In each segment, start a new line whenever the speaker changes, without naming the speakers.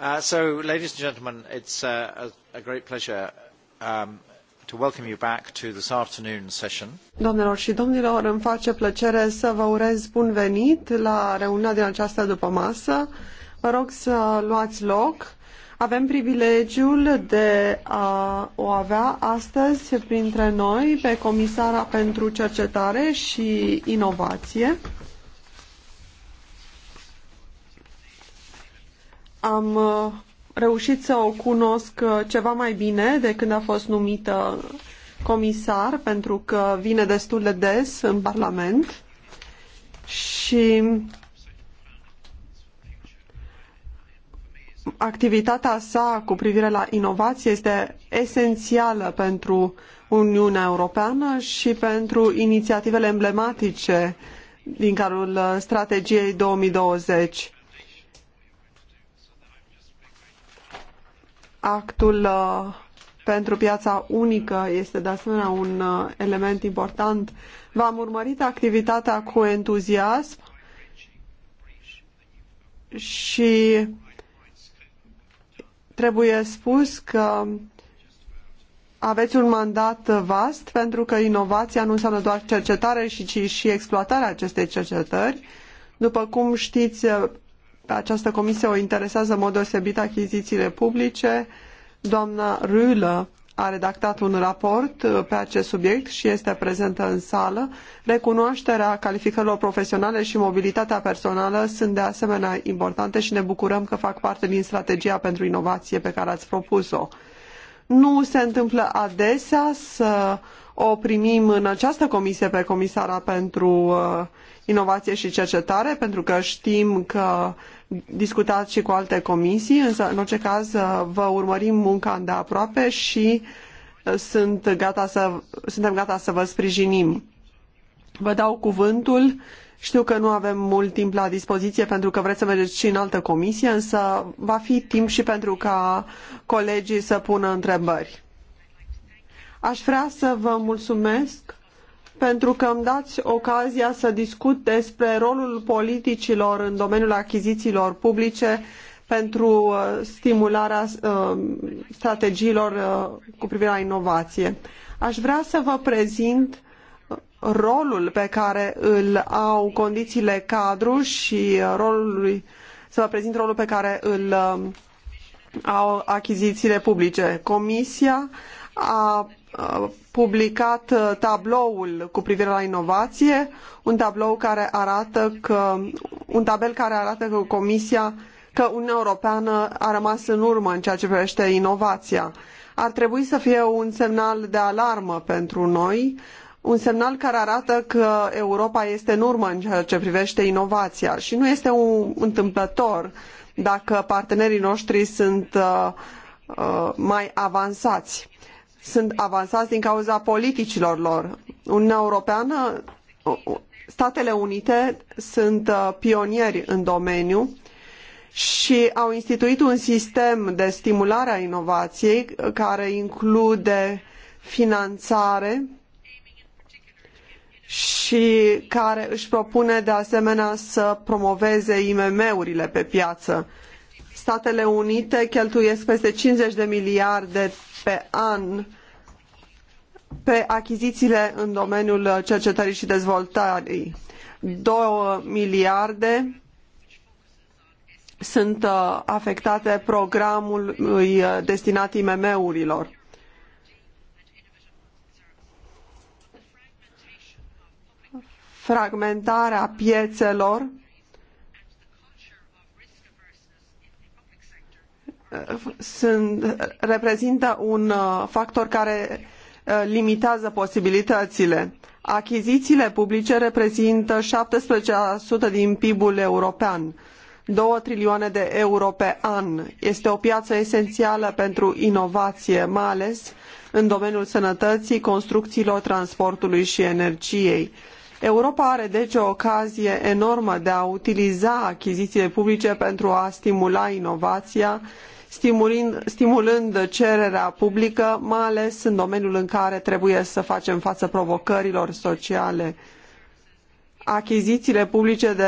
Uh, so, ladies and gentlemen, it's uh, a, a great pleasure um, to welcome you back to this afternoon's session.
Doamnelor și domnilor, îmi face plăcere să vă urez bun venit la reuniunea din această dupămasă. Vă rog să luați loc. Avem privilegiul de a o avea astăzi printre noi pe Comisara pentru Cercetare și Inovație. am uh, reușit să o cunosc uh, ceva mai bine de când a fost numită comisar, pentru că vine destul de des în Parlament și activitatea sa cu privire la inovație este esențială pentru Uniunea Europeană și pentru inițiativele emblematice din cadrul uh, strategiei 2020. Actul uh, pentru piața unică este de asemenea un uh, element important. V-am urmărit activitatea cu entuziasm și trebuie spus că aveți un mandat vast pentru că inovația nu înseamnă doar cercetare, și, ci și exploatarea acestei cercetări. După cum știți, pe această comisie o interesează în mod deosebit achizițiile publice. Doamna Rulă a redactat un raport uh, pe acest subiect și este prezentă în sală. Recunoașterea calificărilor profesionale și mobilitatea personală sunt de asemenea importante și ne bucurăm că fac parte din strategia pentru inovație pe care ați propus-o. Nu se întâmplă adesea să o primim în această comisie pe comisara pentru uh, inovație și cercetare, pentru că știm că discutați și cu alte comisii, însă în orice caz uh, vă urmărim munca îndeaproape și uh, sunt gata să, suntem gata să vă sprijinim. Vă dau cuvântul. Știu că nu avem mult timp la dispoziție pentru că vreți să mergeți și în altă comisie, însă va fi timp și pentru ca colegii să pună întrebări. Aș vrea să vă mulțumesc pentru că îmi dați ocazia să discut despre rolul politicilor în domeniul achizițiilor publice pentru uh, stimularea uh, strategiilor uh, cu privire la inovație. Aș vrea să vă prezint rolul pe care îl au condițiile cadru și rolul, să vă prezint rolul pe care îl au achizițiile publice. Comisia a Uh, publicat uh, tabloul cu privire la inovație, un tablou care arată că un tabel care arată că Comisia că Uniunea Europeană a rămas în urmă în ceea ce privește inovația. Ar trebui să fie un semnal de alarmă pentru noi, un semnal care arată că Europa este în urmă în ceea ce privește inovația și nu este un întâmplător dacă partenerii noștri sunt uh, uh, mai avansați sunt avansați din cauza politicilor lor. Uniunea Europeană, Statele Unite sunt uh, pionieri în domeniu și au instituit un sistem de stimulare a inovației uh, care include finanțare și care își propune de asemenea să promoveze IMM-urile pe piață. Statele Unite cheltuiesc peste 50 de miliarde pe an pe achizițiile în domeniul cercetării și dezvoltării. 2 miliarde sunt uh, afectate programului uh, destinat IMM-urilor. Fragmentarea piețelor uh, sunt, reprezintă un factor care limitează posibilitățile. Achizițiile publice reprezintă 17% din PIB-ul european, 2 trilioane de euro pe an. Este o piață esențială pentru inovație, mai ales în domeniul sănătății, construcțiilor, transportului și energiei. Europa are deci o ocazie enormă de a utiliza achizițiile publice pentru a stimula inovația, stimulând cererea publică, mai ales în domeniul în care trebuie să facem față provocărilor sociale. Achizițiile publice de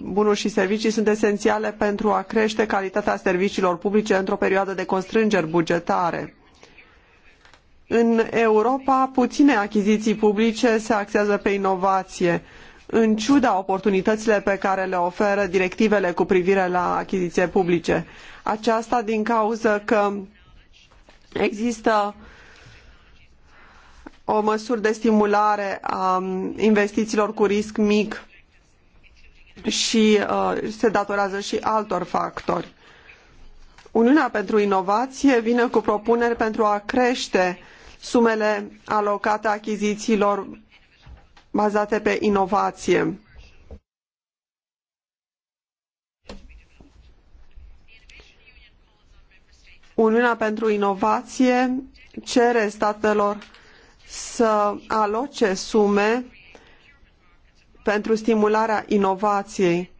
bunuri și servicii sunt esențiale pentru a crește calitatea serviciilor publice într-o perioadă de constrângeri bugetare. În Europa, puține achiziții publice se axează pe inovație în ciuda oportunităilor pe care le oferă directivele cu privire la achiziții publice. Aceasta din cauza că există o măsură de stimulare a investițiilor cu risc mic și uh, se datorează și altor factori. Uniunea pentru Inovație vine cu propuneri pentru a crește sumele alocate achizițiilor bazate pe inovație. Uniunea pentru Inovație cere statelor să aloce sume pentru stimularea inovației.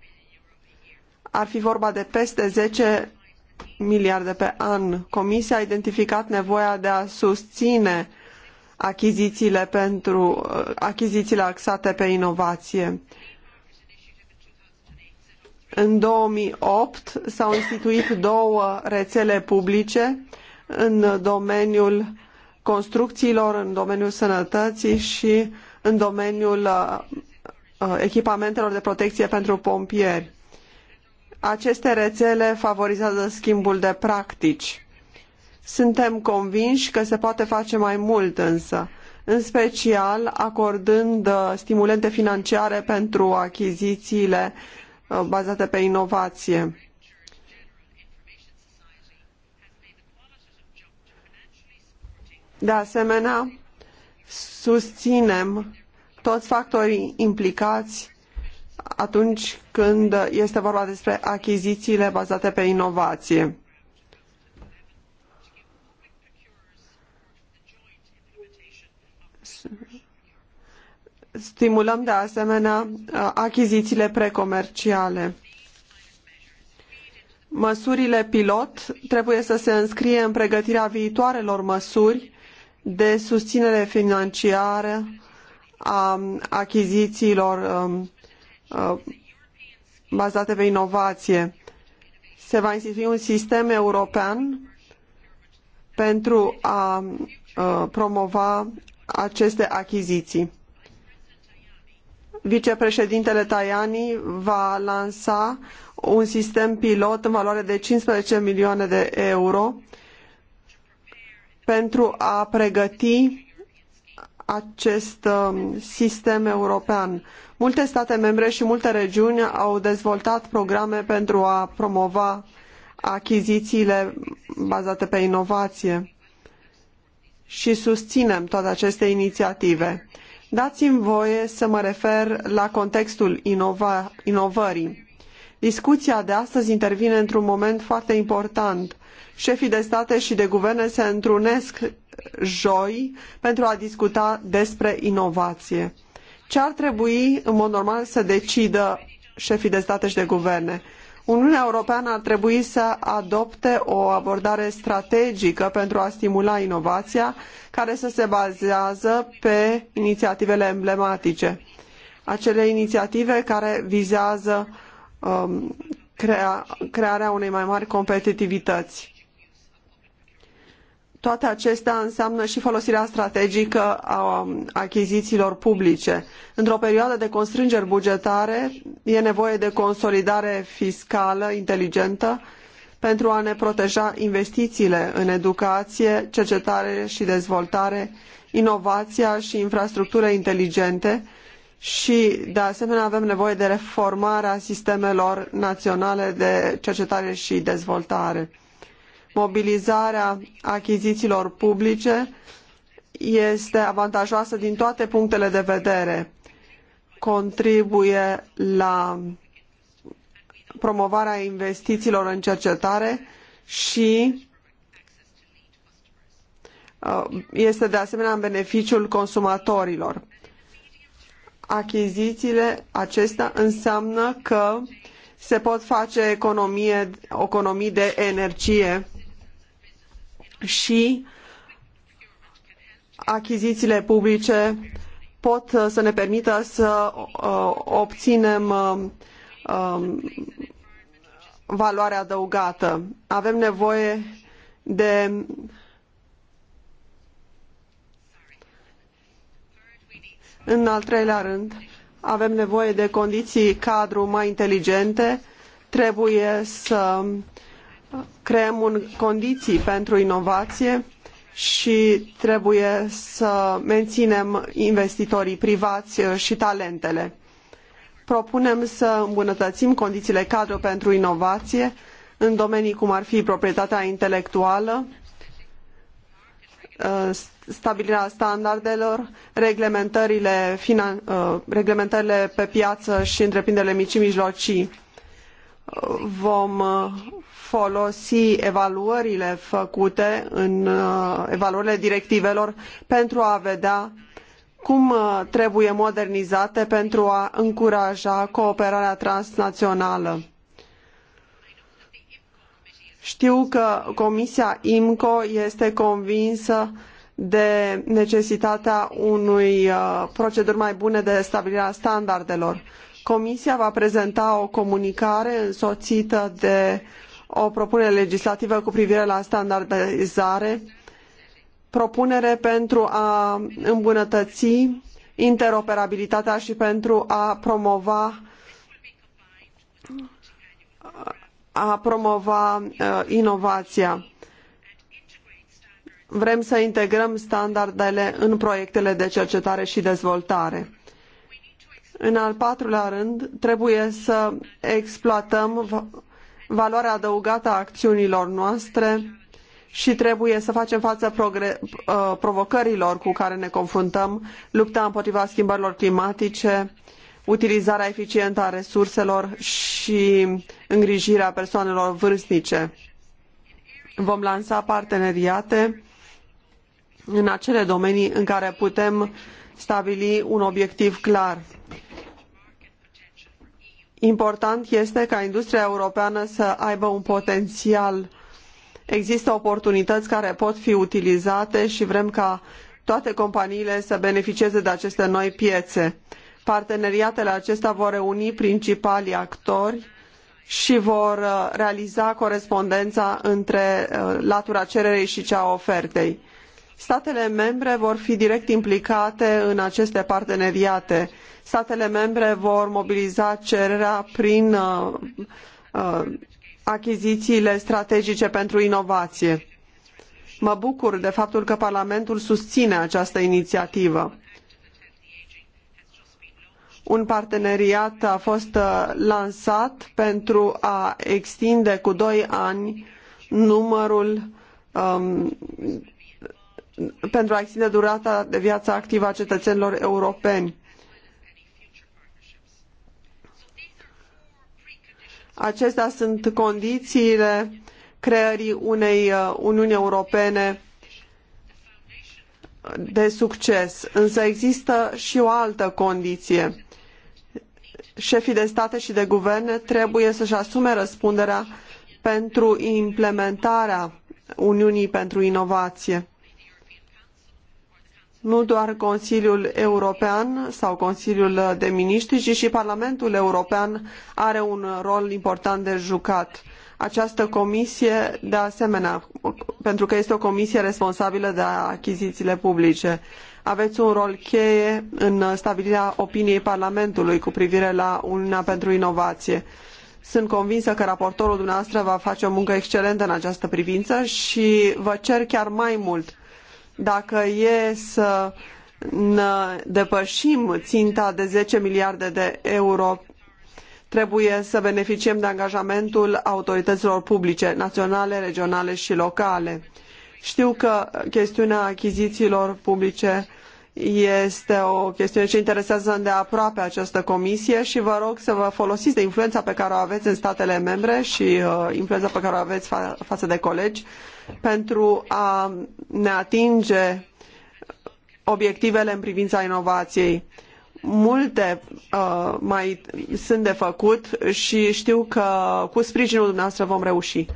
Ar fi vorba de peste zece miliarde pe an. Comisia a identificat nevoia de a susține achizițiile, pentru, achizițiile axate pe inovație. În 2008 s-au instituit două rețele publice în domeniul construcțiilor, în domeniul sănătății și în domeniul uh, uh, echipamentelor de protecție pentru pompieri. Aceste rețele favorizează schimbul de practici. Suntem convinși că se poate face mai mult însă, în special acordând uh, stimulente financiare pentru achizițiile uh, bazate pe inovație. De asemenea, susținem toți factorii implicați atunci când este vorba despre achizițiile bazate pe inovație. stimulăm de asemenea uh, achizițiile precomerciale. Măsurile pilot trebuie să se înscrie în pregătirea viitoarelor măsuri de susținere financiară a um, achizițiilor um, uh, bazate pe inovație. Se va institui un sistem european pentru a uh, promova aceste achiziții vicepreședintele Tajani va lansa un sistem pilot în valoare de 15 milioane de euro pentru a pregăti acest um, sistem european. Multe state membre și multe regiuni au dezvoltat programe pentru a promova achizițiile bazate pe inovație și susținem toate aceste inițiative. Dați-mi voie să mă refer la contextul inova, inovării. Discuția de astăzi intervine într-un moment foarte important. Șefii de state și de guverne se întrunesc joi pentru a discuta despre inovație. Ce ar trebui, în mod normal, să decidă șefii de state și de guverne? Uniunea Europeană ar trebui să adopte o abordare strategică pentru a stimula inovația, care să se bazează pe inițiativele emblematice. Acele inițiative care vizează um, crea, crearea unei mai mari competitivități. Toate acestea înseamnă și folosirea strategică a um, achizițiilor publice. Într-o perioadă de constrângeri bugetare e nevoie de consolidare fiscală inteligentă pentru a ne proteja investițiile în educație, cercetare și dezvoltare, inovația și infrastructură inteligente și, de asemenea, avem nevoie de reformarea sistemelor naționale de cercetare și dezvoltare mobilizarea achizițiilor publice este avantajoasă din toate punctele de vedere. Contribuie la promovarea investițiilor în cercetare și uh, este de asemenea în beneficiul consumatorilor. Achizițiile acestea înseamnă că se pot face economie, economii de energie și achizițiile publice pot uh, să ne permită să uh, obținem uh, um, valoare adăugată. Avem nevoie de În al treilea rând, avem nevoie de condiții cadru mai inteligente, trebuie să creăm un condiții pentru inovație și trebuie să menținem investitorii privați uh, și talentele. Propunem să îmbunătățim condițiile cadru pentru inovație în domenii cum ar fi proprietatea intelectuală, uh, stabilirea standardelor, reglementările, uh, reglementările pe piață și întreprinderile mici și mijlocii. Vom folosi evaluările făcute în uh, evaluările directivelor pentru a vedea cum uh, trebuie modernizate pentru a încuraja cooperarea transnațională. Știu că Comisia IMCO este convinsă de necesitatea unui uh, proceduri mai bune de stabilire a standardelor. Comisia va prezenta o comunicare însoțită de o propunere legislativă cu privire la standardizare, propunere pentru a îmbunătăți interoperabilitatea și pentru a promova a promova uh, inovația. Vrem să integrăm standardele în proiectele de cercetare și dezvoltare. În al patrulea rând, trebuie să exploatăm valoarea adăugată a acțiunilor noastre și trebuie să facem față uh, provocărilor cu care ne confruntăm, lupta împotriva schimbărilor climatice, utilizarea eficientă a resurselor și îngrijirea persoanelor vârstnice. Vom lansa parteneriate în acele domenii în care putem stabili un obiectiv clar. Important este ca industria europeană să aibă un potențial. Există oportunități care pot fi utilizate și vrem ca toate companiile să beneficieze de aceste noi piețe. Parteneriatele acestea vor reuni principalii actori și vor uh, realiza corespondența între uh, latura cererii și cea a ofertei. Statele membre vor fi direct implicate în aceste parteneriate. Statele membre vor mobiliza cererea prin uh, uh, achizițiile strategice pentru inovație. Mă bucur de faptul că Parlamentul susține această inițiativă. Un parteneriat a fost uh, lansat pentru a extinde cu doi ani numărul um, pentru a extinde durata de viață activă a cetățenilor europeni. Acestea sunt condițiile creării unei uh, Uniuni Europene de succes. Însă există și o altă condiție. Șefii de state și de guverne trebuie să-și asume răspunderea pentru implementarea Uniunii pentru Inovație nu doar Consiliul European sau Consiliul de Miniștri, ci și Parlamentul European are un rol important de jucat. Această comisie, de asemenea, pentru că este o comisie responsabilă de achizițiile publice, aveți un rol cheie în stabilirea opiniei Parlamentului cu privire la Uniunea pentru Inovație. Sunt convinsă că raportorul dumneavoastră va face o muncă excelentă în această privință și vă cer chiar mai mult dacă e să ne depășim ținta de 10 miliarde de euro, trebuie să beneficiem de angajamentul autorităților publice, naționale, regionale și locale. Știu că chestiunea achizițiilor publice este o chestiune ce interesează îndeaproape această comisie și vă rog să vă folosiți de influența pe care o aveți în statele membre și uh, influența pe care o aveți fa- față de colegi pentru a ne atinge obiectivele în privința inovației. Multe uh, mai sunt de făcut și știu că cu sprijinul dumneavoastră vom reuși.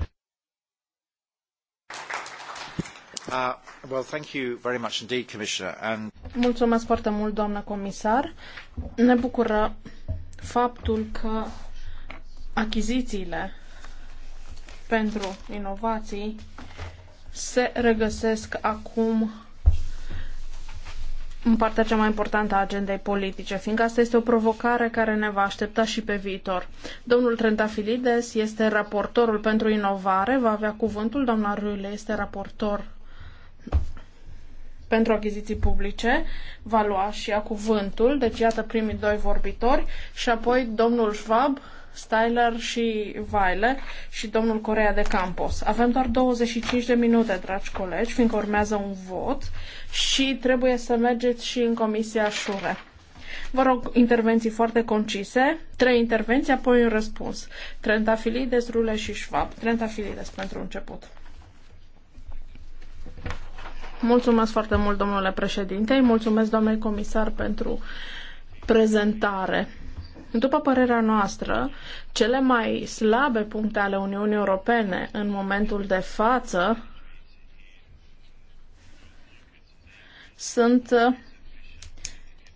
Uh.
Mulțumesc foarte mult, doamnă comisar. Ne bucură faptul că achizițiile pentru inovații se regăsesc acum în partea cea mai importantă a agendei politice, fiindcă asta este o provocare care ne va aștepta și pe viitor. Domnul Trentafilides este raportorul pentru inovare, va avea cuvântul, doamna Ruile este raportor pentru achiziții publice va lua și ea cuvântul, deci iată primii doi vorbitori și apoi domnul Schwab, Styler și Vaile și domnul Corea de Campos. Avem doar 25 de minute, dragi colegi, fiindcă urmează un vot și trebuie să mergeți și în Comisia Șure. Vă rog intervenții foarte concise, trei intervenții, apoi un răspuns. Trentafilides, Rule și Schwab. Trentafilides pentru început. Mulțumesc foarte mult, domnule președinte. Mulțumesc, domnule comisar, pentru prezentare. După părerea noastră, cele mai slabe puncte ale Uniunii Europene în momentul de față sunt,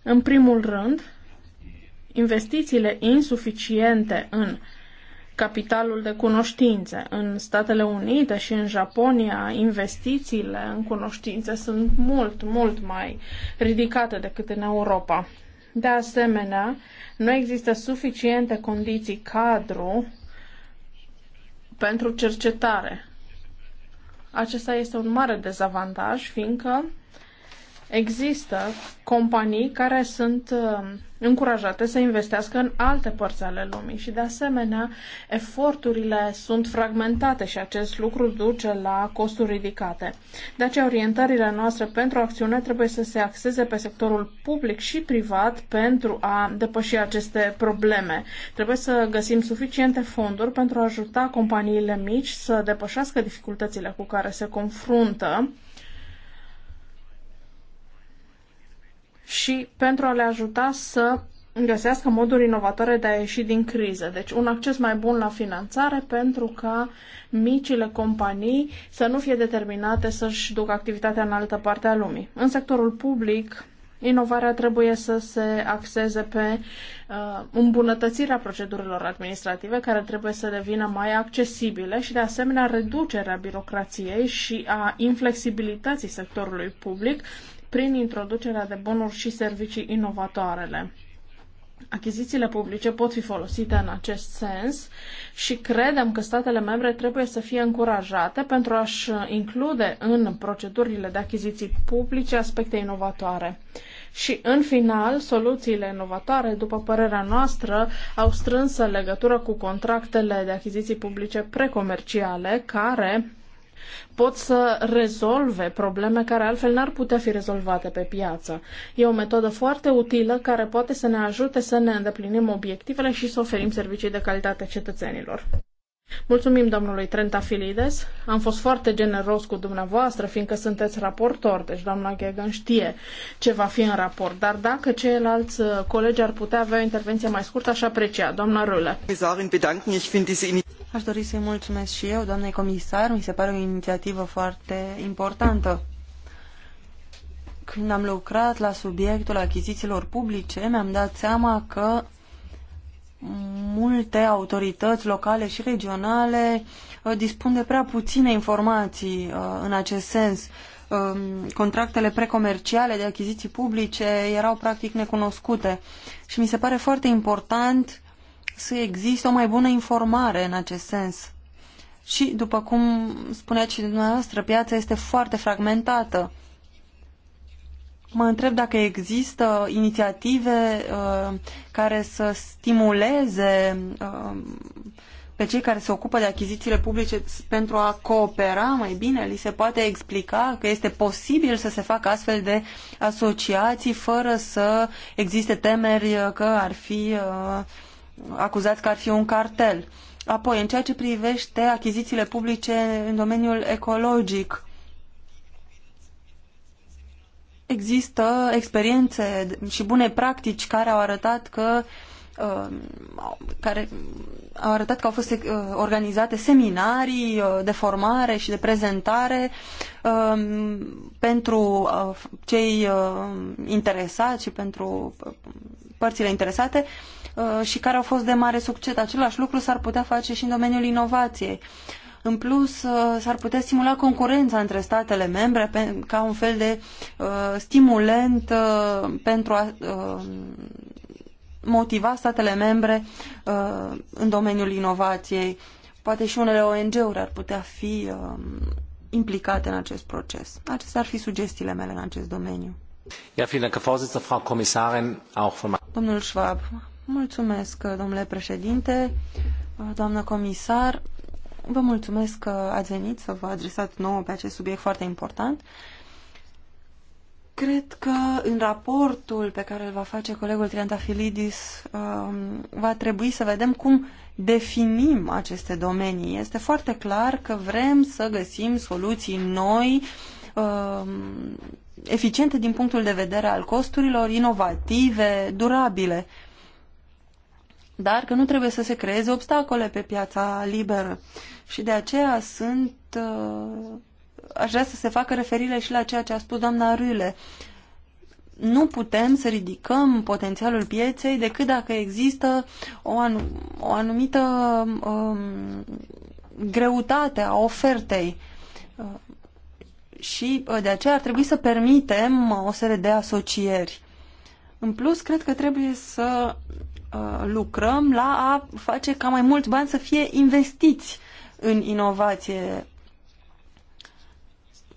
în primul rând, investițiile insuficiente în capitalul de cunoștințe. În Statele Unite și în Japonia, investițiile în cunoștințe sunt mult, mult mai ridicate decât în Europa. De asemenea, nu există suficiente condiții cadru pentru cercetare. Acesta este un mare dezavantaj, fiindcă Există companii care sunt um, încurajate să investească în alte părți ale lumii și, de asemenea, eforturile sunt fragmentate și acest lucru duce la costuri ridicate. De aceea, orientările noastre pentru acțiune trebuie să se axeze pe sectorul public și privat pentru a depăși aceste probleme. Trebuie să găsim suficiente fonduri pentru a ajuta companiile mici să depășească dificultățile cu care se confruntă și pentru a le ajuta să găsească moduri inovatoare de a ieși din criză. Deci un acces mai bun la finanțare pentru ca micile companii să nu fie determinate să-și ducă activitatea în altă parte a lumii. În sectorul public, inovarea trebuie să se axeze pe uh, îmbunătățirea procedurilor administrative care trebuie să devină mai accesibile și de asemenea reducerea birocrației și a inflexibilității sectorului public prin introducerea de bonuri și servicii inovatoarele. Achizițiile publice pot fi folosite în acest sens și credem că statele membre trebuie să fie încurajate pentru a-și include în procedurile de achiziții publice aspecte inovatoare. Și, în final, soluțiile inovatoare, după părerea noastră, au strânsă legătură cu contractele de achiziții publice precomerciale, care pot să rezolve probleme care altfel n-ar putea fi rezolvate pe piață. E o metodă foarte utilă care poate să ne ajute să ne îndeplinim obiectivele și să oferim servicii de calitate cetățenilor. Mulțumim domnului Trentafilides. Am fost foarte generos cu dumneavoastră, fiindcă sunteți raportor, deci doamna Ghegan știe ce va fi în raport. Dar dacă ceilalți uh, colegi ar putea avea o intervenție mai scurtă, aș aprecia. Doamna
Râle.
Aș dori să-i mulțumesc și eu, doamnei comisar. Mi se pare o inițiativă foarte importantă. Când am lucrat la subiectul achizițiilor publice, mi-am dat seama că multe autorități locale și regionale uh, dispun de prea puține informații uh, în acest sens. Um, contractele precomerciale de achiziții publice erau practic necunoscute și mi se pare foarte important să existe o mai bună informare în acest sens. Și, după cum spuneați și dumneavoastră, piața este foarte fragmentată mă întreb dacă există inițiative uh, care să stimuleze uh, pe cei care se ocupă de achizițiile publice pentru a coopera mai bine? Li se poate explica că este posibil să se facă astfel de asociații fără să existe temeri că ar fi uh, acuzați că ar fi un cartel? Apoi, în ceea ce privește achizițiile publice în domeniul ecologic, Există experiențe și bune practici care au arătat că uh, care au arătat că au fost uh, organizate seminarii uh, de formare și de prezentare um, pentru cei interesați și pentru părțile interesate și care au fost de mare succes. Același lucru s-ar putea face și în domeniul inovației. În plus, uh, s-ar putea stimula concurența între statele membre ca un fel de uh, stimulent uh, pentru a uh, motiva statele membre uh, în domeniul inovației. Poate și unele ONG-uri ar putea fi uh, implicate în acest proces. Acestea ar fi sugestiile mele în acest domeniu.
Ja, vielen Dank, Frau Kommissarin, auch von
Domnul Schwab, mulțumesc, domnule președinte, doamnă comisar. Vă mulțumesc că ați venit să vă adresați nouă pe acest subiect foarte important. Cred că în raportul pe care îl va face colegul Triantafilidis um, va trebui să vedem cum definim aceste domenii. Este foarte clar că vrem să găsim soluții noi, um, eficiente din punctul de vedere al costurilor, inovative, durabile dar că nu trebuie să se creeze obstacole pe piața liberă. Și de aceea sunt, uh, aș vrea să se facă referire și la ceea ce a spus doamna Râle. Nu putem să ridicăm potențialul pieței decât dacă există o, anu o anumită um, greutate a ofertei. Și uh, de aceea ar trebui să permitem o serie de asocieri. În plus, cred că trebuie să Uh, lucrăm la a face ca mai mulți bani să fie investiți în inovație.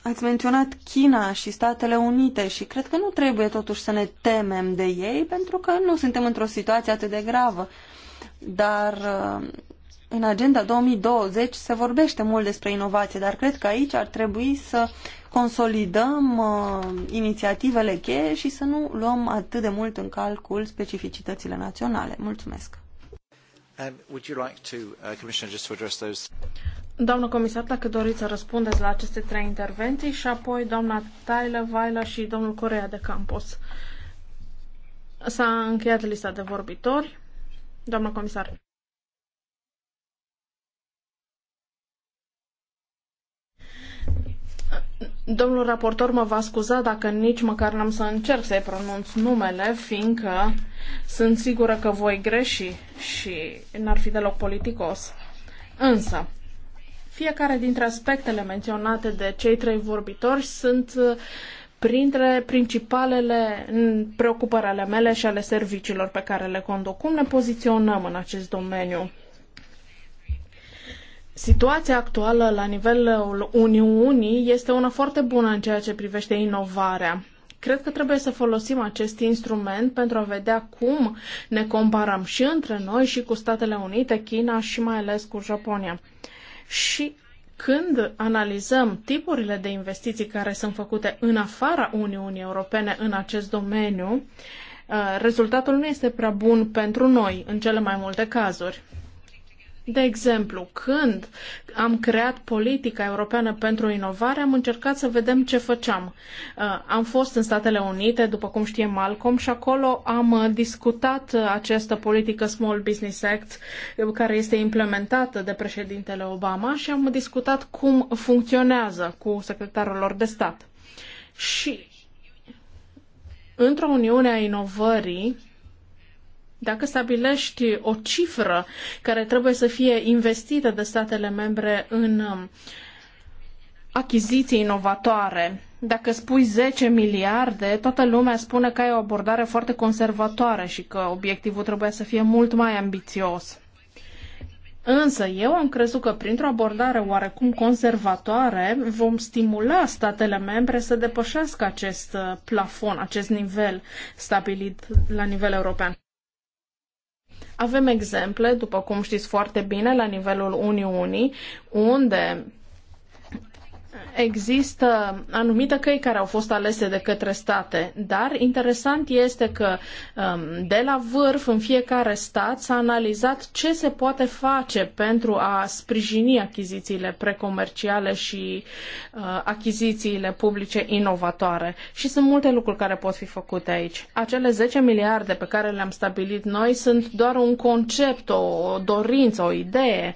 Ați menționat China și Statele Unite și cred că nu trebuie totuși să ne temem de ei pentru că nu suntem într-o situație atât de gravă. Dar uh, în Agenda 2020 se vorbește mult despre inovație, dar cred că aici ar trebui să consolidăm uh, inițiativele cheie și să nu luăm atât de mult în calcul
specificitățile naționale. Mulțumesc!
Um, uh,
Doamnă comisar, dacă doriți să răspundeți la aceste trei intervenții și apoi doamna Taylor, Vaila și domnul Corea de Campos. S-a încheiat lista de vorbitori. Doamna comisar. Domnul raportor mă va scuza dacă nici măcar n-am să încerc să-i pronunț numele, fiindcă sunt sigură că voi greși și n-ar fi deloc politicos. Însă, fiecare dintre aspectele menționate de cei trei vorbitori sunt uh, printre principalele mm, preocupări ale mele și ale serviciilor pe care le conduc. Cum ne poziționăm în acest domeniu? Situația actuală la nivelul Uniunii este una foarte bună în ceea ce privește inovarea. Cred că trebuie să folosim acest instrument pentru a vedea cum ne comparăm și între noi și cu Statele Unite, China și mai ales cu Japonia. Și când analizăm tipurile de investiții care sunt făcute în afara Uniunii Europene în acest domeniu, uh, rezultatul nu este prea bun pentru noi în cele mai multe cazuri. De exemplu, când am creat politica europeană pentru inovare, am încercat să vedem ce făceam. Uh, am fost în Statele Unite, după cum știe Malcolm, și acolo am uh, discutat uh, această politică Small Business Act care este implementată de președintele Obama și am discutat cum funcționează cu secretarul lor de stat. Și într-o Uniune a Inovării, dacă stabilești o cifră care trebuie să fie investită de statele membre în um, achiziții inovatoare, dacă spui 10 miliarde, toată lumea spune că ai o abordare foarte conservatoare și că obiectivul trebuie să fie mult mai ambițios. Însă eu am crezut că printr-o abordare oarecum conservatoare vom stimula statele membre să depășească acest uh, plafon, acest nivel stabilit la nivel european. Avem exemple, după cum știți foarte bine, la nivelul Uniunii, unde Există anumite căi care au fost alese de către state, dar interesant este că um, de la vârf în fiecare stat s-a analizat ce se poate face pentru a sprijini achizițiile precomerciale și uh, achizițiile publice inovatoare. Și sunt multe lucruri care pot fi făcute aici. Acele zece miliarde pe care le-am stabilit noi sunt doar un concept, o dorință, o idee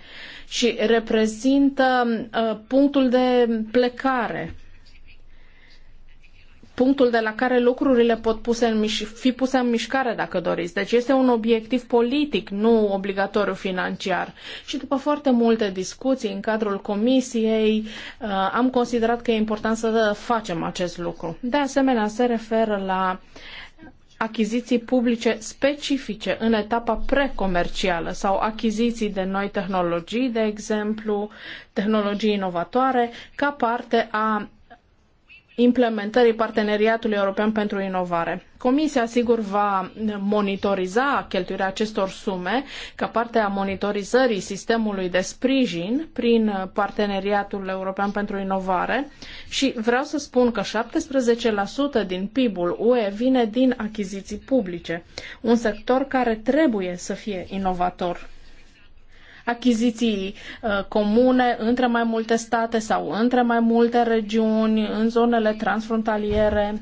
și reprezintă uh, punctul de plecare punctul de la care lucrurile pot puse în fi puse în mișcare, dacă doriți. Deci este un obiectiv politic, nu obligatoriu financiar. Și după foarte multe discuții în cadrul comisiei, uh, am considerat că e important să facem acest lucru. De asemenea, se referă la uh, achiziții publice specifice în etapa precomercială sau achiziții de noi tehnologii, de exemplu, tehnologii inovatoare, ca parte a implementării Parteneriatului European pentru Inovare. Comisia, sigur, va monitoriza cheltuirea acestor sume ca parte a monitorizării sistemului de sprijin prin Parteneriatul European pentru Inovare și vreau să spun că 17% din PIB-ul UE vine din achiziții publice, un sector care trebuie să fie inovator achiziții uh, comune între mai multe state sau între mai multe regiuni, în zonele transfrontaliere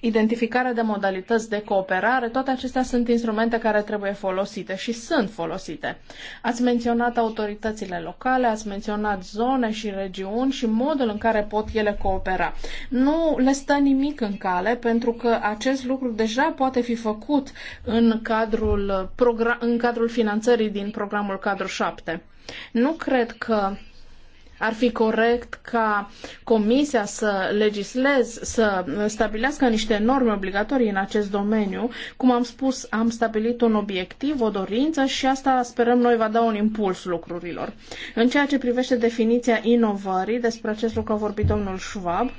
identificarea de modalități de cooperare, toate acestea sunt instrumente care trebuie folosite și sunt folosite. Ați menționat autoritățile locale, ați menționat zone și regiuni și modul în care pot ele coopera. Nu le stă nimic în cale pentru că acest lucru deja poate fi făcut în cadrul, în cadrul finanțării din programul cadru 7. Nu cred că ar fi corect ca Comisia să legisleze, să stabilească niște norme obligatorii în acest domeniu. Cum am spus, am stabilit un obiectiv, o dorință și asta sperăm noi va da un impuls lucrurilor. În ceea ce privește definiția inovării, despre acest lucru a vorbit domnul Schwab,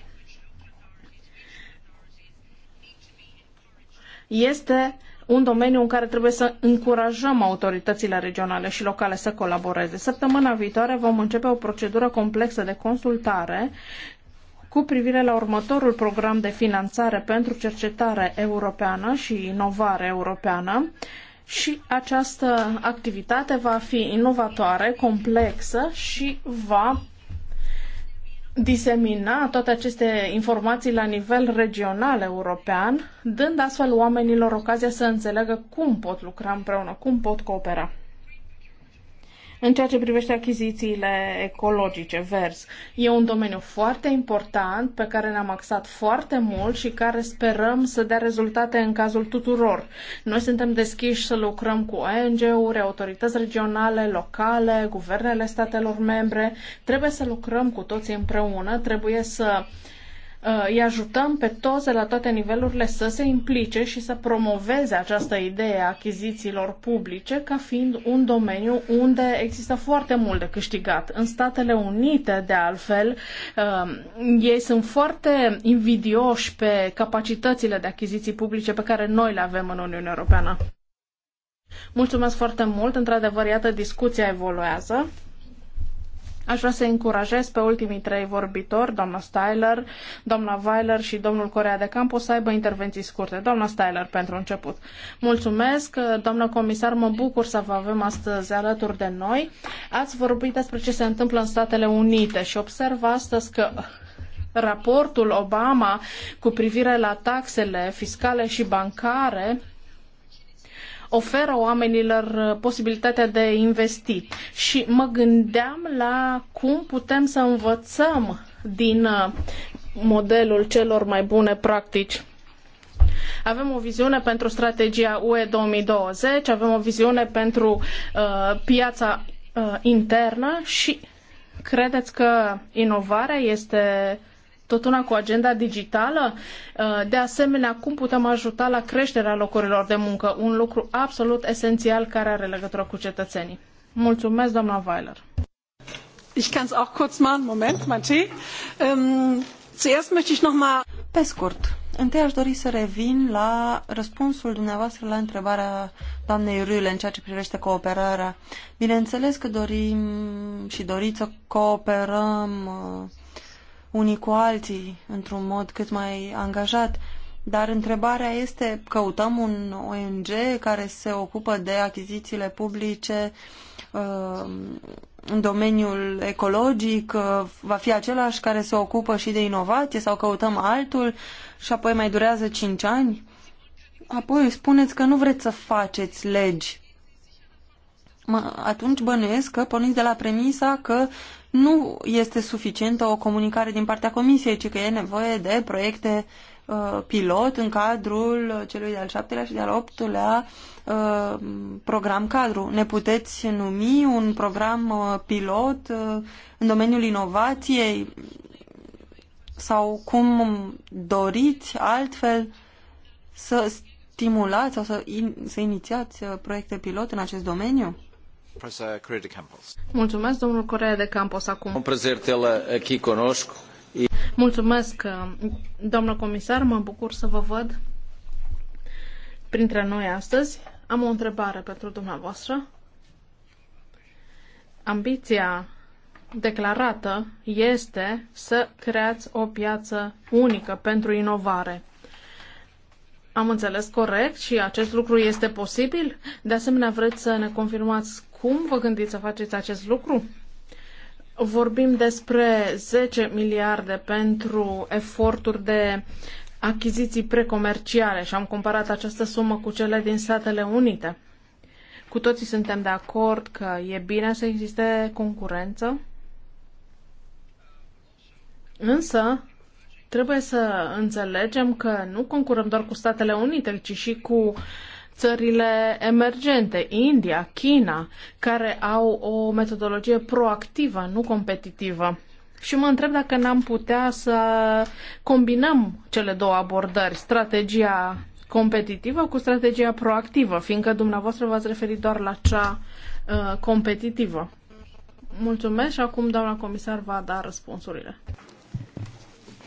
este un domeniu în care trebuie să încurajăm autoritățile regionale și locale să colaboreze. Săptămâna viitoare vom începe o procedură complexă de consultare cu privire la următorul program de finanțare pentru cercetare europeană și inovare europeană. Și această activitate va fi inovatoare, complexă și va disemina toate aceste informații la nivel regional european, dând astfel oamenilor ocazia să înțeleagă cum pot lucra împreună, cum pot coopera. În ceea ce privește achizițiile ecologice, vers, e un domeniu foarte important pe care ne-am axat foarte mult și care sperăm să dea rezultate în cazul tuturor. Noi suntem deschiși să lucrăm cu ONG-uri, autorități regionale, locale, guvernele statelor membre. Trebuie să lucrăm cu toții împreună, trebuie să uh, Uh, îi ajutăm pe toți de la toate nivelurile să se implice și să promoveze această idee a achizițiilor publice ca fiind un domeniu unde există foarte mult de câștigat. În Statele Unite, de altfel, uh, ei sunt foarte invidioși pe capacitățile de achiziții publice pe care noi le avem în Uniunea Europeană. Mulțumesc foarte mult. Într-adevăr, iată, discuția evoluează. Aș vrea să încurajez pe ultimii trei vorbitori, doamna Styler, doamna Weiler și domnul Corea de Campos să aibă intervenții scurte. Doamna Styler, pentru început. Mulțumesc, doamnă comisar, mă bucur să vă avem astăzi alături de noi. Ați vorbit despre ce se întâmplă în Statele Unite și observ astăzi că raportul Obama cu privire la taxele fiscale și bancare oferă oamenilor uh, posibilitatea de a investi. Și mă gândeam la cum putem să învățăm din uh, modelul celor mai bune practici. Avem o viziune pentru strategia UE 2020, avem o viziune pentru uh, piața uh, internă și credeți că inovarea este tot una cu agenda digitală. Uh, de asemenea, cum putem ajuta la creșterea locurilor de muncă, un lucru absolut esențial care are legătură cu cetățenii. Mulțumesc, doamna Weiler.
Ich kann es auch kurz machen. Moment, Mati.
Ähm, zuerst möchte ich noch mal... Pe scurt, întâi aș dori să revin la răspunsul dumneavoastră la întrebarea doamnei Râle în ceea ce privește cooperarea. Bineînțeles că dorim și doriți să cooperăm uh, unii cu alții într-un mod cât mai angajat. Dar întrebarea este, căutăm un ONG care se ocupă de achizițiile publice uh, în domeniul ecologic, uh, va fi același care se ocupă și de inovație sau căutăm altul și apoi mai durează 5 ani? Apoi spuneți că nu vreți să faceți legi. Mă, atunci bănuiesc că porniți de la premisa că nu este suficientă o comunicare din partea Comisiei, ci că e nevoie de proiecte uh, pilot în cadrul celui de-al șaptelea și de-al optulea uh, program cadru. Ne puteți numi un program uh, pilot în domeniul inovației sau cum doriți altfel să stimulați sau să, in, să inițiați proiecte pilot în acest domeniu?
Mulțumesc, domnul Corea de Campos, acum.
Un
plăcere tela aqui conosco.
Mulțumesc, doamnă comisar, mă bucur să vă văd printre noi astăzi. Am o întrebare pentru dumneavoastră. Ambiția declarată este să creați o piață unică pentru inovare. Am înțeles corect și acest lucru este posibil? De asemenea, vreți să ne confirmați cum vă gândiți să faceți acest lucru? Vorbim despre 10 miliarde pentru eforturi de achiziții precomerciale și am comparat această sumă cu cele din Statele Unite. Cu toții suntem de acord că e bine să existe concurență, însă trebuie să înțelegem că nu concurăm doar cu Statele Unite, ci și cu țările emergente, India, China, care au o metodologie proactivă, nu competitivă. Și mă întreb dacă n-am putea să combinăm cele două abordări, strategia competitivă cu strategia proactivă, fiindcă dumneavoastră v-ați referit doar la cea uh, competitivă. Mulțumesc și acum doamna comisar va da răspunsurile.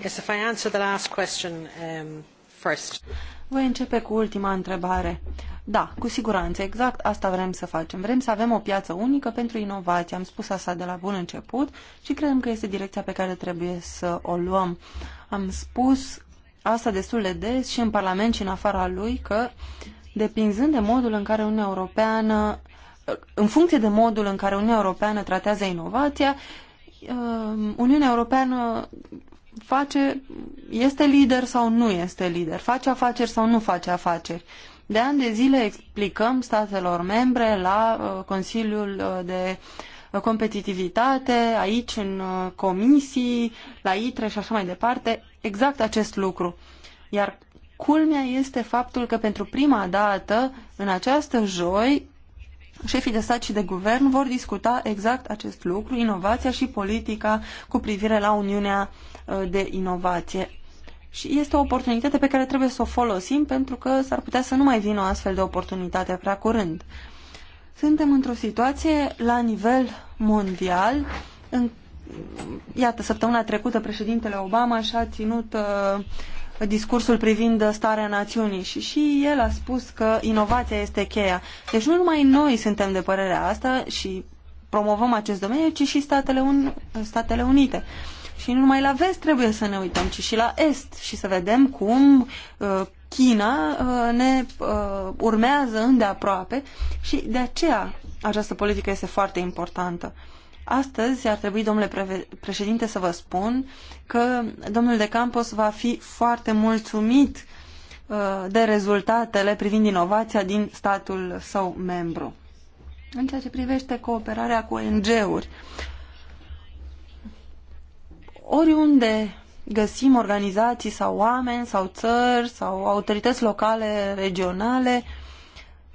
Yes, if I answer the last question, um... Voi
începe cu ultima întrebare. Da, cu siguranță, exact asta vrem să facem. Vrem să avem o piață unică pentru inovație. Am spus asta de la bun început și credem că este direcția pe care trebuie să o luăm. Am spus asta destul de des și în Parlament și în afara lui că, depinzând de modul în care Uniunea Europeană, în funcție de modul în care Uniunea Europeană tratează inovația, uh, Uniunea Europeană face, este lider sau nu este lider, face afaceri sau nu face afaceri. De ani de zile explicăm statelor membre la uh, Consiliul uh, de uh, competitivitate, aici în comisii, la ITRE și așa mai departe, exact acest lucru. Iar culmea este faptul că pentru prima dată, în această joi, șefii de stat și de guvern vor discuta exact acest lucru, inovația și politica cu privire la Uniunea uh, de Inovație. Și este o oportunitate pe care trebuie să o folosim pentru că s-ar putea să nu mai vină o astfel de oportunitate prea curând. Suntem într-o situație la nivel mondial. În... Iată, săptămâna trecută președintele Obama și-a ținut uh, discursul privind starea națiunii și și el a spus că inovația este cheia. Deci nu numai noi suntem de părerea asta și promovăm acest domeniu, ci și Statele, Un Statele Unite. Și nu numai la vest trebuie să ne uităm, ci și la est și să vedem cum uh, China uh, ne uh, urmează îndeaproape și de aceea această politică este foarte importantă. Uh, Astăzi ar trebui, domnule președinte, să vă spun că domnul de Campos va fi foarte mulțumit uh, de rezultatele privind inovația din statul său membru. În ceea ce privește cooperarea cu ONG-uri, oriunde găsim organizații sau oameni sau țări sau autorități locale, regionale,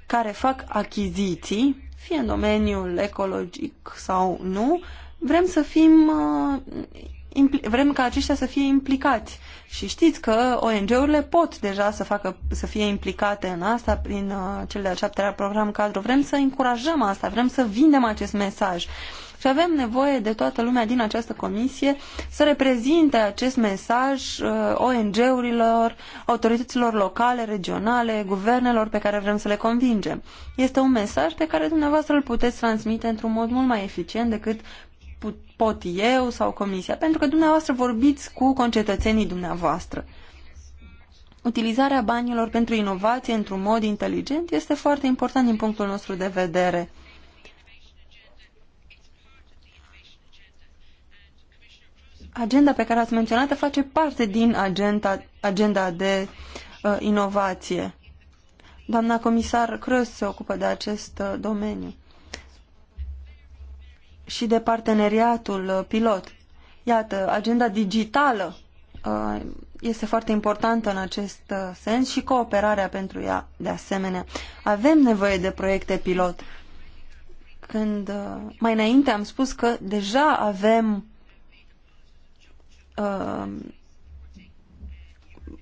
care fac achiziții, fie în domeniul ecologic sau nu, vrem să fim uh, vrem ca aceștia să fie implicați. Și știți că ONG-urile pot deja să, facă, să fie implicate în asta prin uh, cel de-al șaptelea program cadru. Vrem să încurajăm asta, vrem să vindem acest mesaj și avem nevoie de toată lumea din această comisie să reprezinte acest mesaj uh, ONG-urilor, autorităților locale, regionale, guvernelor pe care vrem să le convingem. Este un mesaj pe care dumneavoastră îl puteți transmite într-un mod mult mai eficient decât pot eu sau comisia, pentru că dumneavoastră vorbiți cu concetățenii dumneavoastră. Utilizarea banilor pentru inovație într-un mod inteligent este foarte important din punctul nostru de vedere. agenda pe care ați menționat face parte din agenda, agenda de uh, inovație. Doamna comisar Crăs se ocupă de acest uh, domeniu și de parteneriatul uh, pilot. Iată, agenda digitală uh, este foarte importantă în acest uh, sens și cooperarea pentru ea de asemenea. Avem nevoie de proiecte pilot. Când uh, mai înainte am spus că deja avem uh,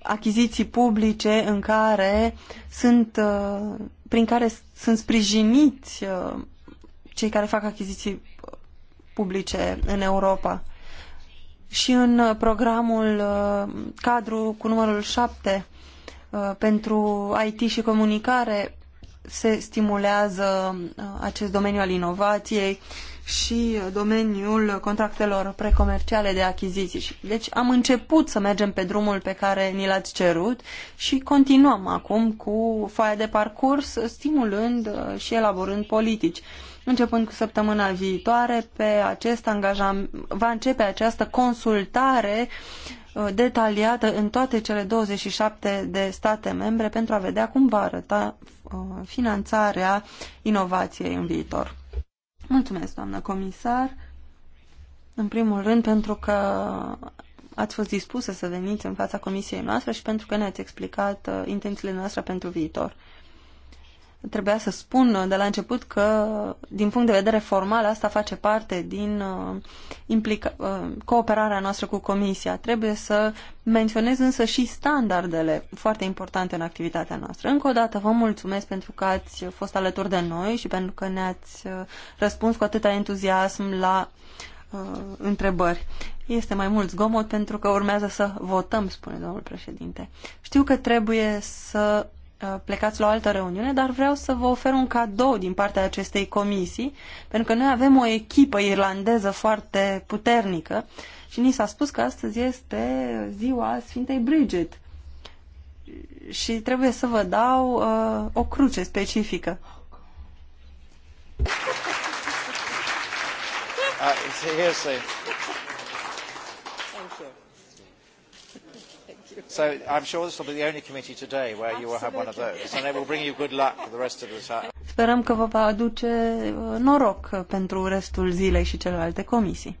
achiziții publice în care sunt, uh, prin care sunt sprijiniți uh, cei care fac achiziții publice în Europa. Și în programul uh, cadru cu numărul 7 uh, pentru IT și comunicare se stimulează uh, acest domeniu al inovației, și domeniul contractelor precomerciale de achiziții. Deci am început să mergem pe drumul pe care ni l-ați cerut și continuăm acum cu foaia de parcurs, stimulând uh, și elaborând politici. Începând cu săptămâna viitoare, pe acest va începe această consultare uh, detaliată în toate cele 27 de state membre pentru a vedea cum va arăta uh, finanțarea inovației în viitor. Mulțumesc, doamnă comisar. În primul rând, pentru că ați fost dispusă să veniți în fața comisiei noastre și pentru că ne-ați explicat uh, intențiile noastre pentru viitor. Trebuia să spun de la început că, din punct de vedere formal, asta face parte din uh, implica- uh, cooperarea noastră cu Comisia. Trebuie să menționez însă și standardele foarte importante în activitatea noastră. Încă o dată vă mulțumesc pentru că ați fost alături de noi și pentru că ne-ați uh, răspuns cu atâta entuziasm la uh, întrebări. Este mai mult zgomot pentru că urmează să votăm, spune domnul președinte. Știu că trebuie să Uh, plecați la o altă reuniune, dar vreau să vă ofer un cadou din partea acestei comisii, pentru că noi avem o echipă irlandeză foarte puternică și ni s-a spus că astăzi este ziua Sfintei Bridget și trebuie să vă dau uh, o cruce specifică. Uh,
ah, seriously. So I'm sure this will be the only committee today where you will have one of those, and it will bring you good luck for the rest of the time.
Sperăm că vă va aduce uh, noroc pentru restul zilei și celelalte comisii.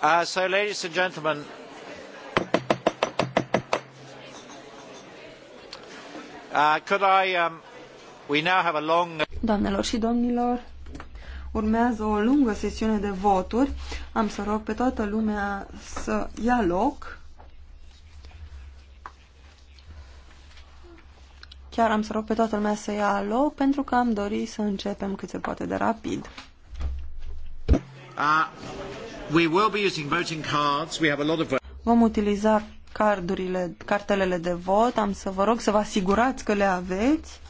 Uh, so, ladies and gentlemen, uh, could I, um, we now have a long...
Doamnelor și domnilor, urmează o lungă sesiune de voturi. Am să rog pe toată lumea să ia loc. Chiar am să rog pe toată lumea să ia loc pentru că am dorit să începem cât se poate de rapid.
Uh. We will be using voting cards. We have a lot of...
Vom utiliza cardurile, cartelele de vot. Am să vă rog să vă asigurați că le aveți.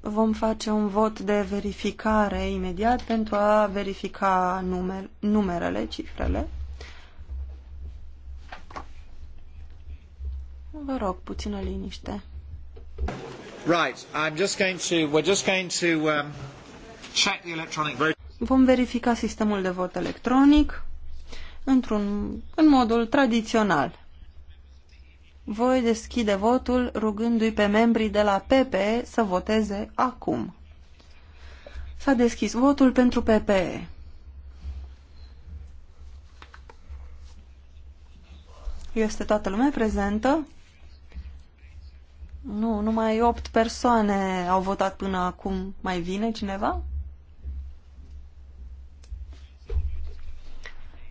Vom face un vot de verificare imediat pentru a verifica numer, numerele, cifrele. Vă rog, puțină liniște.
Right, I'm just going to, we're just going to, um check the electronic vote.
Vom verifica sistemul de vot electronic într-un, în modul tradițional. Voi deschide votul rugându-i pe membrii de la PPE să voteze acum. S-a deschis votul pentru PPE. Este toată lumea prezentă? Nu, numai 8 persoane au votat până acum. Mai vine cineva?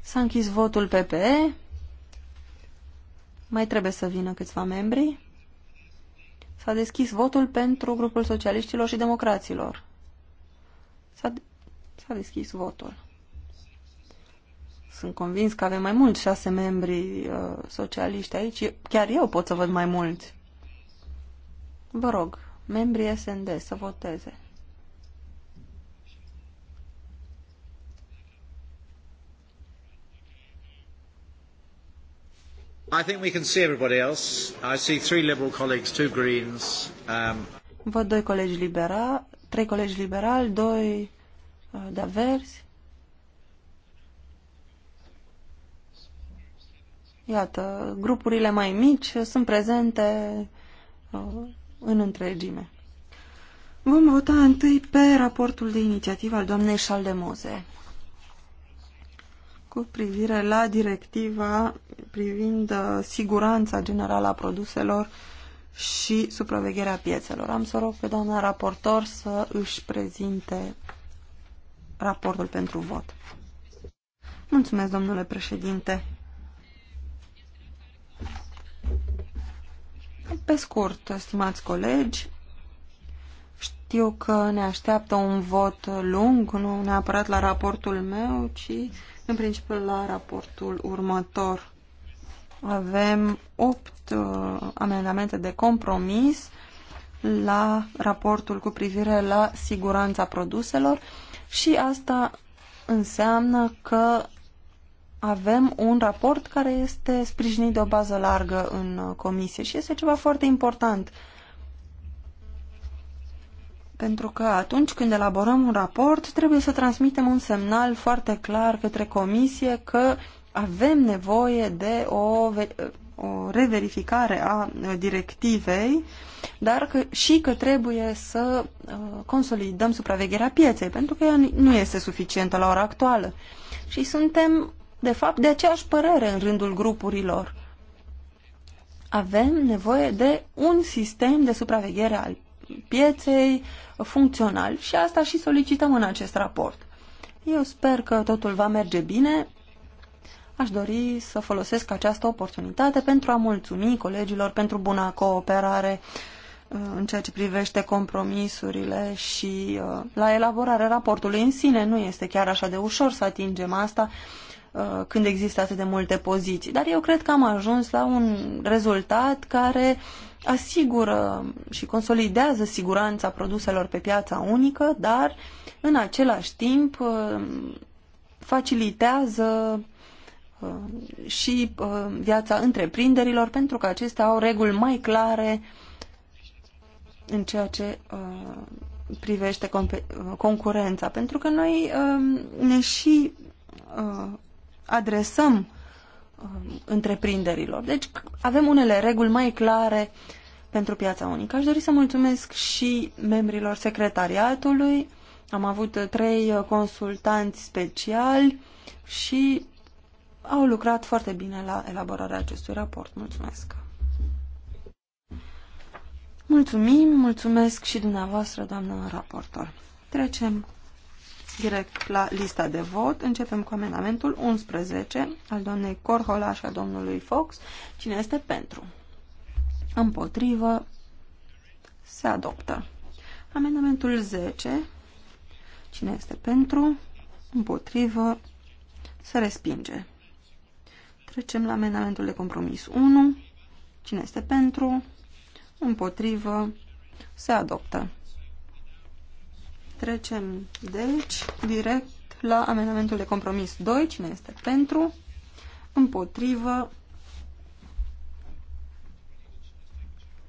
S-a închis votul PPE. Mai trebuie să vină câțiva membri. S-a deschis votul pentru grupul socialiștilor și democraților. S-a, de deschis votul. Sunt convins că avem mai mulți șase membri uh, socialiști aici. Chiar eu pot să văd mai mulți. Vă rog, membrii SND să voteze.
I think we can see everybody else. I see three liberal colleagues, two greens. Um,
Văd doi colegi liberali, trei colegi liberali, doi uh, de averzi. Iată, grupurile mai mici sunt prezente uh, în întregime. Vom vota întâi pe raportul de inițiativă al doamnei Schaldemose cu privire la directiva privind uh, siguranța generală a produselor și supravegherea piețelor. Am să rog pe doamna raportor să își prezinte raportul pentru vot. Mulțumesc, domnule președinte. Pe scurt, stimați colegi, știu că ne așteaptă un vot lung, nu neapărat la raportul meu, ci în principiu la raportul următor. Avem opt uh, amendamente de compromis la raportul cu privire la siguranța produselor și asta înseamnă că avem un raport care este sprijinit de o bază largă în uh, comisie și este ceva foarte important. Uh, pentru că atunci când elaborăm un raport, trebuie să transmitem un semnal foarte clar către comisie că avem nevoie de o, o reverificare a directivei, dar că, și că trebuie să uh, consolidăm supravegherea pieței, pentru că ea nu este suficientă la ora actuală. Și suntem, de fapt, de aceeași părere în rândul grupurilor avem nevoie de un sistem de supraveghere al pieței, funcțional și asta și solicităm în acest raport. Eu sper că totul va merge bine. Aș dori să folosesc această oportunitate pentru a mulțumi colegilor pentru buna cooperare uh, în ceea ce privește compromisurile și uh, la elaborarea raportului în sine. Nu este chiar așa de ușor să atingem asta uh, când există atât de multe poziții. Dar eu cred că am ajuns la un rezultat care asigură și consolidează siguranța produselor pe piața unică, dar în același timp uh, facilitează uh, și uh, viața întreprinderilor pentru că acestea au reguli mai clare în ceea ce privește concurența. Pentru că noi ne și adresăm Um, întreprinderilor. Deci avem unele reguli mai clare pentru piața unică. Aș dori să mulțumesc și membrilor secretariatului. Am avut trei uh, consultanți speciali și au lucrat foarte bine la elaborarea acestui raport. Mulțumesc! Mulțumim, mulțumesc și dumneavoastră, doamnă raportor. Trecem direct la lista de vot. Începem cu amendamentul 11 al doamnei Corhola și a domnului Fox. Cine este pentru? Împotrivă. Se adoptă. Amendamentul 10. Cine este pentru? Împotrivă. Se respinge. Trecem la amendamentul de compromis 1. Cine este pentru? Împotrivă. Se adoptă. Trecem, deci, direct la amendamentul de compromis 2. Cine este pentru? Împotrivă?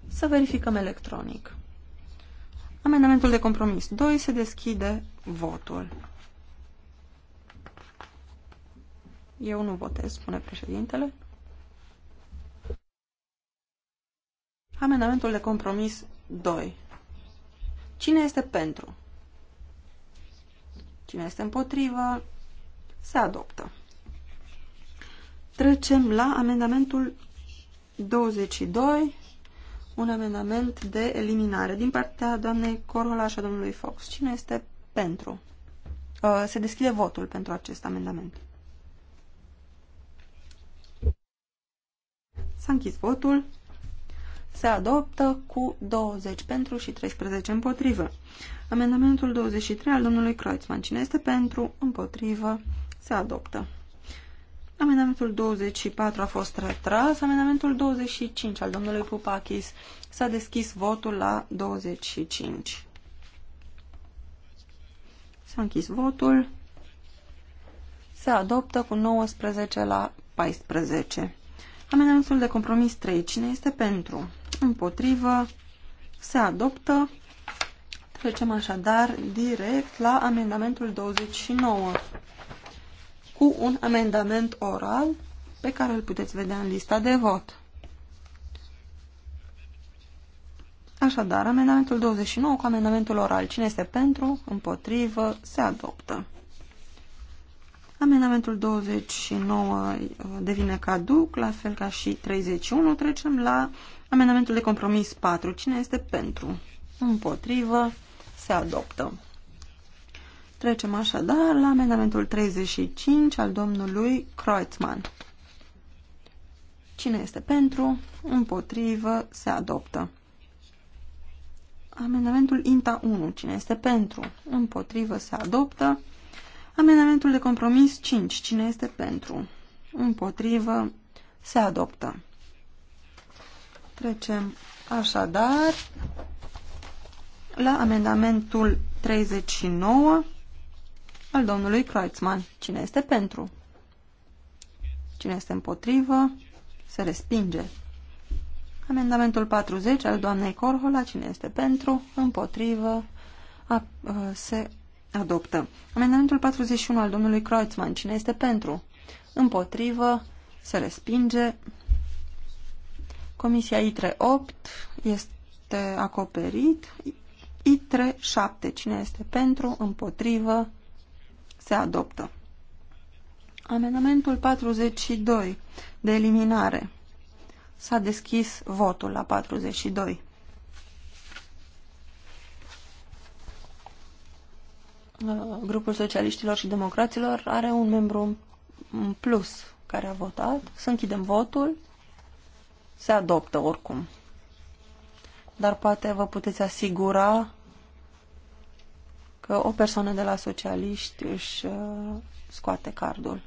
Să verificăm electronic. Amendamentul de compromis 2 se deschide votul. Eu nu votez, spune președintele. Amendamentul de compromis 2. Cine este pentru? Cine este împotrivă? Se adoptă. Trecem la amendamentul 22, un amendament de eliminare din partea doamnei Corola și a domnului Fox. Cine este pentru? Uh, se deschide votul pentru acest amendament. S-a închis votul se adoptă cu 20 pentru și 13 împotrivă. Amendamentul 23 al domnului Kreutzmann. Cine este pentru? Împotrivă. Se adoptă. Amendamentul 24 a fost retras. Amendamentul 25 al domnului Pupakis. S-a deschis votul la 25. S-a închis votul. Se adoptă cu 19 la 14. Amendamentul de compromis 3. Cine este pentru? Împotrivă. Se adoptă. Trecem așadar direct la amendamentul 29 cu un amendament oral pe care îl puteți vedea în lista de vot. Așadar, amendamentul 29 cu amendamentul oral. Cine este pentru? Împotrivă. Se adoptă. Amendamentul 29 uh, devine caduc, la fel ca și 31. Trecem la amendamentul de compromis 4. Cine este pentru? Împotrivă. Se adoptă. Trecem așadar la amendamentul 35 al domnului Kreutzmann. Cine este pentru? Împotrivă. Se adoptă. Amendamentul INTA 1. Cine este pentru? Împotrivă. Se adoptă. Amendamentul de compromis 5. Cine este pentru? Împotrivă. Se adoptă. Trecem așadar la amendamentul 39 al domnului Kreutzmann. Cine este pentru? Cine este împotrivă? Se respinge. Amendamentul 40 al doamnei Corhola. Cine este pentru? Împotrivă? A, se adoptă. Amendamentul 41 al domnului Kreutzmann. Cine este pentru? Împotrivă. Se respinge. Comisia ITRE 8 este acoperit. ITRE 7. Cine este pentru? Împotrivă. Se adoptă. Amendamentul 42 de eliminare. S-a deschis votul la 42. Uh, grupul socialiștilor și democraților are un membru în plus care a votat. Să închidem votul. Se adoptă oricum. Dar poate vă puteți asigura că o persoană de la socialiști își uh, scoate cardul.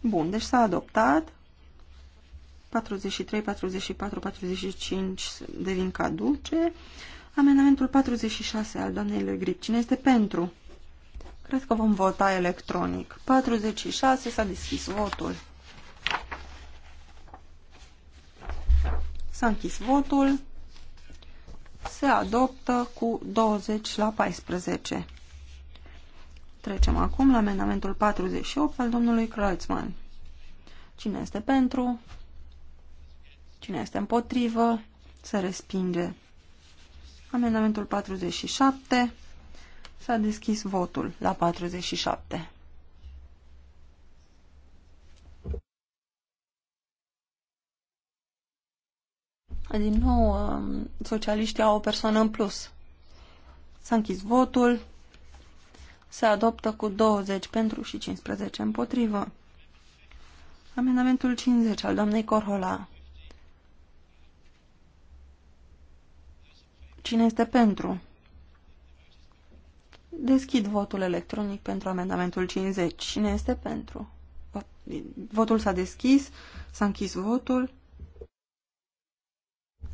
Bun, deci s-a adoptat. 43, 44, 45 devin caduce. Amendamentul 46 al doamnei Le Grip. Cine este pentru? Cred că vom vota electronic. 46 s-a deschis votul. S-a închis votul. Se adoptă cu 20 la 14. Trecem acum la amendamentul 48 al domnului Kreutzmann. Cine este pentru? Cine este împotrivă? Se respinge. Amendamentul 47. S-a deschis votul la 47. Din nou, um, socialiștii au o persoană în plus. S-a închis votul. Se adoptă cu 20 pentru și 15 împotrivă. Amendamentul 50 al doamnei Corhola. Cine este pentru? Deschid votul electronic pentru amendamentul 50. Cine este pentru? Votul s-a deschis, s-a închis votul.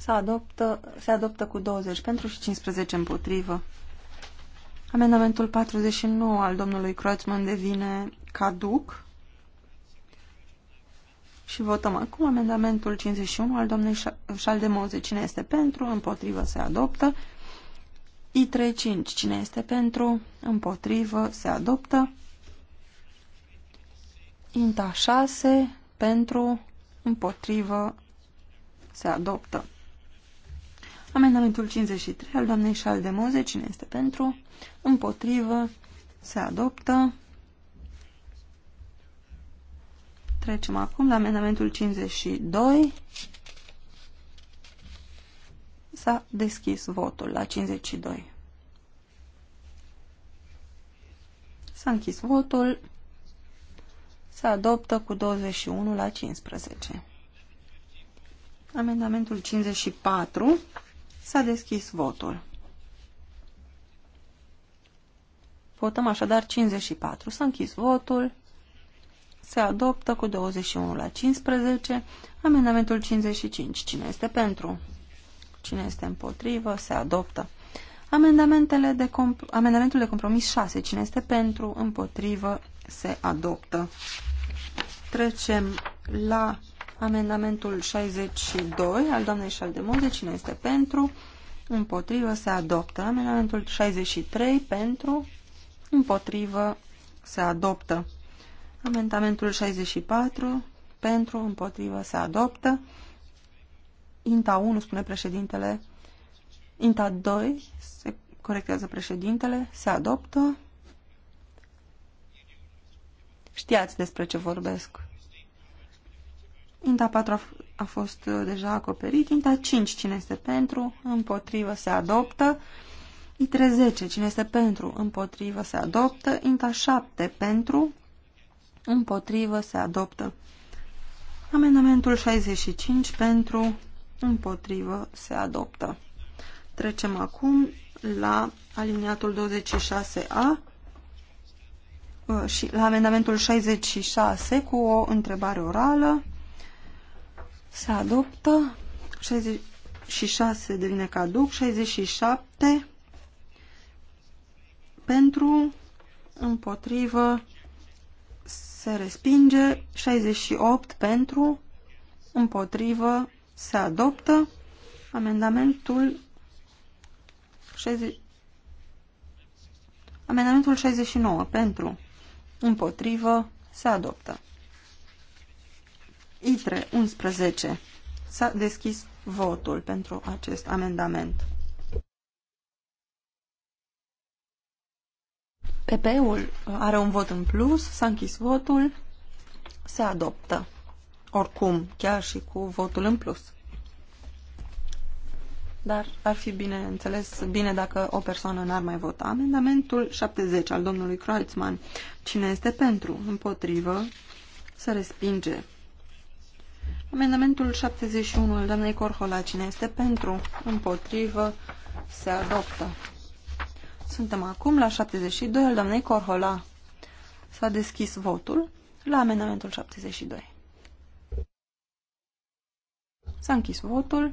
Adoptă, se adoptă cu 20 pentru și 15 împotrivă. Amendamentul 49 al domnului Croțman devine caduc. Și votăm acum amendamentul 51 al domnului Șaldemoze. Cine este pentru? Împotrivă se adoptă. I35. Cine este pentru? Împotrivă se adoptă. Inta 6. Pentru? Împotrivă se adoptă. Amendamentul 53 al doamnei Șaldemoze. Cine este pentru? Împotrivă se adoptă. Trecem acum la amendamentul 52. S-a deschis votul la 52. S-a închis votul. Se adoptă cu 21 la 15. Amendamentul 54. S-a deschis votul. Votăm așadar 54. S-a închis votul se adoptă cu 21 la 15. Amendamentul 55. Cine este pentru? Cine este împotrivă? Se adoptă. Amendamentele de amendamentul de compromis 6. Cine este pentru? Împotrivă? Se adoptă. Trecem la amendamentul 62 al doamnei Șaldemoze. Cine este pentru? Împotrivă? Se adoptă. Amendamentul 63 pentru? Împotrivă? Se adoptă. Amendamentul 64 pentru, împotrivă, se adoptă. INTA 1, spune președintele. INTA 2, se corectează președintele, se adoptă. Știați despre ce vorbesc. INTA 4 a, a fost uh, deja acoperit. INTA 5, cine este pentru, împotrivă, se adoptă. Inta 10, cine este pentru, împotrivă, se adoptă. INTA 7, pentru, împotrivă, se adoptă. Amendamentul 65 pentru, împotrivă, se adoptă. Trecem acum la aliniatul 26A uh, și la amendamentul 66 cu o întrebare orală. Se adoptă. 66 devine caduc. 67 pentru, împotrivă, se respinge, 68 pentru, împotrivă, se adoptă, amendamentul 60, amendamentul 69 pentru, împotrivă, se adoptă. ITRE 11. S-a deschis votul pentru acest amendament. PP-ul are un vot în plus, s-a închis votul, se adoptă. Oricum, chiar și cu votul în plus. Dar ar fi bine înțeles bine dacă o persoană n-ar mai vota. Amendamentul 70 al domnului Kreutzmann. Cine este pentru? Împotrivă? Se respinge. Amendamentul 71 al doamnei Corhola. Cine este pentru? Împotrivă? Se adoptă. Suntem acum la 72 al doamnei Corhola. S-a deschis votul la amendamentul 72. S-a închis votul.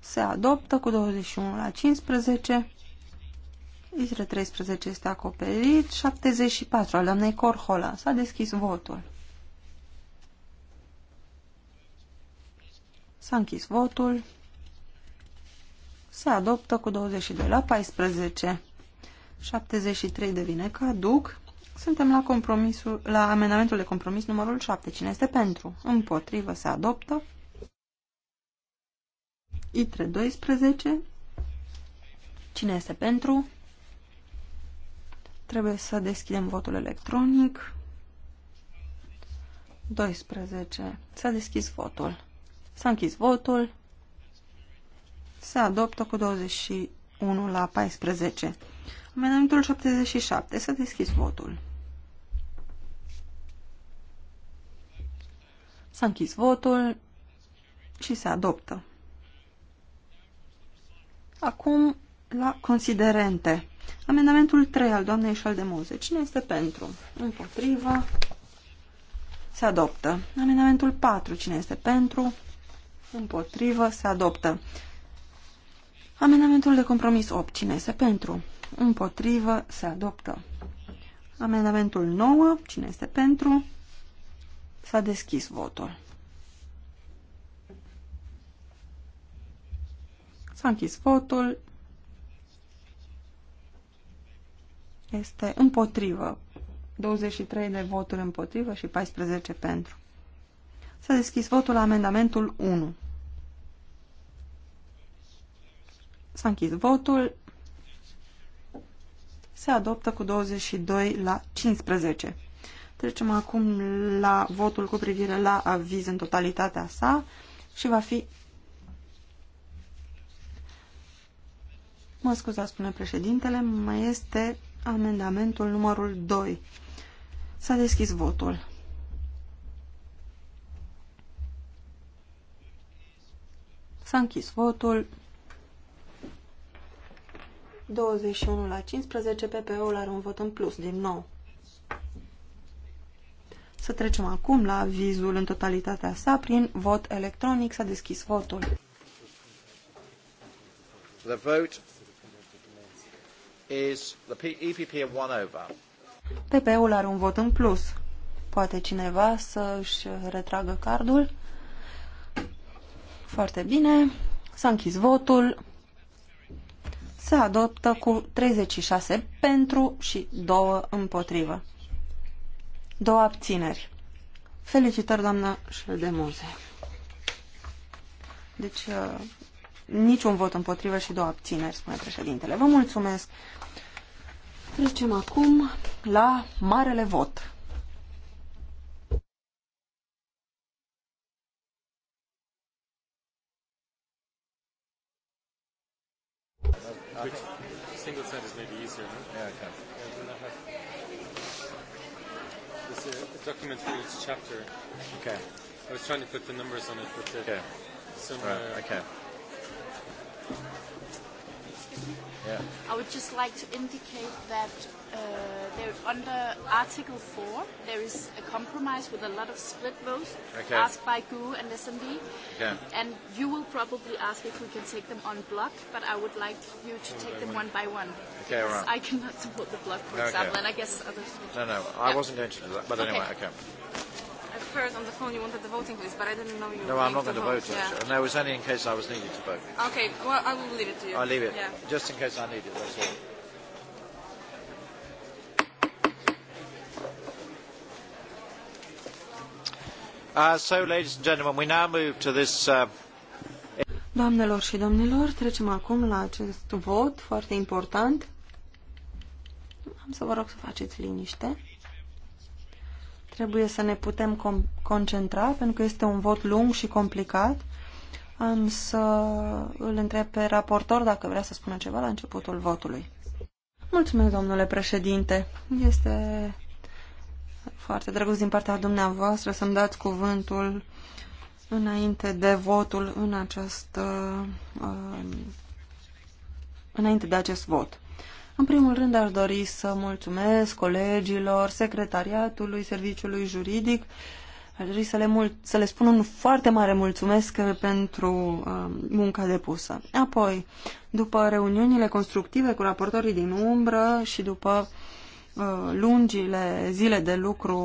Se adoptă cu 21 la 15. Isre 13 este acoperit. 74 al doamnei Corhola. S-a deschis votul. S-a închis votul se adoptă cu 22 la 14. 73 devine caduc. Suntem la, compromisul, la amendamentul de compromis numărul 7. Cine este pentru? Împotrivă se adoptă. ITRE 12. Cine este pentru? Trebuie să deschidem votul electronic. 12. S-a deschis votul. S-a închis votul se adoptă cu 21 la 14. Amendamentul 77. Să deschis votul. S-a închis votul și se adoptă. Acum la considerente. Amendamentul 3 al doamnei Șaldemoze. Cine este pentru? Împotriva. Se adoptă. Amendamentul 4. Cine este pentru? Împotrivă. Se adoptă. Amendamentul de compromis 8. Cine este pentru? Împotrivă. Se adoptă. Amendamentul 9. Cine este pentru? S-a deschis votul. S-a închis votul. Este împotrivă. 23 de voturi împotrivă și 14 pentru. S-a deschis votul la amendamentul 1. S-a închis votul. Se adoptă cu 22 la 15. Trecem acum la votul cu privire la aviz în totalitatea sa și va fi... Mă scuzați, spune președintele, mai este amendamentul numărul 2. S-a deschis votul. S-a închis votul. 21 la 15, ppo ul are un vot în plus, din nou. Să trecem acum la vizul în totalitatea sa prin vot electronic. S-a deschis votul.
The vote is the EPP of one over.
PP-ul are un vot în plus. Poate cineva să își retragă cardul. Foarte bine. S-a închis votul se adoptă cu 36 pentru și 2 împotrivă. Două abțineri. Felicitări, doamnă Șeldemoze. Deci, uh, niciun vot împotrivă și două abțineri, spune președintele. Vă mulțumesc. Trecem acum la marele vot.
Which single side is maybe easier, no? Yeah, okay. Yeah, this is
a document for each chapter. Okay. I was trying to put the numbers on it, but uh, okay. somewhere. Right,
okay. Excuse me. Yeah.
I would just like to indicate that uh, there, under Article 4, there is a compromise with a lot of split votes okay. asked by GU and SMD. Okay. And you will probably ask if we can take them on block, but I would like you to take them one by one. Okay, all right. I cannot support the block, for okay. example, and I guess others. No,
no, I yeah. wasn't going to do that, but okay. anyway, okay
heard on the phone you wanted the voting list, but I didn't know you No, I'm not going to vote, vote yeah.
And No, was only in case I was needed to vote.
Okay, well, I will leave it to you. I'll leave it, yeah.
just in case I need it, that's all. Uh, so, ladies and gentlemen, we now move to this... Uh...
Doamnelor și domnilor, trecem acum la acest vot foarte important. Am să vă rog să faceți liniște. Trebuie să ne putem concentra, pentru că este un vot lung și complicat. Am să îl întreb pe raportor dacă vrea să spună ceva la începutul votului. Mulțumesc, domnule președinte. Este foarte drăguț din partea dumneavoastră să-mi dați cuvântul înainte de votul în această, uh, înainte de acest vot. În primul rând aș dori să mulțumesc colegilor, secretariatului, serviciului juridic. Aș dori să le, mul- să le spun un foarte mare mulțumesc pentru uh, munca depusă. Apoi, după reuniunile constructive cu raportorii din umbră și după uh, lungile zile de lucru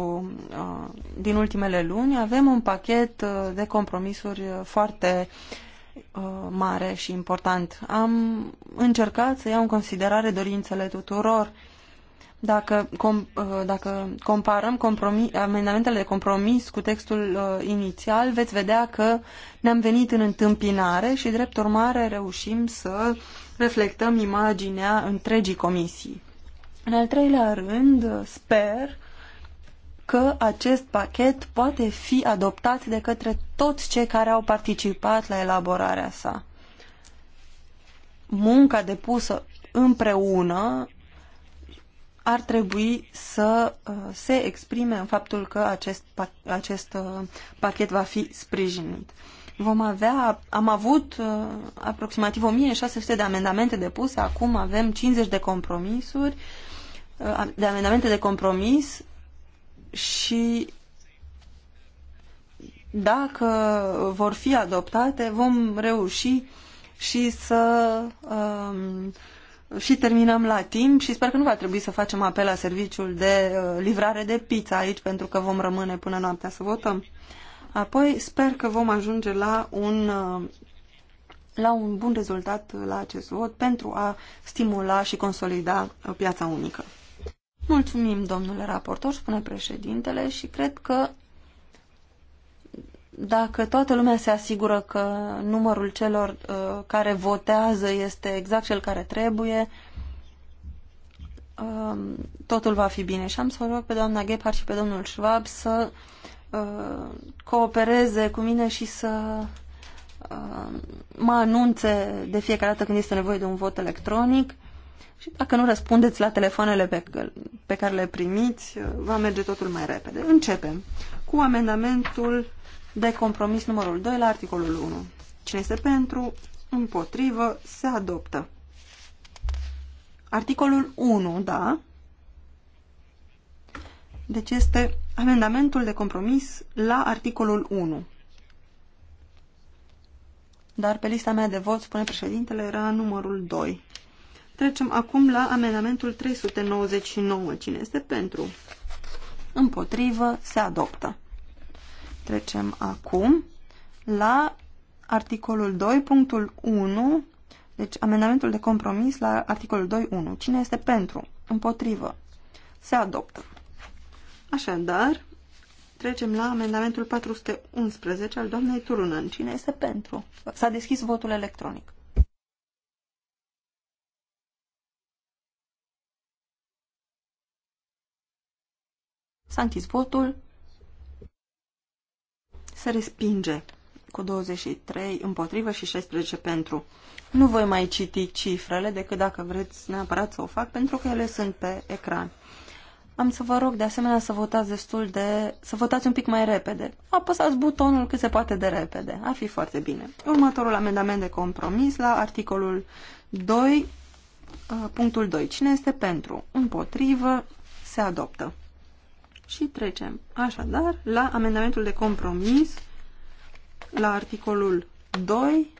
uh, din ultimele luni, avem un pachet uh, de compromisuri foarte uh, Uh, mare și important. Am încercat să iau în considerare dorințele tuturor. Dacă, com, uh, dacă comparăm compromis, amendamentele de compromis cu textul uh, inițial, veți vedea că ne-am venit în întâmpinare și, drept urmare, reușim să reflectăm imaginea întregii comisii. În al treilea rând, sper că acest pachet poate fi adoptat de către toți cei care au participat la elaborarea sa. Munca depusă împreună ar trebui să uh, se exprime în faptul că acest, acest uh, pachet va fi sprijinit. Vom avea, am avut uh, aproximativ 1600 de amendamente depuse, acum avem 50 de compromisuri, de amendamente de compromis și dacă vor fi adoptate, vom reuși și să um, și terminăm la timp și sper că nu va trebui să facem apel la serviciul de uh, livrare de pizza aici pentru că vom rămâne până noaptea să votăm. Apoi sper că vom ajunge la un, uh, la un bun rezultat la acest vot pentru a stimula și consolida piața unică. Mulțumim, domnule raportor, spune președintele, și cred că dacă toată lumea se asigură că numărul celor uh, care votează este exact cel care trebuie, uh, totul va fi bine. Și am să rog pe doamna Gephardt și pe domnul Schwab să uh, coopereze cu mine și să uh, mă anunțe de fiecare dată când este nevoie de un vot electronic și dacă nu răspundeți la telefoanele pe, pe care le primiți, va merge totul mai repede. Începem cu amendamentul de compromis numărul 2 la articolul 1. Cine este pentru, împotrivă, se adoptă. Articolul 1, da? Deci este amendamentul de compromis la articolul 1. Dar pe lista mea de vot, spune președintele, era numărul 2. Trecem acum la amendamentul 399. Cine este pentru? Împotrivă se adoptă. Trecem acum la articolul 2, punctul 1, deci amendamentul de compromis la articolul 2.1. Cine este pentru? Împotrivă. Se adoptă. Așadar, trecem la amendamentul 411 al doamnei Turunan. Cine este pentru? S-a deschis votul electronic. Sanctis votul. Se respinge cu 23 împotrivă și 16 pentru. Nu voi mai citi cifrele decât dacă vreți neapărat să o fac, pentru că ele sunt pe ecran. Am să vă rog de asemenea să votați destul de... să votați un pic mai repede. Apăsați butonul cât se poate de repede. Ar fi foarte bine. Următorul amendament de compromis la articolul 2, uh, punctul 2. Cine este pentru? Împotrivă? Se adoptă. Și trecem așadar la amendamentul de compromis la articolul 2,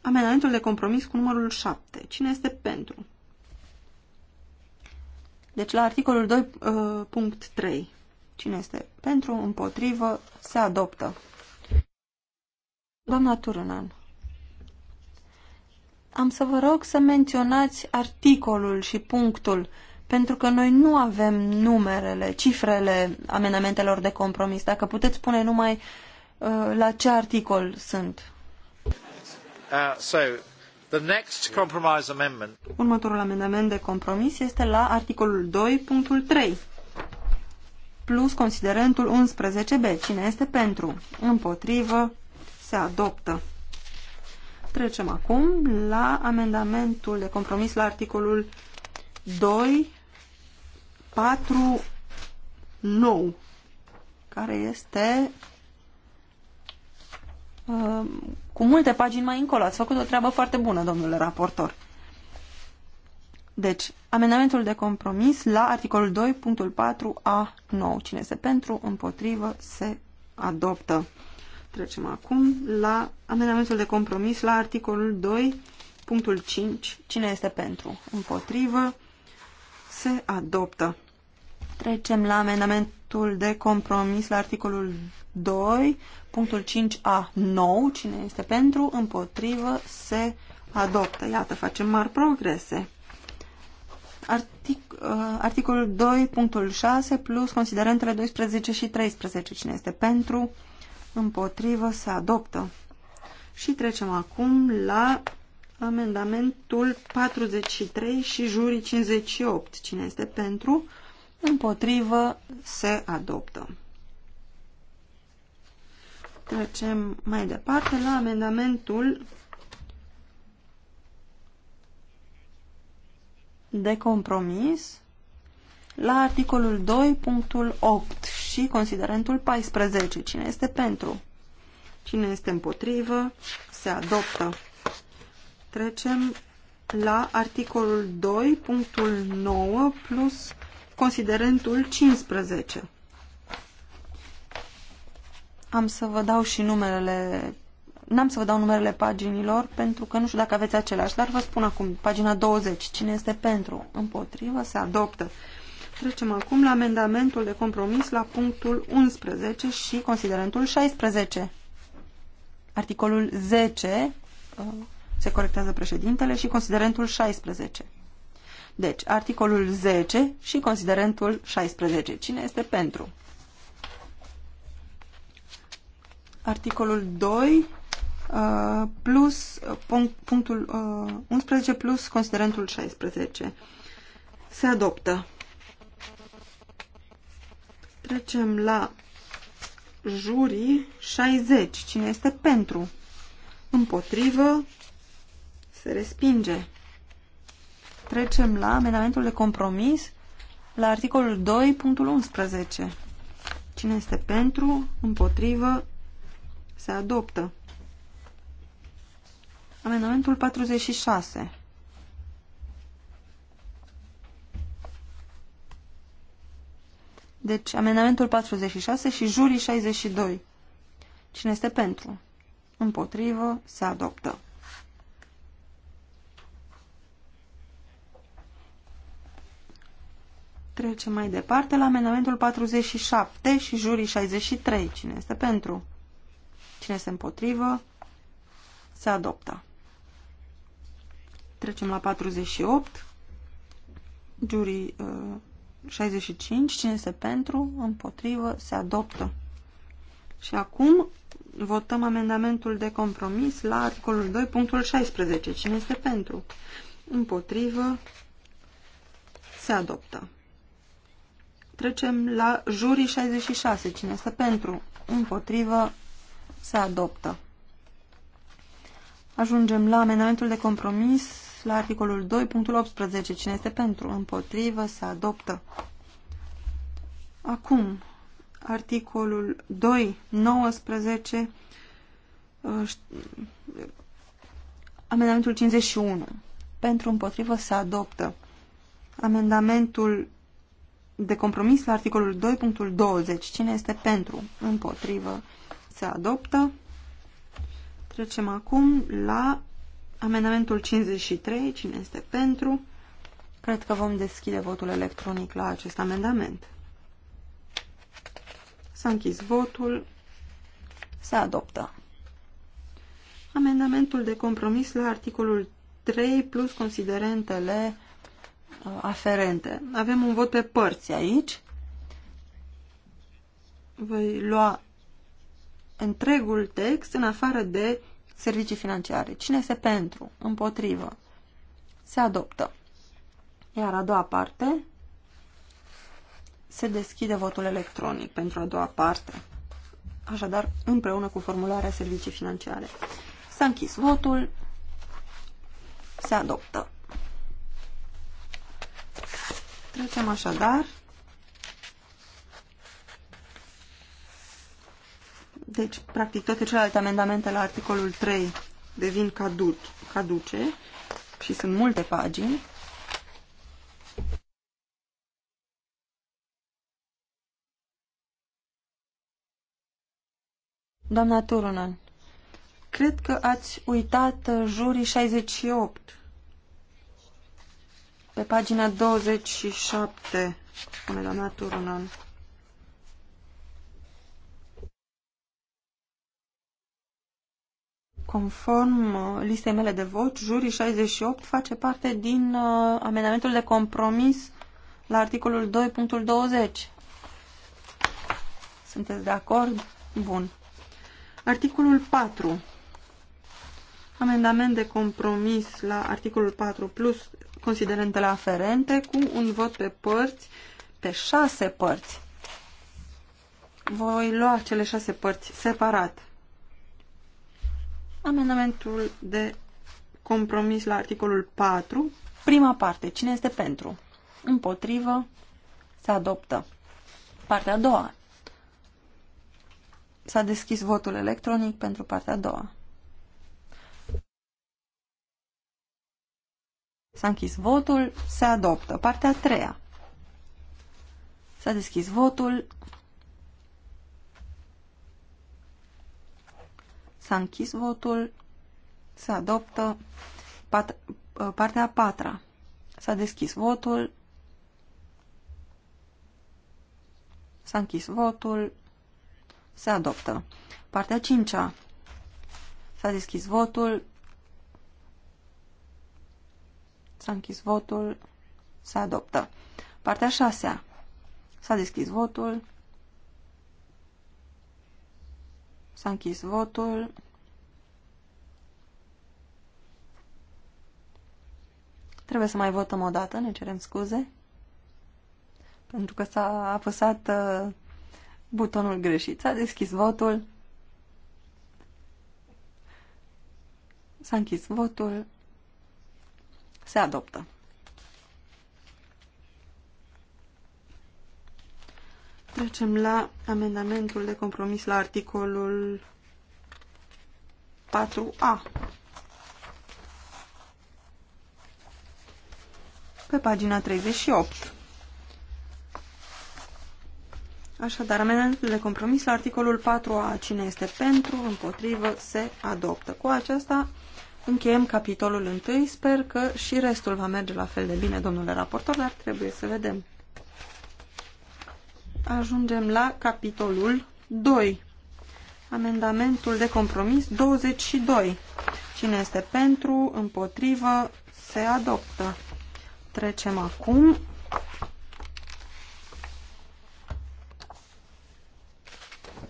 amendamentul de compromis cu numărul 7. Cine este pentru? Deci la articolul 2.3. Uh, Cine este pentru, împotrivă, se adoptă. Doamna Turunan, am să vă rog să menționați articolul și punctul pentru că noi nu avem numerele, cifrele amendamentelor de compromis. Dacă puteți spune numai uh, la ce articol sunt.
Uh, so, the next compromise amendment.
Următorul amendament de compromis este la articolul 2.3 plus considerentul 11b. Cine este pentru? Împotrivă? Se adoptă. Trecem acum la amendamentul de compromis la articolul 2 4 nou, care este uh, cu multe pagini mai încolo. Ați făcut o treabă foarte bună, domnule raportor. Deci, amendamentul de compromis la articolul 2.4 punctul a 9 Cine este pentru, împotrivă, se adoptă. Trecem acum la amendamentul de compromis la articolul 2.5. punctul Cine este pentru, împotrivă, se se adoptă. Trecem la amendamentul de compromis la articolul 2, punctul 5a, nou. Cine este pentru, împotrivă, se adoptă. Iată, facem mari progrese. Artic, uh, articolul 2, punctul 6, plus considerentele 12 și 13. Cine este pentru, împotrivă, se adoptă. Și trecem acum la amendamentul 43 și jurii 58. Cine este pentru? Împotrivă se adoptă. Trecem mai departe la amendamentul de compromis la articolul 2, punctul 8 și considerentul 14. Cine este pentru? Cine este împotrivă? Se adoptă. Trecem la articolul 2, punctul 9 plus considerentul 15. Am să vă dau și numerele n-am să vă dau numerele paginilor pentru că nu știu dacă aveți aceleași, dar vă spun acum, pagina 20, cine este pentru, împotrivă, se adoptă. Trecem acum la amendamentul de compromis la punctul 11 și considerentul 16. Articolul 10, se corectează președintele, și considerentul 16. Deci, articolul 10 și considerentul 16. Cine este pentru? Articolul 2 uh, plus uh, punct, punctul uh, 11 plus considerentul 16. Se adoptă. Trecem la jurii 60. Cine este pentru? Împotrivă, se respinge. Trecem la amendamentul de compromis la articolul 2.11. Cine este pentru, împotrivă, se adoptă. Amendamentul 46. Deci, amendamentul 46 și jurii 62. Cine este pentru? Împotrivă, se adoptă. Trecem mai departe la amendamentul 47 și jurii 63. Cine este pentru? Cine este împotrivă? Se adoptă. Trecem la 48. Jurii uh, 65. Cine este pentru? Împotrivă? Se adoptă. Și acum votăm amendamentul de compromis la articolul 2, punctul 16. Cine este pentru? Împotrivă? Se adoptă. Trecem la jurii 66. Cine este pentru? Împotrivă. Se adoptă. Ajungem la amendamentul de compromis la articolul 2.18. Cine este pentru? Împotrivă. Se adoptă. Acum, articolul 2.19, uh, amendamentul 51. Pentru împotrivă se adoptă. Amendamentul de compromis la articolul 2.20. Cine este pentru? Împotrivă. Se adoptă. Trecem acum la amendamentul 53. Cine este pentru? Cred că vom deschide votul electronic la acest amendament. S-a închis votul. Se adoptă. Amendamentul de compromis la articolul 3 plus considerentele Uh, aferente. Avem un vot pe părți aici. Voi lua întregul text în afară de servicii financiare. Cine este pentru? Împotrivă. Se adoptă. Iar a doua parte se deschide votul electronic pentru a doua parte. Așadar, împreună cu formularea servicii financiare. S-a închis votul. Se adoptă. Trecem așadar Deci, practic, toate celelalte amendamente la articolul 3 devin caduc, caduce și sunt multe pagini. Doamna Turunan, cred că ați uitat uh, jurii 68. Pe pagina 27, spune doamna Turunan. Conform uh, listei mele de vot, jurii 68 face parte din uh, amendamentul de compromis la articolul 2.20. Sunteți de acord? Bun. Articolul 4. Amendament de compromis la articolul 4 plus considerentele aferente cu un vot pe părți, pe șase părți. Voi lua cele șase părți separat. Amendamentul de compromis la articolul 4, prima parte. Cine este pentru? Împotrivă? Se adoptă. Partea a doua. S-a deschis votul electronic pentru partea a doua. S-a închis votul, se adoptă. Partea a treia. S-a deschis votul. S-a închis votul, se adoptă. Pat uh, partea a patra. S-a deschis votul. S-a închis votul. Se adoptă. Partea a cincea. S-a deschis votul. S-a închis votul. Se adoptă. Partea 6. S-a deschis votul. S-a închis votul. Trebuie să mai votăm o dată, ne cerem scuze. Pentru că s-a apăsat uh, butonul greșit. S-a deschis votul. S-a închis votul. Se adoptă. Trecem la amendamentul de compromis la articolul 4A. Pe pagina 38. Așadar, amendamentul de compromis la articolul 4A. Cine este pentru, împotrivă, se adoptă. Cu aceasta Încheiem capitolul întâi. Sper că și restul va merge la fel de bine, domnule raportor, dar trebuie să vedem. Ajungem la capitolul 2. Amendamentul de compromis 22. Cine este pentru, împotrivă, se adoptă. Trecem acum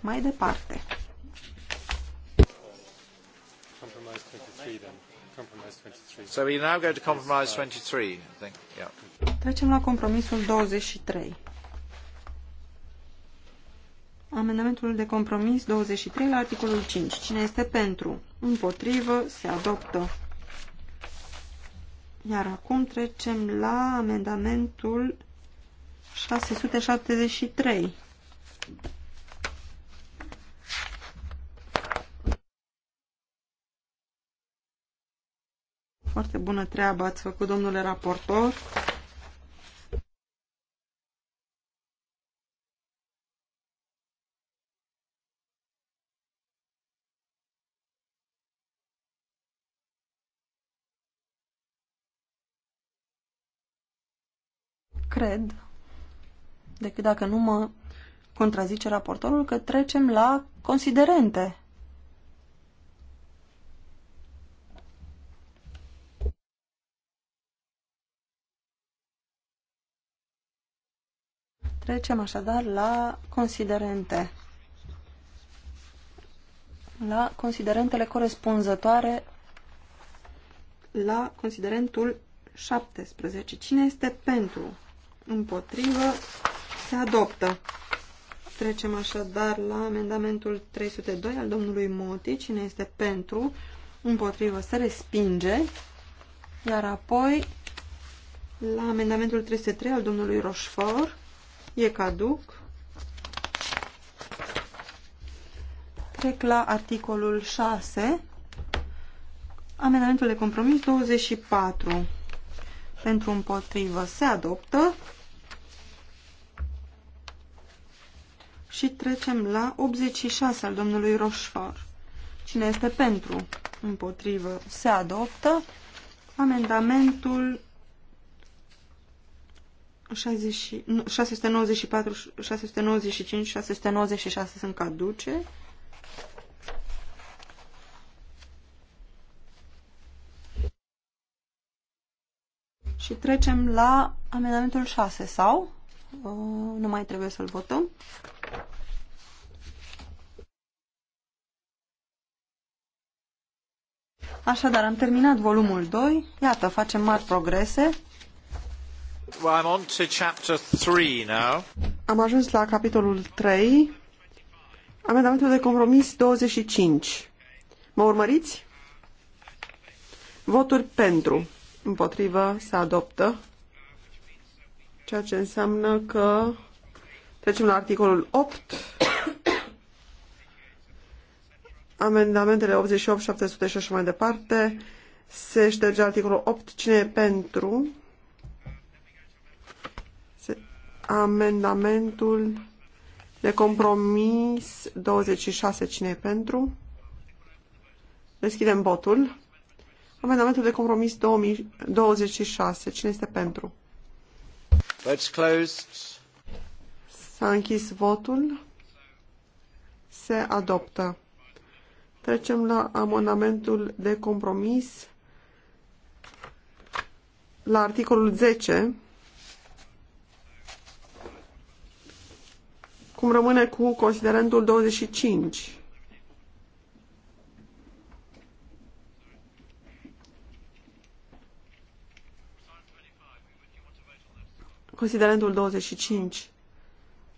mai departe.
So we now go to compromise 23, I think. Yeah.
Trecem la compromisul 23. Amendamentul de compromis 23 la articolul 5. Cine este pentru? Împotrivă? Se adoptă. Iar acum trecem la amendamentul 673.
Foarte bună treabă ați făcut, domnule raportor.
Cred, decât dacă nu mă contrazice raportorul, că trecem la considerente. Trecem așadar la considerente. La considerentele corespunzătoare la considerentul 17. Cine este pentru? Împotrivă? Se adoptă. Trecem așadar la amendamentul 302 al domnului Moti. Cine este pentru? Împotrivă? Se respinge. Iar apoi la amendamentul 303 al domnului Rochefort e caduc. Trec la articolul 6, amendamentul de compromis 24. Pentru împotrivă se adoptă. Și trecem la 86 al domnului Roșfar. Cine este pentru? Împotrivă se adoptă. Amendamentul 694, 695, 696 sunt caduce. Și trecem la amendamentul 6 sau? Nu mai trebuie să-l votăm. Așadar, am terminat volumul 2. Iată, facem mari
progrese.
Well, I'm on to chapter 3 now.
Am ajuns la capitolul 3, amendamentul de compromis 25. Mă urmăriți? Voturi pentru. Împotrivă se adoptă. Ceea ce înseamnă că trecem la articolul 8. Amendamentele 88, 700 și așa mai departe. Se șterge articolul 8. Cine e pentru? Amendamentul de compromis 26. Cine e pentru? Deschidem votul. Amendamentul de compromis 26. Cine este pentru?
Vote's closed.
S-a închis votul. Se adoptă. Trecem la amendamentul de compromis la articolul 10. cum rămâne cu considerentul 25. Considerentul 25.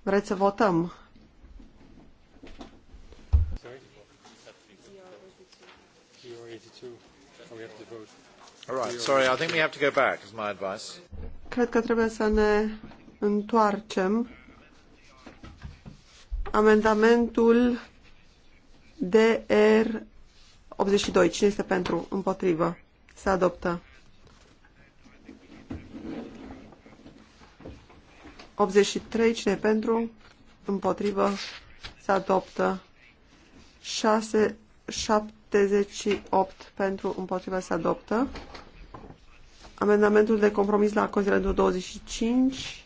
Vreți să votăm? Cred că trebuie să ne întoarcem Amendamentul DR 82. Cine este pentru? Împotrivă. Se adoptă. 83. Cine pentru? Împotrivă. Se adoptă. 6, 78 pentru împotrivă se adoptă. Amendamentul de compromis la considerentul 25.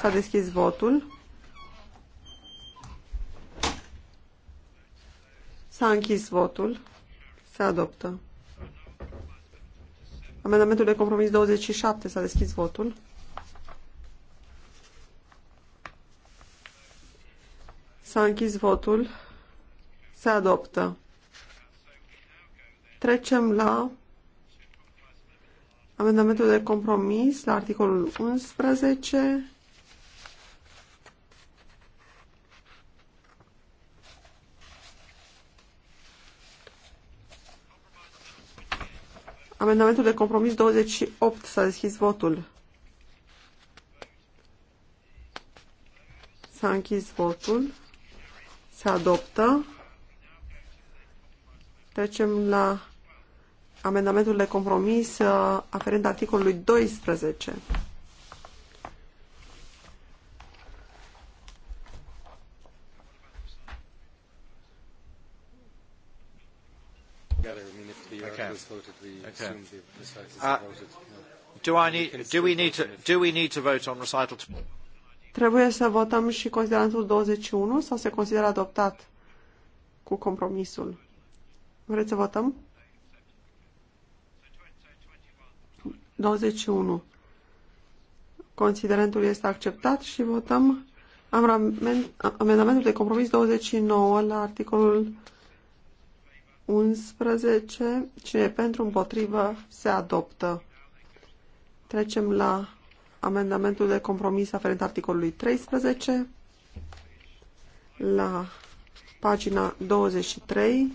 S-a deschis votul. S-a închis votul. Se adoptă. Amendamentul de compromis 27. S-a deschis votul. S-a închis votul. Se adoptă. Trecem la amendamentul de compromis la articolul 11. Amendamentul de compromis 28. S-a deschis votul. S-a închis votul. Se adoptă. Trecem la amendamentul de compromis uh, aferent articolului 12.
Uh, voted. We okay. the recitals uh, voted. Do, I need, do, we need to, do we need to vote on recital
Trebuie să votăm și considerantul 21 sau se consideră adoptat cu compromisul? Vreți să votăm? 21. Considerentul este acceptat și votăm amendamentul de compromis 29 la articolul 11. Cine pentru împotrivă se adoptă. Trecem la amendamentul de compromis aferent articolului 13. La pagina 23,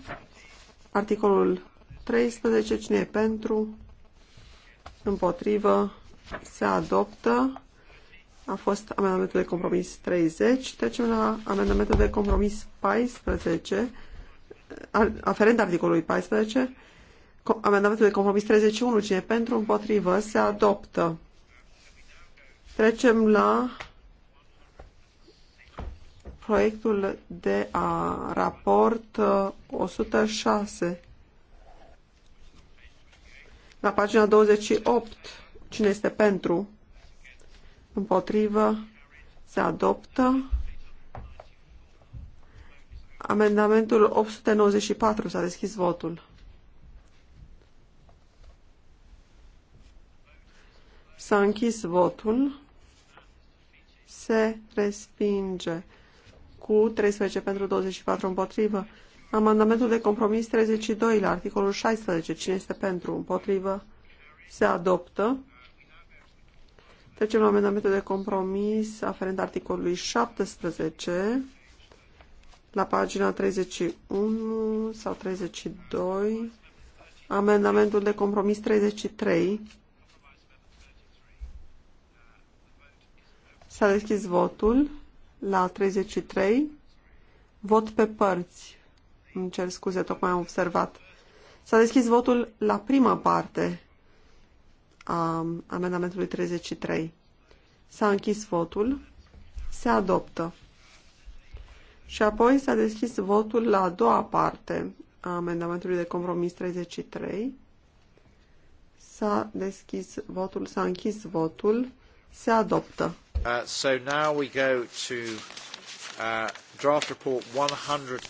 articolul 13, cine e pentru, împotrivă, se adoptă. A fost amendamentul de compromis 30. Trecem la amendamentul de compromis 14 aferent articolului 14, amendamentul de compromis 31, cine pentru, împotrivă, se adoptă. Trecem la proiectul de a, raport 106. Uh, la pagina 28, cine este pentru, împotrivă, se adoptă. Amendamentul 894. S-a deschis votul. S-a închis votul. Se respinge cu 13 pentru 24 împotrivă. Amendamentul de compromis 32 la articolul 16. Cine este pentru? Împotrivă? Se adoptă. Trecem la amendamentul de compromis aferent articolului 17 la pagina 31 sau 32, amendamentul de compromis 33. S-a deschis votul la 33. Vot pe părți. Îmi cer scuze, tocmai am observat. S-a deschis votul la prima parte a amendamentului 33. S-a închis votul. Se adoptă. Și apoi s-a deschis votul la a doua parte a amendamentului de compromis 33. S-a deschis votul, s-a închis votul, se adoptă.
Uh, so now we go to uh, draft report 100.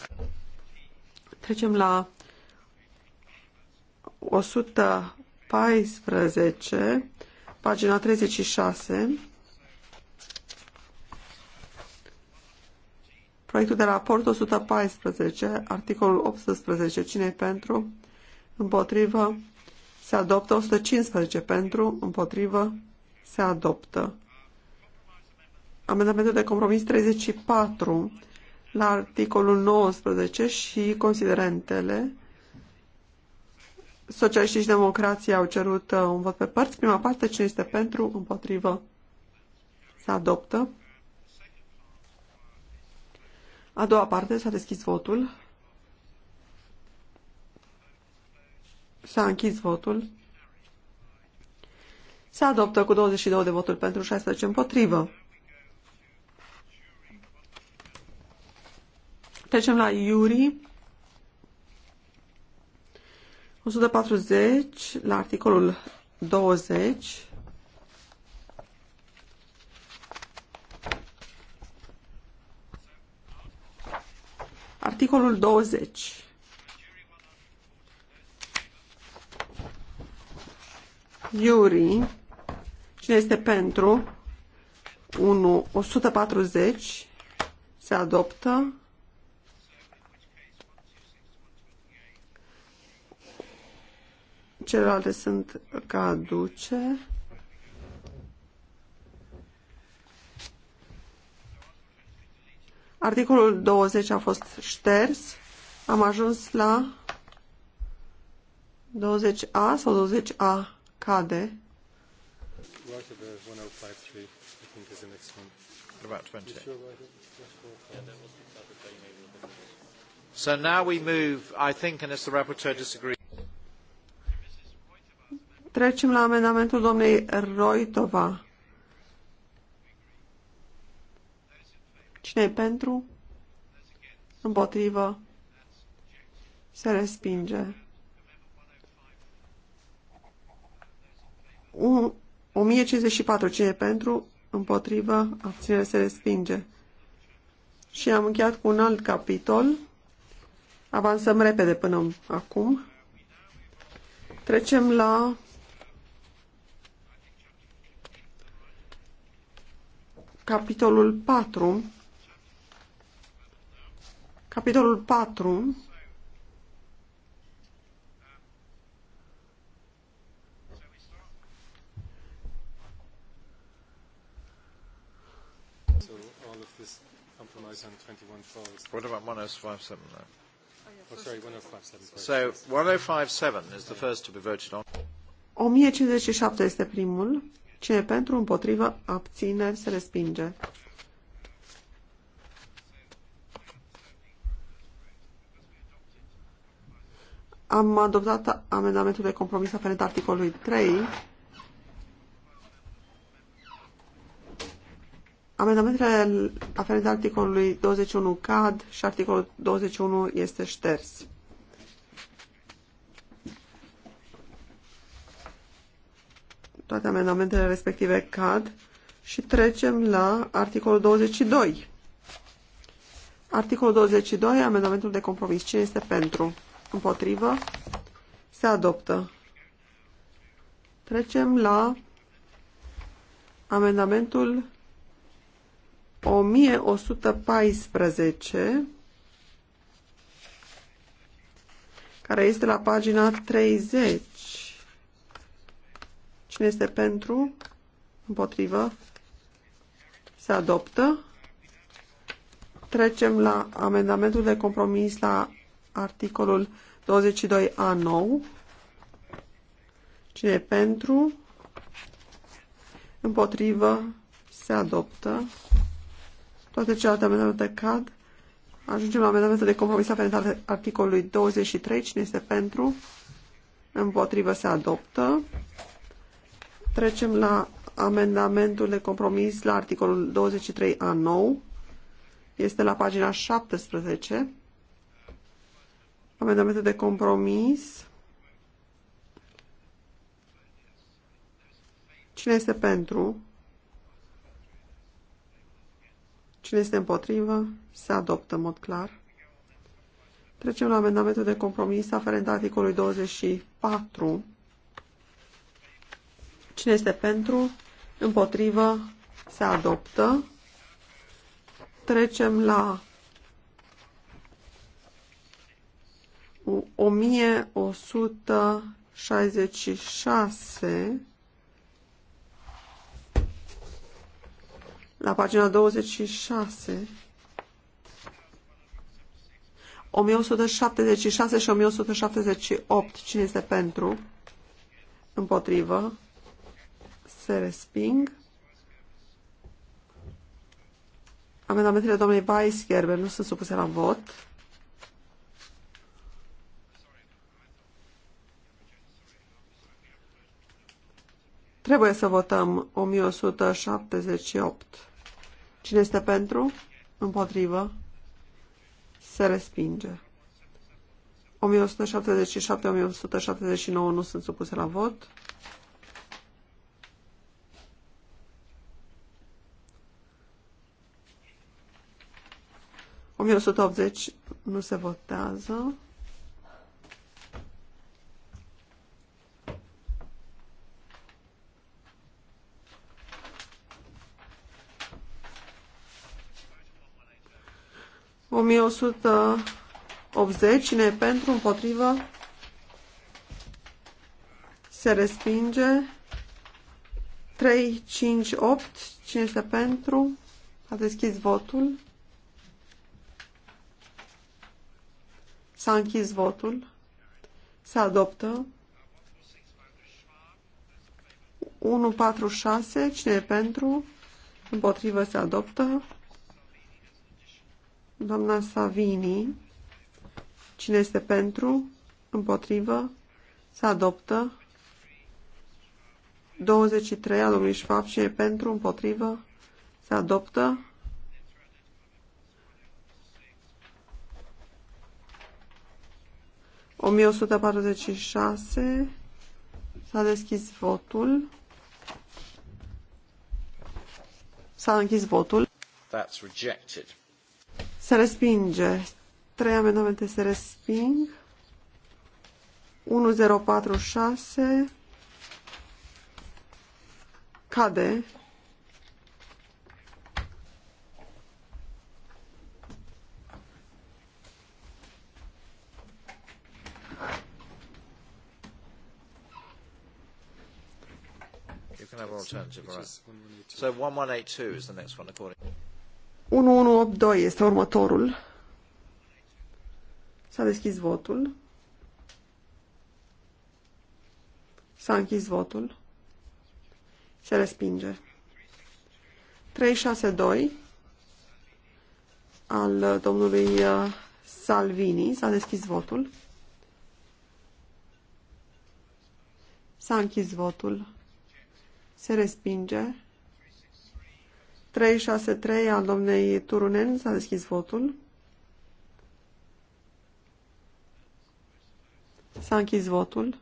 Trecem la 114, pagina 36. Proiectul de raport 114, articolul 18, cine pentru? Împotrivă. Se adoptă 115 pentru, împotrivă, se adoptă. Amendamentul de compromis 34 la articolul 19 și considerentele. Socialiștii și democrații au cerut uh, un vot pe părți. Prima parte, cine este pentru, împotrivă, se adoptă. A doua parte s-a deschis votul. S-a închis votul. Se adoptă cu 22 de voturi pentru 16 împotrivă. Trecem la Iuri. 140, la articolul 20. Articolul 20. Iuri, cine este pentru? 1, 140 se adoptă. Celelalte sunt caduce. Articolul 20 a fost șters. Am ajuns la 20A sau 20A cade.
So now we move, I think, unless the rapporteur disagrees.
Trecem la amendamentul doamnei Roitova. Cine e pentru? Împotrivă. Se respinge. Un, 1054. Cine e pentru? Împotrivă. Abținere se respinge. Și am încheiat cu un alt capitol. Avansăm repede până acum. Trecem la capitolul 4 Capitolul 4
What about 1057 Oh, sorry, 1057. is the first to be voted on.
1057 este primul. Cine pentru, împotrivă, abțineri, se respinge. Am adoptat amendamentul de compromis aferent articolului 3. Amendamentele aferent articolului 21 cad și articolul 21 este șters. Toate amendamentele respective cad și trecem la articolul 22. Articolul 22, amendamentul de compromis. Cine este pentru? Împotrivă. Se adoptă. Trecem la amendamentul 1114, care este la pagina 30. Cine este pentru? Împotrivă? Se adoptă. Trecem la amendamentul de compromis la articolul 22A9. Cine pentru? Împotrivă? Se adoptă. Toate celelalte amendamente cad. Ajungem la amendamentul de compromis al articolului 23. Cine este pentru? Împotrivă? Se adoptă. Trecem la amendamentul de compromis la articolul 23A9. Este la pagina 17 amendamente de compromis. Cine este pentru? Cine este împotrivă? Se adoptă în mod clar. Trecem la amendamentul de compromis aferent articolului 24. Cine este pentru? Împotrivă? Se adoptă. Trecem la 1166 la pagina 26 1176 și 1178 cine este pentru împotrivă se resping amendamentele domnului Weisgerber nu sunt supuse la vot Trebuie să votăm 1178. Cine este pentru? Împotrivă. Se respinge. 1177-1179 nu sunt supuse la vot. O 180 nu se votează. 1180. Cine e pentru? Împotrivă? Se respinge. 3, 5, 8. Cine este pentru? A deschis votul. S-a închis votul. Se adoptă. 1, 4, 6, Cine e pentru? Împotrivă se adoptă. Doamna Savini, cine este pentru, împotrivă, se adoptă. 23 a domnului Schwab, cine e pentru, împotrivă, se adoptă. O 1146 s-a deschis votul. S-a închis votul.
That's rejected.
Se respinge. Trei amendamente se resping. 1046 cade
So 1182 is the next one according
1182 este următorul. S-a deschis votul. S-a închis votul. Se respinge. 362 al domnului uh, Salvini. S-a deschis votul. S-a închis votul. Se respinge. 363 al domnei Turunen. S-a deschis votul. S-a închis votul.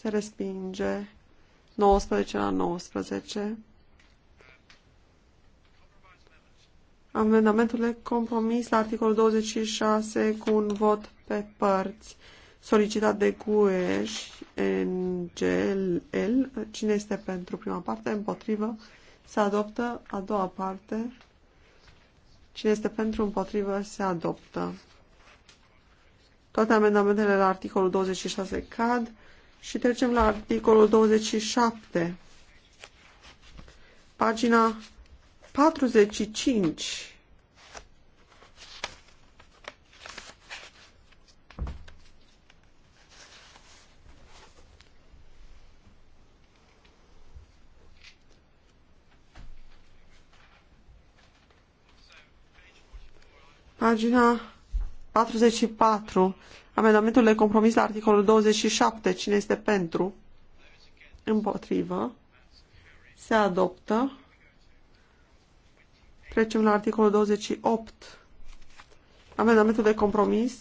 Se respinge 19 la 19. Amendamentul de compromis la articolul 26 cu un vot pe părți solicitat de GUE NGL. Cine este pentru prima parte? Împotrivă? Se adoptă a doua parte. Cine este pentru, împotrivă, se adoptă. Toate amendamentele la articolul 26 cad și trecem la articolul 27. Pagina 45. Pagina 44. Amendamentul de compromis la articolul 27. Cine este pentru? Împotrivă. Se adoptă. Trecem la articolul 28. Amendamentul de compromis.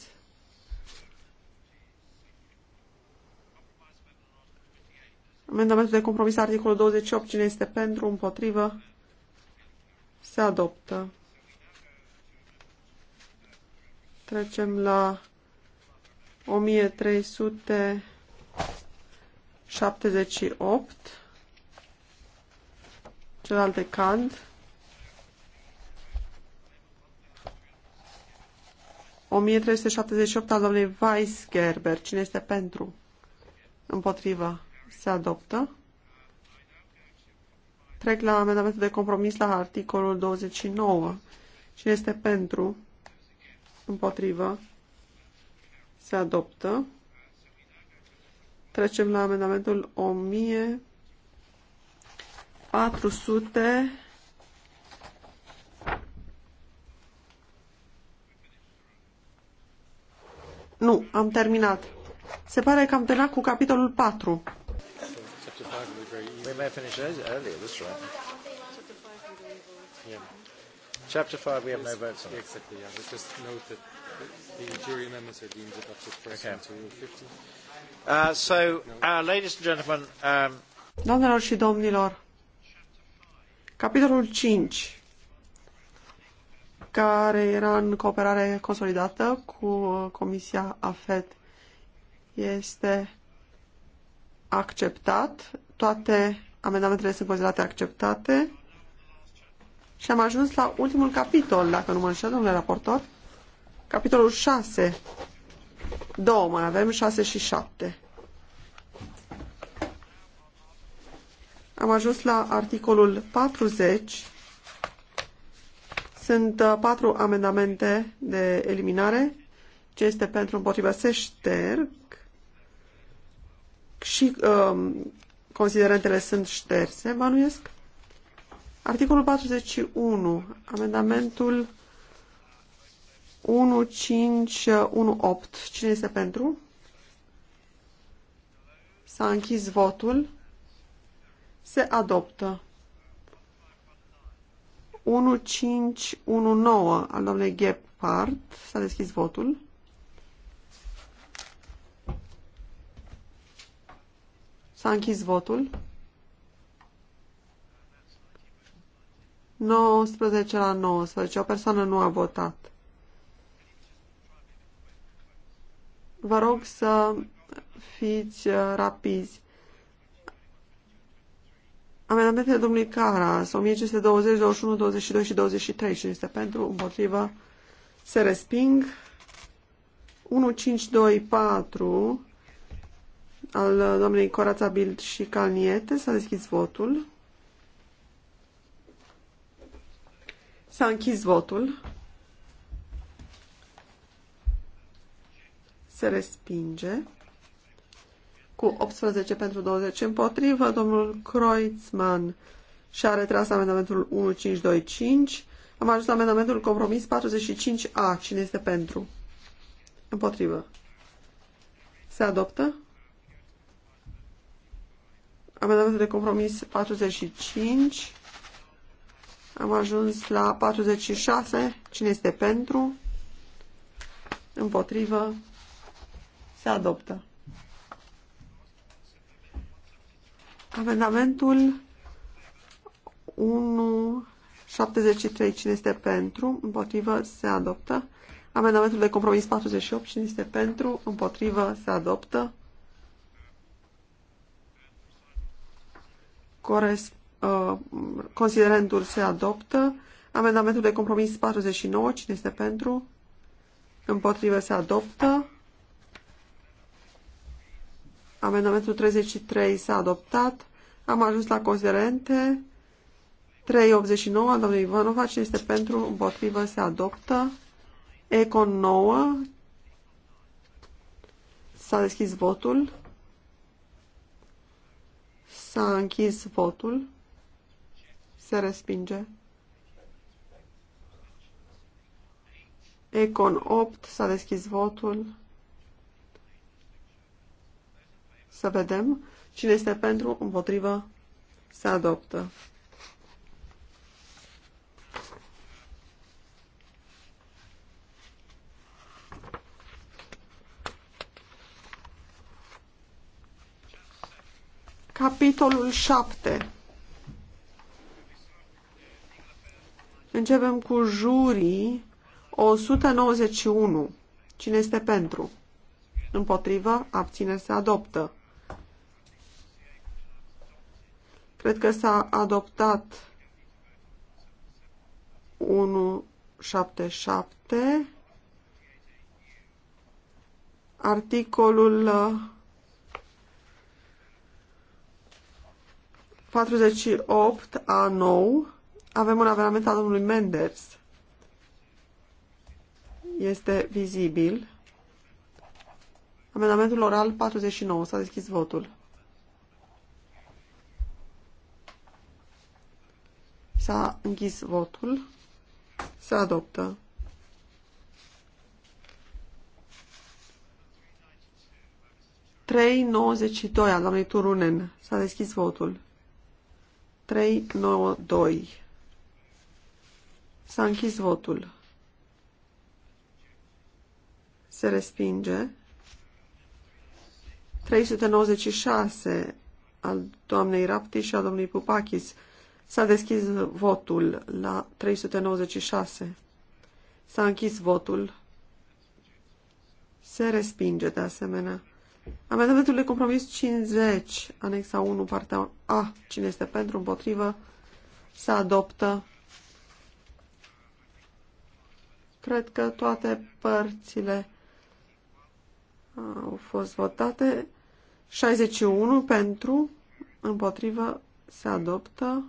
Amendamentul de compromis articolul 28. Cine este pentru? Împotrivă. Se adoptă. Trecem la 1378. Celălalt cand. 1378 al domnului Weisgerber. Cine este pentru? Împotrivă. Se adoptă. Trec la amendamentul de compromis la articolul 29. Cine este pentru? împotrivă, se adoptă. Trecem la amendamentul 1400. Nu, am terminat. Se pare că am terminat cu capitolul 4.
We may finish earlier, that's right. Yeah. Chapter 5, we have no votes on Exactly, yeah. But just note that the jury amendments are deemed adopted for okay. to Rule 50.
Uh, so, uh,
ladies and gentlemen... Um...
Doamnelor și domnilor, capitolul 5, care era în cooperare consolidată cu Comisia AFET, este acceptat. Toate amendamentele sunt considerate acceptate. Și am ajuns la ultimul capitol, dacă nu mă înșel, domnule raportor. Capitolul 6. Două mai avem, 6 și 7. Am ajuns la articolul 40. Sunt uh, patru amendamente de eliminare. Ce este pentru împotriva se șterg și um, considerentele sunt șterse, bănuiesc. Articolul 41, amendamentul 1518. Cine este pentru? S-a închis votul. Se adoptă. 1519 al domnului Gepard. S-a deschis votul. S-a închis votul. 19 la 19. O persoană nu a votat. Vă rog să fiți uh, rapizi. Amendamentele domnului Caras, 1520, 21, 22 și 23. și este pentru? Împotrivă? Se resping. 1524 al uh, domnului Corața Bild și Calniete. să deschiți votul. S-a închis votul. Se respinge. Cu 18 pentru 20 împotrivă, domnul Kreutzmann și-a retras amendamentul 1525. Am ajuns la amendamentul compromis 45A. Cine este pentru? Împotrivă. Se adoptă? Amendamentul de compromis 45. Am ajuns la 46. Cine este pentru? Împotrivă? Se adoptă. Amendamentul 1.73. Cine este pentru? Împotrivă? Se adoptă. Amendamentul de compromis 48. Cine este pentru? Împotrivă? Se adoptă. Corespund Uh, considerentul se adoptă. Amendamentul de compromis 49. Cine este pentru? Împotrivă se adoptă. Amendamentul 33 s-a adoptat. Am ajuns la considerente. 389 al domnului Ivanova. Cine este pentru? Împotrivă se adoptă. Econ 9. S-a deschis votul. S-a închis votul se respinge. Econ 8, s-a deschis votul. Să vedem cine este pentru, împotrivă, se adoptă. Capitolul 7 Începem cu jurii 191. Cine este pentru? Împotrivă, abține, se adoptă. Cred că s-a adoptat 177 articolul 48 uh, a 9 avem un avenament al domnului Menders. Este vizibil. Amendamentul oral 49. S-a deschis votul. S-a închis votul. Se adoptă. Trei nouăzeci doi al doamnei Turunen. S-a deschis votul. Trei nouă doi. S-a închis votul. Se respinge. 396 al doamnei Rapti și al domnului Pupachis. S-a deschis votul la 396. S-a închis votul. Se respinge de asemenea. Amendamentul de compromis 50, anexa 1, partea A. Cine este pentru, împotrivă, se adoptă. Cred că toate părțile au fost votate. 61 pentru, împotrivă, se adoptă.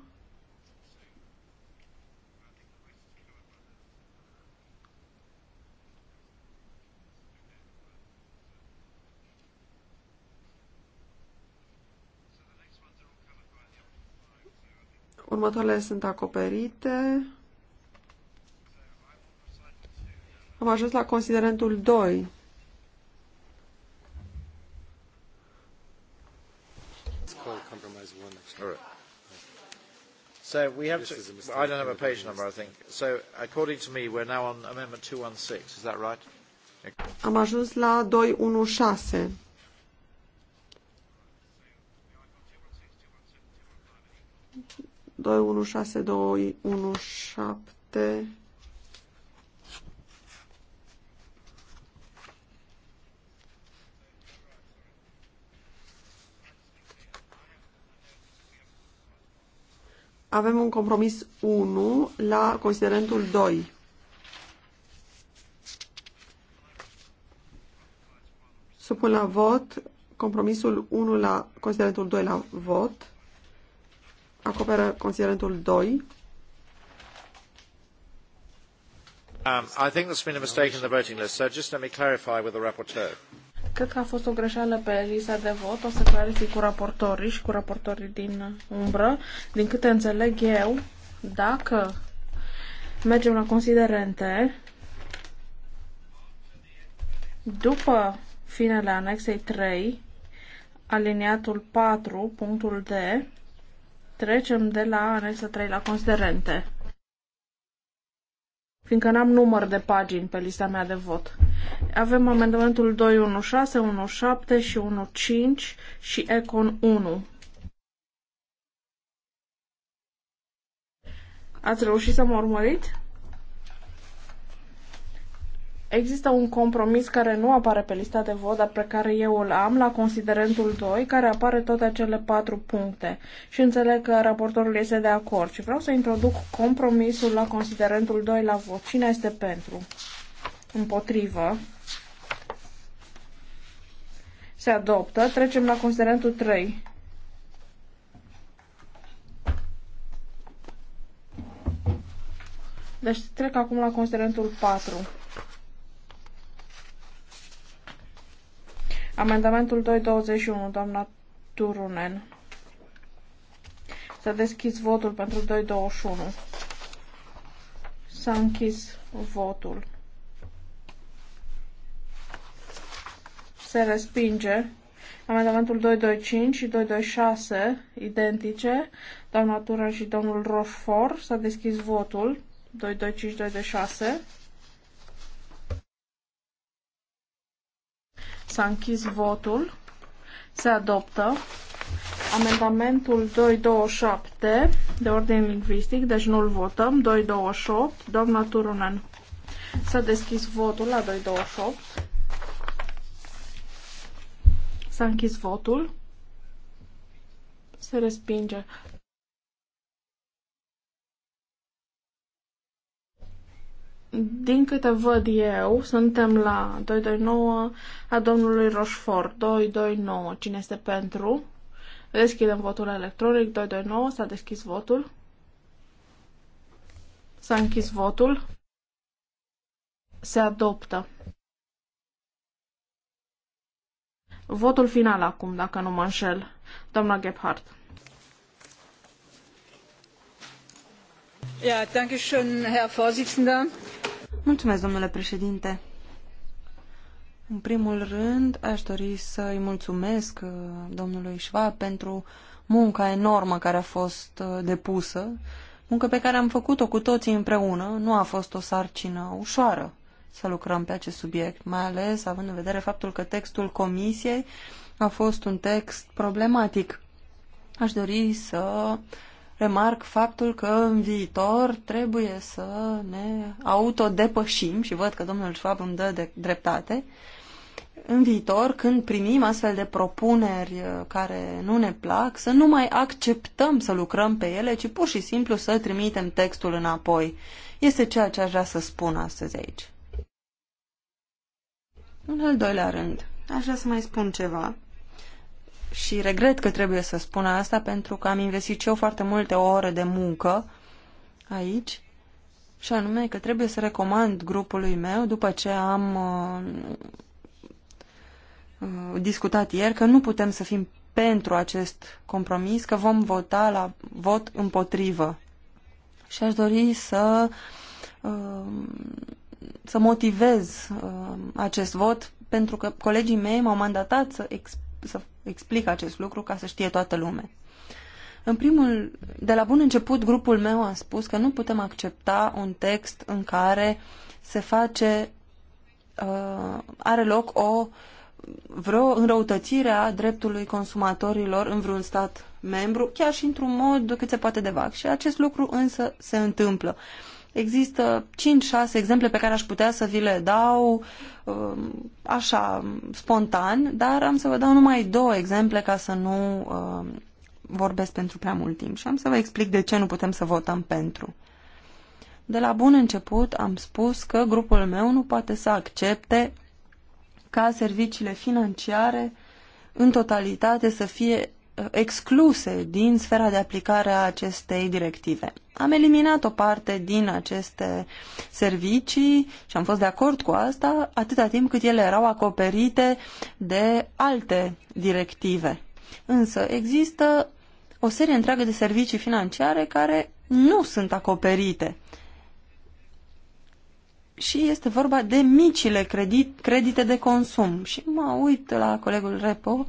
Următoarele sunt acoperite. Am ajuns la considerentul 2.
So we have to, I don't have a page number, I think. So according to me, we're now on amendment 216, is that right?
Am ajuns la 216. doi unu șase doi unu șapte Avem un compromis 1 la considerentul 2. Supun la vot compromisul 1 la considerentul 2 la vot. Acoperă considerentul 2.
Um, I think there's been a mistake in the voting list, so just let me clarify with the rapporteur.
Cred că a fost o greșeală pe lista de vot. O să clarific cu raportorii și cu raportorii din umbră. Din câte înțeleg eu, dacă mergem la considerente, după finele anexei 3, aliniatul 4, punctul D, trecem de la anexa 3 la considerente fiindcă n-am număr de pagini pe lista mea de vot. Avem amendamentul 216, 17 și 15 și Econ 1. Ați reușit să mă urmăriți? Există un compromis care nu apare pe lista de vot, dar pe care eu îl am, la considerentul 2, care apare toate cele patru puncte. Și înțeleg că raportorul este de acord. Și vreau să introduc compromisul la considerentul 2 la vot. Cine este pentru? Împotrivă. Se adoptă. Trecem la considerentul 3. Deci trec acum la considerentul 4. Amendamentul 221, doamna Turunen. S-a deschis votul pentru 221. S-a închis votul. Se respinge amendamentul 225 și 226, identice, doamna Turan și domnul Rochefort. S-a deschis votul 225-226. S-a închis votul. Se adoptă. Amendamentul 227 de ordin lingvistic, deci nu-l votăm. 228, doamna Turunen. S-a deschis votul la 228. S-a închis votul. Se respinge. Din câte văd eu, suntem la 229 a domnului Rochefort. 229. Cine este pentru? Deschidem votul electronic. 229. S-a deschis votul. S-a închis votul. Se adoptă. Votul final acum, dacă nu mă înșel, doamna Gebhardt.
Ja, danke schön, Herr Vorsitzender. Mulțumesc, domnule președinte. În primul rând, aș dori să îi mulțumesc uh, domnului Schwab pentru munca enormă care a fost uh, depusă, muncă pe care am făcut-o cu toții împreună. Nu a fost o sarcină ușoară să lucrăm pe acest subiect, mai ales având în vedere faptul că textul comisiei a fost un text problematic. Aș dori să remarc faptul că în viitor trebuie să ne autodepășim și văd că domnul Schwab îmi dă de dreptate. În viitor, când primim astfel de propuneri uh, care nu ne plac, să nu mai acceptăm să lucrăm pe ele, ci pur și simplu să trimitem textul înapoi. Este ceea ce aș vrea să spun astăzi aici. În al doilea rând, aș vrea să mai spun ceva și regret că trebuie să spun asta pentru că am investit și eu foarte multe ore de muncă aici și anume că trebuie să recomand grupului meu după ce am uh, uh, discutat ieri că nu putem să fim pentru acest compromis, că vom vota la vot împotrivă. Și aș dori să uh, să motivez uh, acest vot pentru că colegii mei m-au mandatat să explic să explic acest lucru ca să știe toată lumea. În primul, de la bun început, grupul meu a spus că nu putem accepta un text în care se face, uh, are loc o vreo înrăutățire a dreptului consumatorilor în vreun stat membru, chiar și într-un mod cât se poate de vac. Și acest lucru însă se întâmplă. Uh, Există 5-6 exemple pe care aș putea să vi le dau um, așa, spontan, dar am să vă dau numai două exemple ca să nu um, vorbesc pentru prea mult timp și am să vă explic de ce nu putem să votăm pentru. De la bun început am spus că grupul meu nu poate să accepte ca serviciile financiare în totalitate să fie excluse din sfera de aplicare a acestei directive. Am eliminat o parte din aceste servicii și am fost de acord cu asta atâta timp cât ele erau acoperite de alte directive. Însă există o serie întreagă de servicii financiare care nu sunt acoperite. Și este vorba de micile credit, credite de consum. Și mă uit la colegul Repo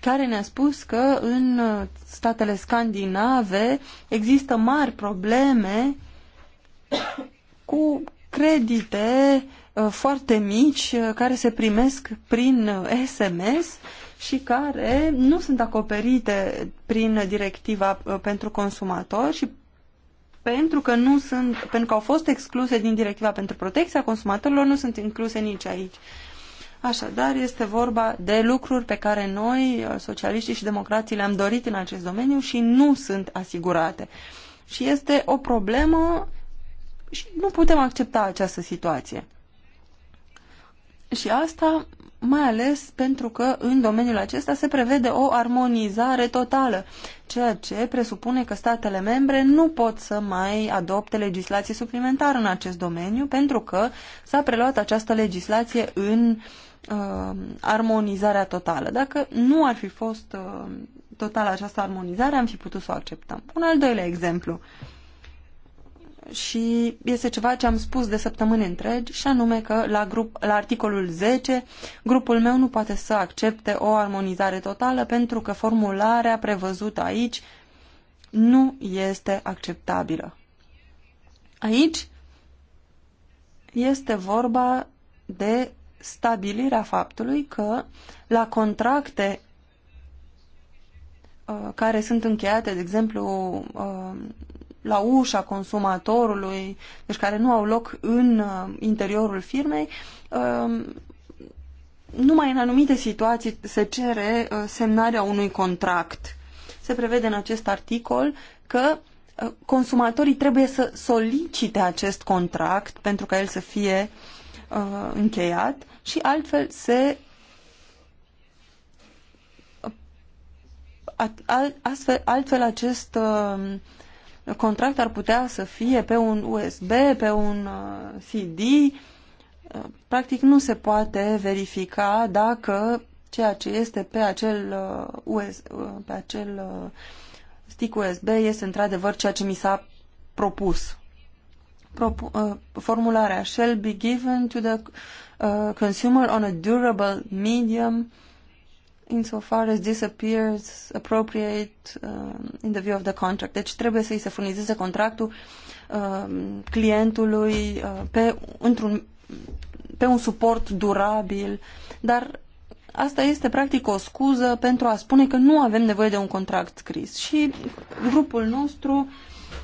care ne-a spus că în uh, statele scandinave există mari probleme cu credite uh, foarte mici uh, care se primesc prin SMS și care nu sunt acoperite prin directiva pentru consumatori și pentru că nu sunt, pentru că au fost excluse din directiva pentru protecția consumatorilor, nu sunt incluse nici aici. Așadar, este vorba de lucruri pe care noi, uh, socialiștii și democrații, le-am dorit în acest domeniu și nu sunt asigurate. Și este o problemă și nu putem accepta această situație. Și asta mai ales pentru că în domeniul acesta se prevede o armonizare totală, ceea ce presupune că statele membre nu pot să mai adopte legislație suplimentară în acest domeniu, pentru că s-a preluat această legislație în uh, armonizarea totală. Dacă nu ar fi fost uh, totală această armonizare, am fi putut să o acceptăm. Un al doilea exemplu. Și este ceva ce am spus de săptămâni întregi, și anume că la, grup, la articolul 10, grupul meu nu poate să accepte o armonizare totală pentru că formularea prevăzută aici nu este acceptabilă. Aici este vorba de stabilirea faptului că la contracte uh, care sunt încheiate, de exemplu, uh, la ușa consumatorului, deci care nu au loc în uh, interiorul firmei, numai în anumite situații se cere semnarea unui contract. Se prevede în acest articol că consumatorii trebuie să solicite acest contract pentru ca el să fie încheiat și altfel se astfel, altfel acest um, contract ar putea să fie pe un USB, pe un uh, CD. Uh, practic nu se poate verifica dacă ceea ce este pe acel, US, uh, pe acel stick USB este într-adevăr ceea ce mi s-a propus. Propu formularea shall be given to the Uh, consumer on a durable medium insofar as disappears appropriate uh, in the view of the contract. Deci trebuie să-i se furnizeze contractul uh, clientului uh, pe, într-un, pe un suport durabil, dar asta este practic o scuză pentru a spune că nu avem nevoie de un contract scris. Și grupul nostru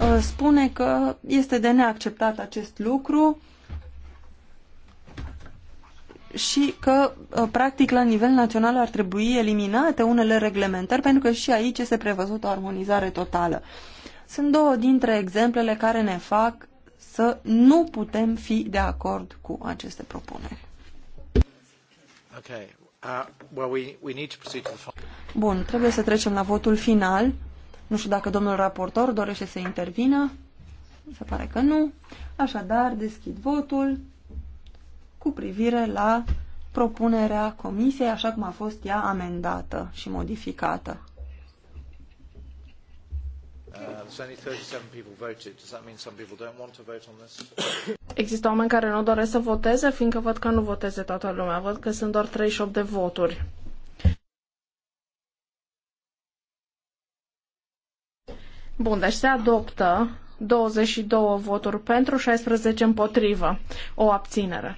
uh, spune că este de neacceptat acest lucru și că, uh, practic, la nivel național ar trebui eliminate unele reglementări, pentru că și aici este prevăzut o armonizare totală. Sunt două dintre exemplele care ne fac să nu putem fi de acord cu aceste propuneri.
Okay. Uh, well, we, we need to proceed to the...
Bun, trebuie să trecem la votul final. Nu știu dacă domnul raportor dorește să intervină. Se pare că nu. Așadar, deschid votul cu privire la propunerea comisiei așa cum a fost ea amendată și modificată.
Uh,
Există oameni care nu doresc să voteze, fiindcă văd că nu voteze toată lumea. Văd că sunt doar 38 de voturi. Bun, deci se adoptă 22 voturi pentru, 16 împotrivă. O abținere.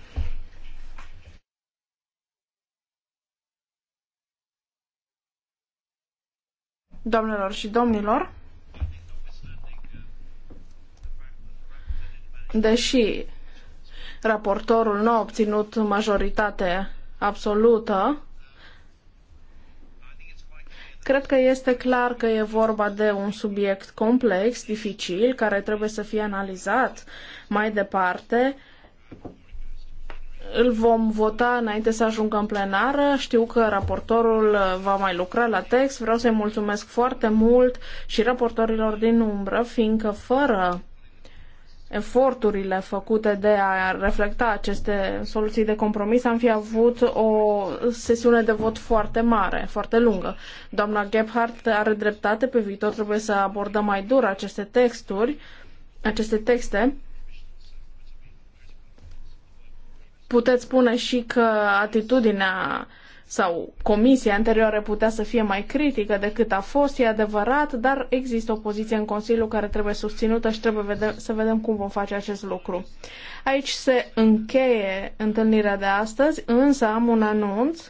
Doamnelor și domnilor, deși raportorul nu a obținut majoritate absolută, cred că este clar că e vorba de un subiect complex, dificil, care trebuie să fie analizat mai departe îl vom vota înainte să ajungă în plenară. Știu că raportorul uh, va mai lucra la text. Vreau să-i mulțumesc foarte mult și raportorilor din umbră, fiindcă fără eforturile făcute de a reflecta aceste soluții de compromis, am fi avut o sesiune de vot foarte mare, foarte lungă. Doamna Gebhardt are dreptate, pe viitor trebuie să abordăm mai dur aceste texturi, aceste texte, puteți spune și că atitudinea sau comisia anterioară putea să fie mai critică decât a fost, e adevărat, dar există o poziție în Consiliu care trebuie susținută și trebuie vede să vedem cum vom face acest lucru. Aici se încheie întâlnirea de astăzi, însă am un anunț.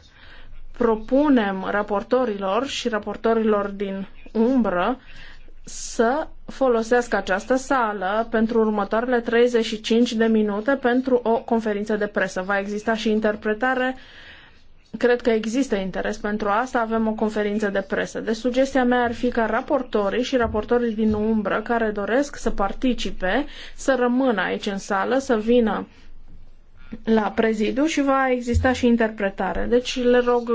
Propunem raportorilor și raportorilor din umbră să folosească această sală pentru următoarele 35 de minute pentru o conferință de presă. Va exista și interpretare. Cred că există interes pentru asta. Avem o conferință de presă. Deci sugestia mea ar fi ca raportorii și raportorii din umbră care doresc să participe să rămână aici în sală, să vină la prezidiu și va exista și interpretare. Deci le rog,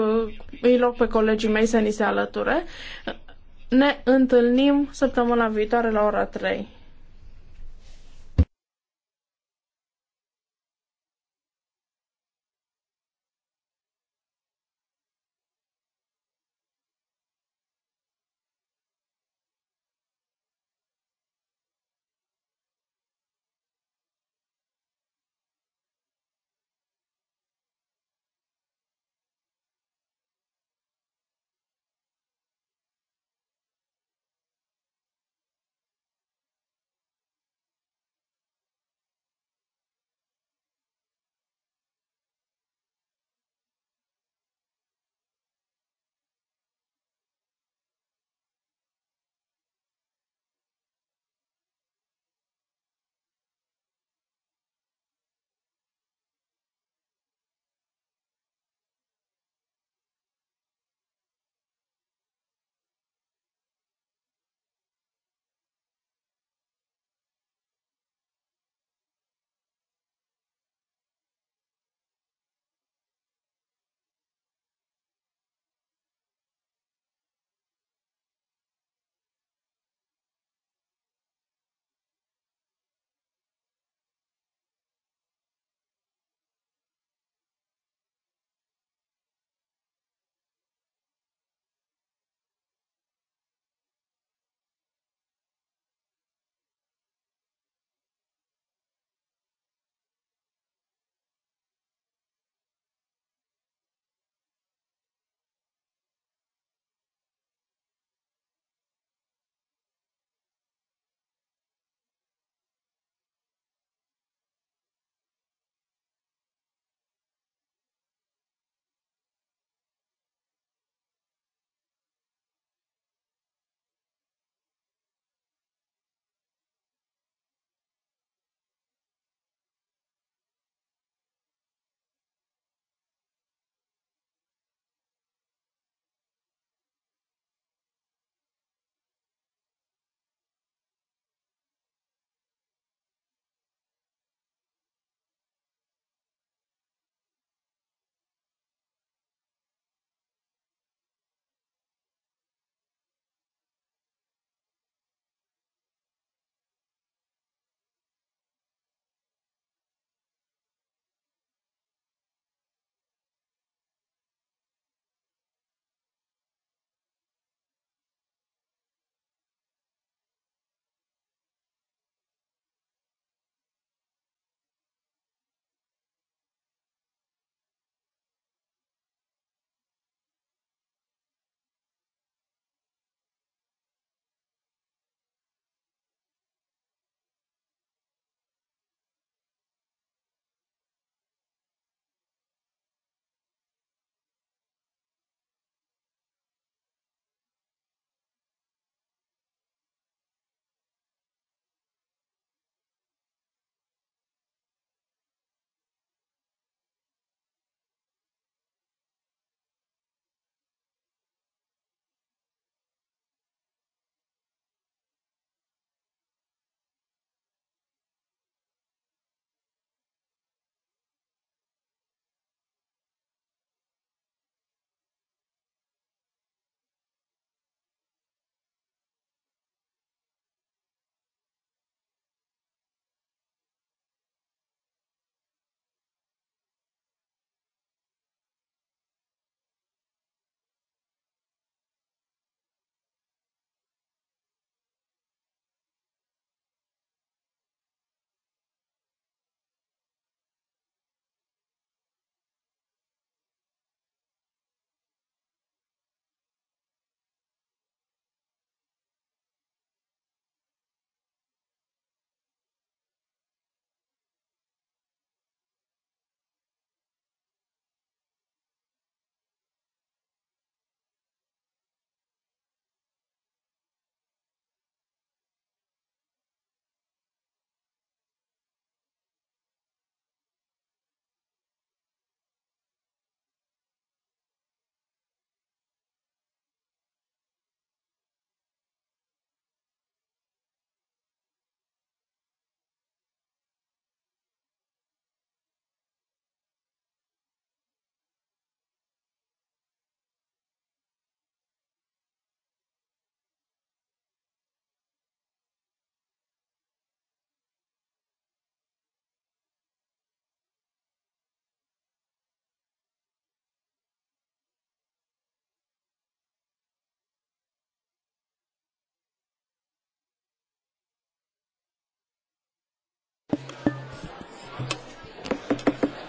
îi rog pe colegii mei să ni se alăture. Ne întâlnim săptămâna viitoare la ora 3.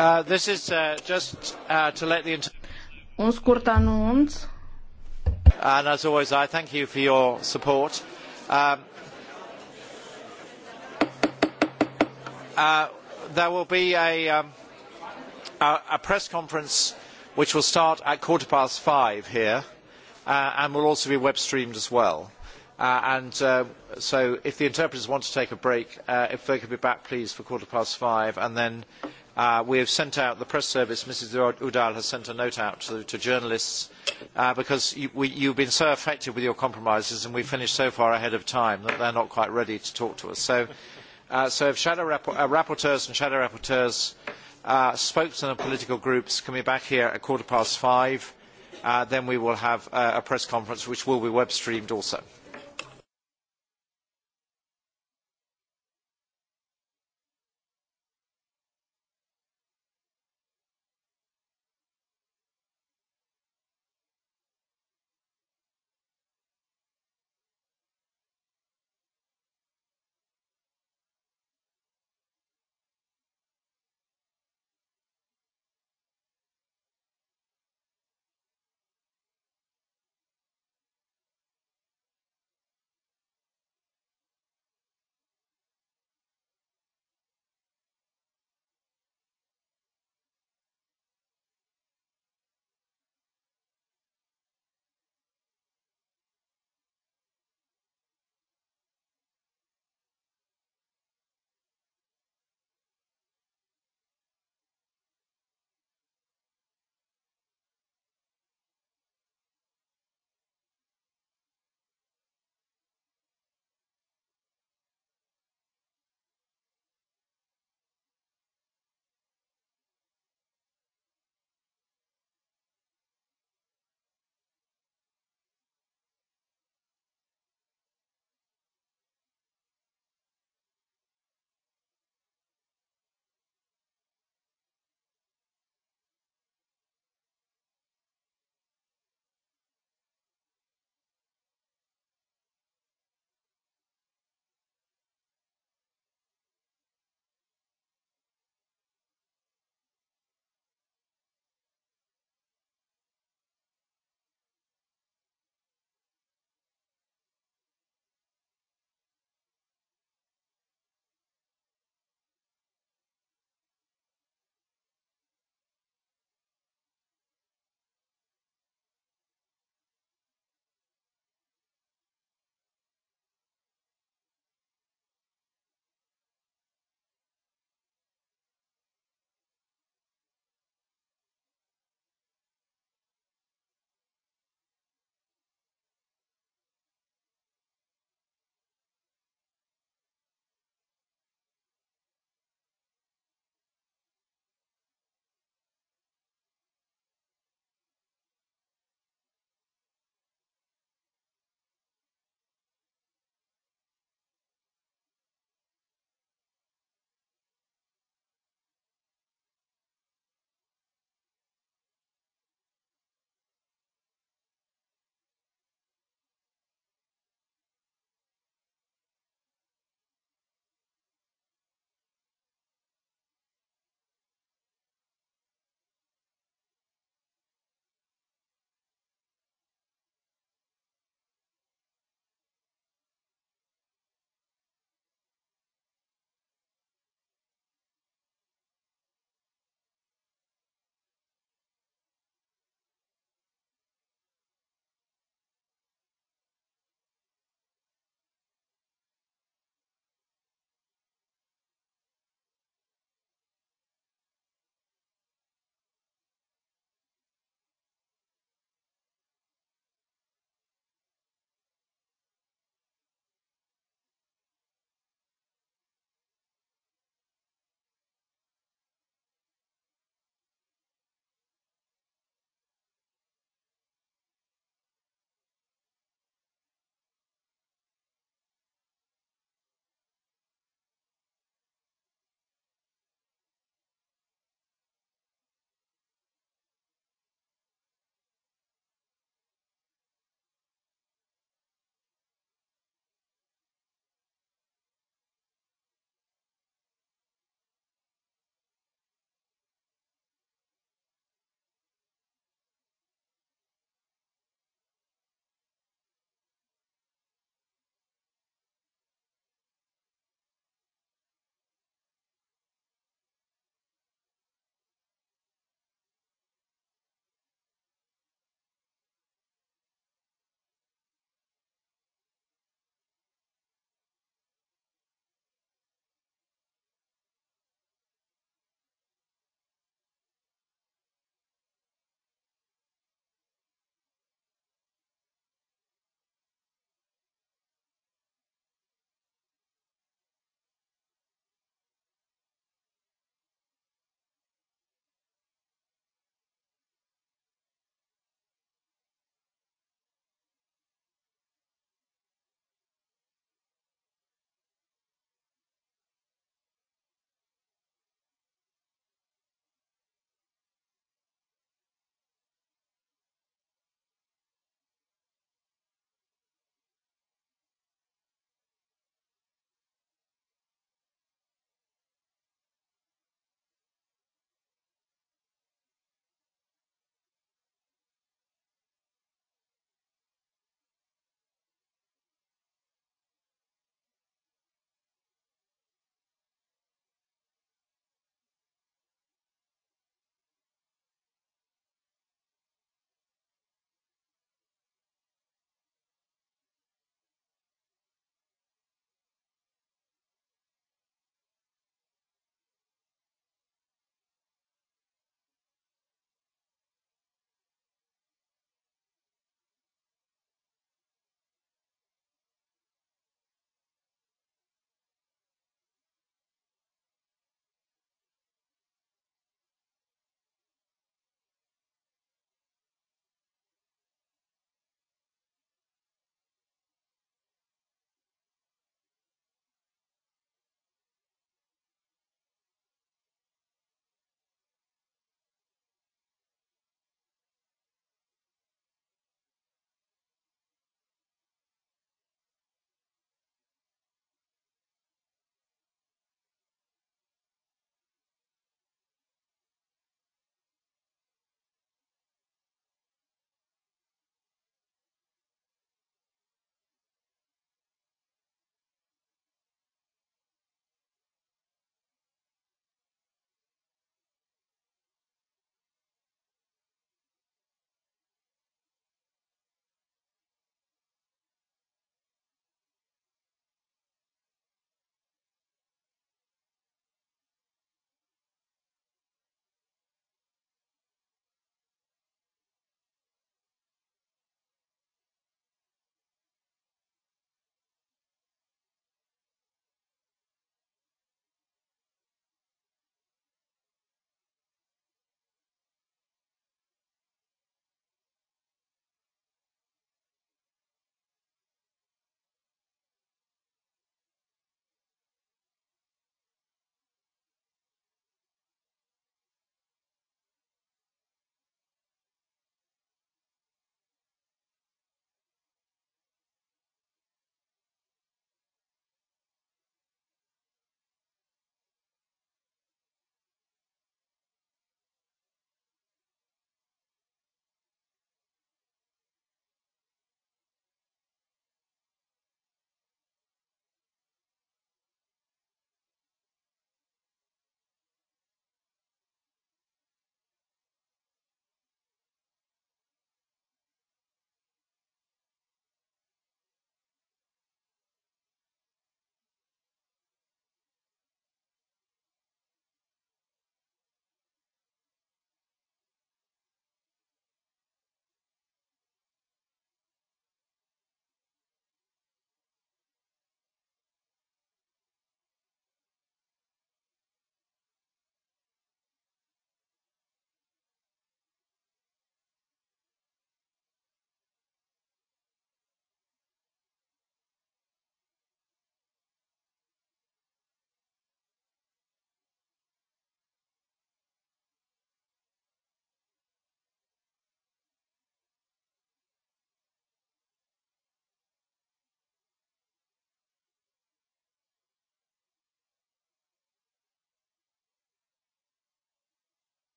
Uh, this is uh, just uh, to let the un scurt
anunț.
And as always, I thank you for your support. Um, uh, there will be a, um, a, a press conference which will start at quarter past five here uh, and will also be web streamed as well. Uh, and uh, so if the interpreters want to take a break, uh, if they could be back please for quarter past five and then Uh, we have sent out, the press service, Mrs Udall has sent a note out to, to journalists uh, because you, have been so effective with your compromises and we finished so far ahead of time that they're not quite ready to talk to us. So, uh, so if shadow uh, rapporteurs and shadow rapporteurs, uh, spokesmen of political groups can be back here at quarter past five, then we will have a press conference which will be web streamed also.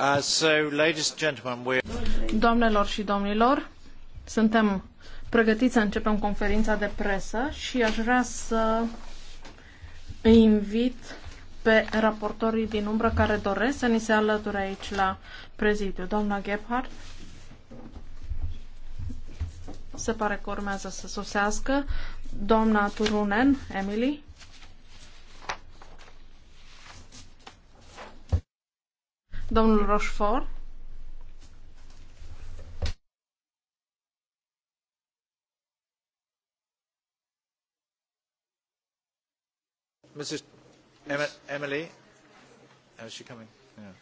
Uh,
Doamnelor și domnilor, suntem pregătiți să începem conferința de presă și aș vrea să îi invit pe raportorii din umbră care doresc să ni se alăture aici la prezidiu. Doamna Gebhardt, se pare că urmează să sosească. Doamna Turunen, Emily, Domnul Rochefort.
Mrs. Emily, how oh, is she coming? Yeah.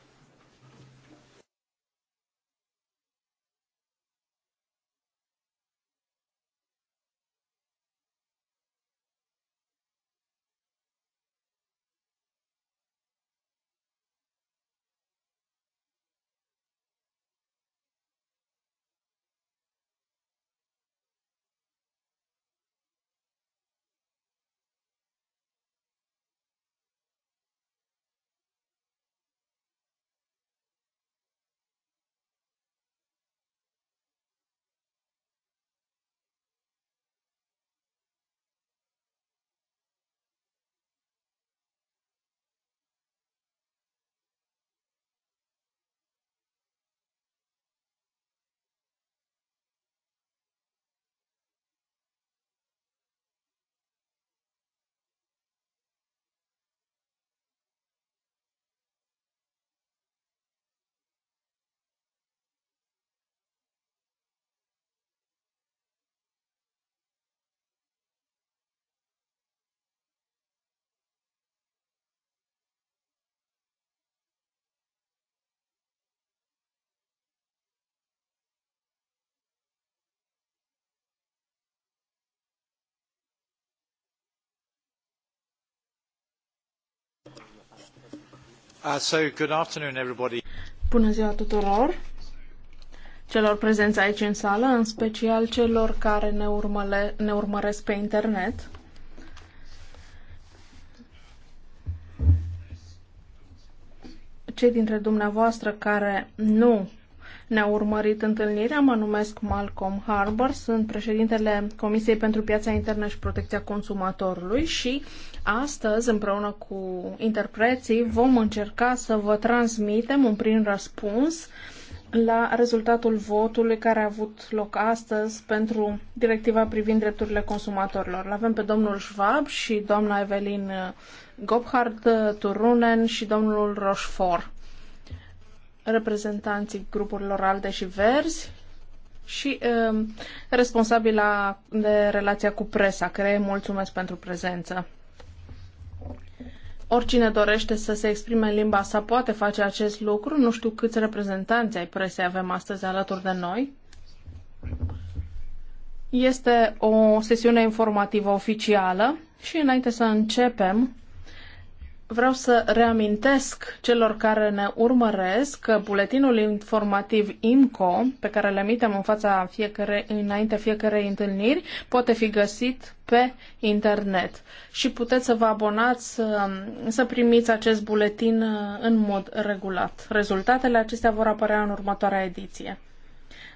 Uh, so, good afternoon, everybody.
Bună ziua tuturor celor prezenți aici în sală, în special celor care ne, urmăle, ne urmăresc pe internet. Cei dintre dumneavoastră care nu ne-a urmărit întâlnirea. Mă numesc Malcolm Harbour, sunt președintele Comisiei pentru Piața Internă și Protecția Consumatorului și astăzi, împreună cu interpreții, vom încerca să vă transmitem un prim răspuns la rezultatul votului care a avut loc astăzi pentru directiva privind drepturile consumatorilor. L avem pe domnul Schwab și doamna Evelin Gobhard Turunen și domnul Rochefort reprezentanții grupurilor ALDE și Verzi și uh, responsabila de relația cu presa, care îi mulțumesc pentru prezență. Oricine dorește să se exprime în limba sa poate face acest lucru. Nu știu câți reprezentanți ai presei avem astăzi alături de noi. Este o sesiune informativă oficială și înainte să începem, Vreau să reamintesc celor care ne urmăresc că buletinul informativ IMCO, pe care le emitem în fața fiecare, înainte fiecarei întâlniri, poate fi găsit pe internet și puteți să vă abonați um, să, primiți acest buletin uh, în mod regulat. Rezultatele acestea vor apărea în următoarea ediție.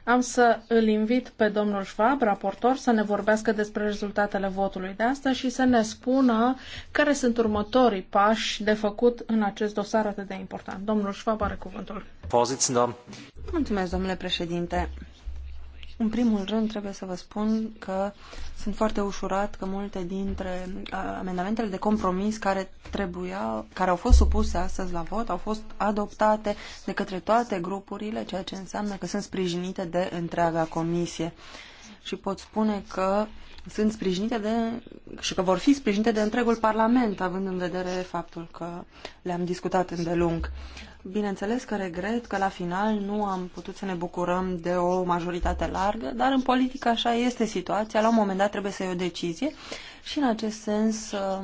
Am să îl invit pe domnul Schwab, raportor, să ne vorbească despre rezultatele votului de astăzi și să ne spună care sunt următorii pași de făcut în acest dosar atât de important. Domnul Schwab are cuvântul. Mulțumesc, domnule președinte. În primul rând,
trebuie să vă spun că sunt foarte ușurat că multe dintre amendamentele de compromis care, trebuia, care au fost supuse astăzi la vot au fost adoptate de către toate grupurile, ceea ce înseamnă că sunt sprijinite de întreaga comisie. Și pot spune că sunt sprijinite de, și că vor fi sprijinite de întregul Parlament, având în vedere faptul că le-am discutat îndelung. Bineînțeles că regret că la final nu am putut să ne bucurăm de o majoritate largă, dar în politică așa este situația. La un moment dat trebuie să iei o decizie și în acest sens uh,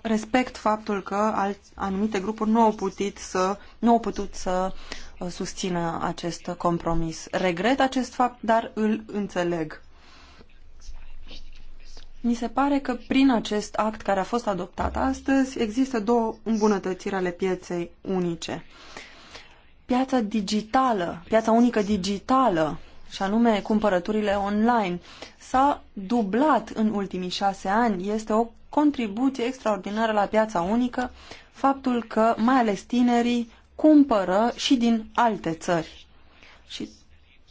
respect faptul că anumite grupuri nu au putut să, nu au putut să uh, susțină acest compromis. Regret acest fapt, dar îl înțeleg. Mi se pare că prin acest act care a fost adoptat astăzi există două îmbunătățiri ale pieței unice. Piața digitală, piața unică digitală, și anume cumpărăturile online, s-a dublat în ultimii șase ani. Este o contribuție extraordinară la piața unică faptul că mai ales tinerii cumpără și din alte țări. Și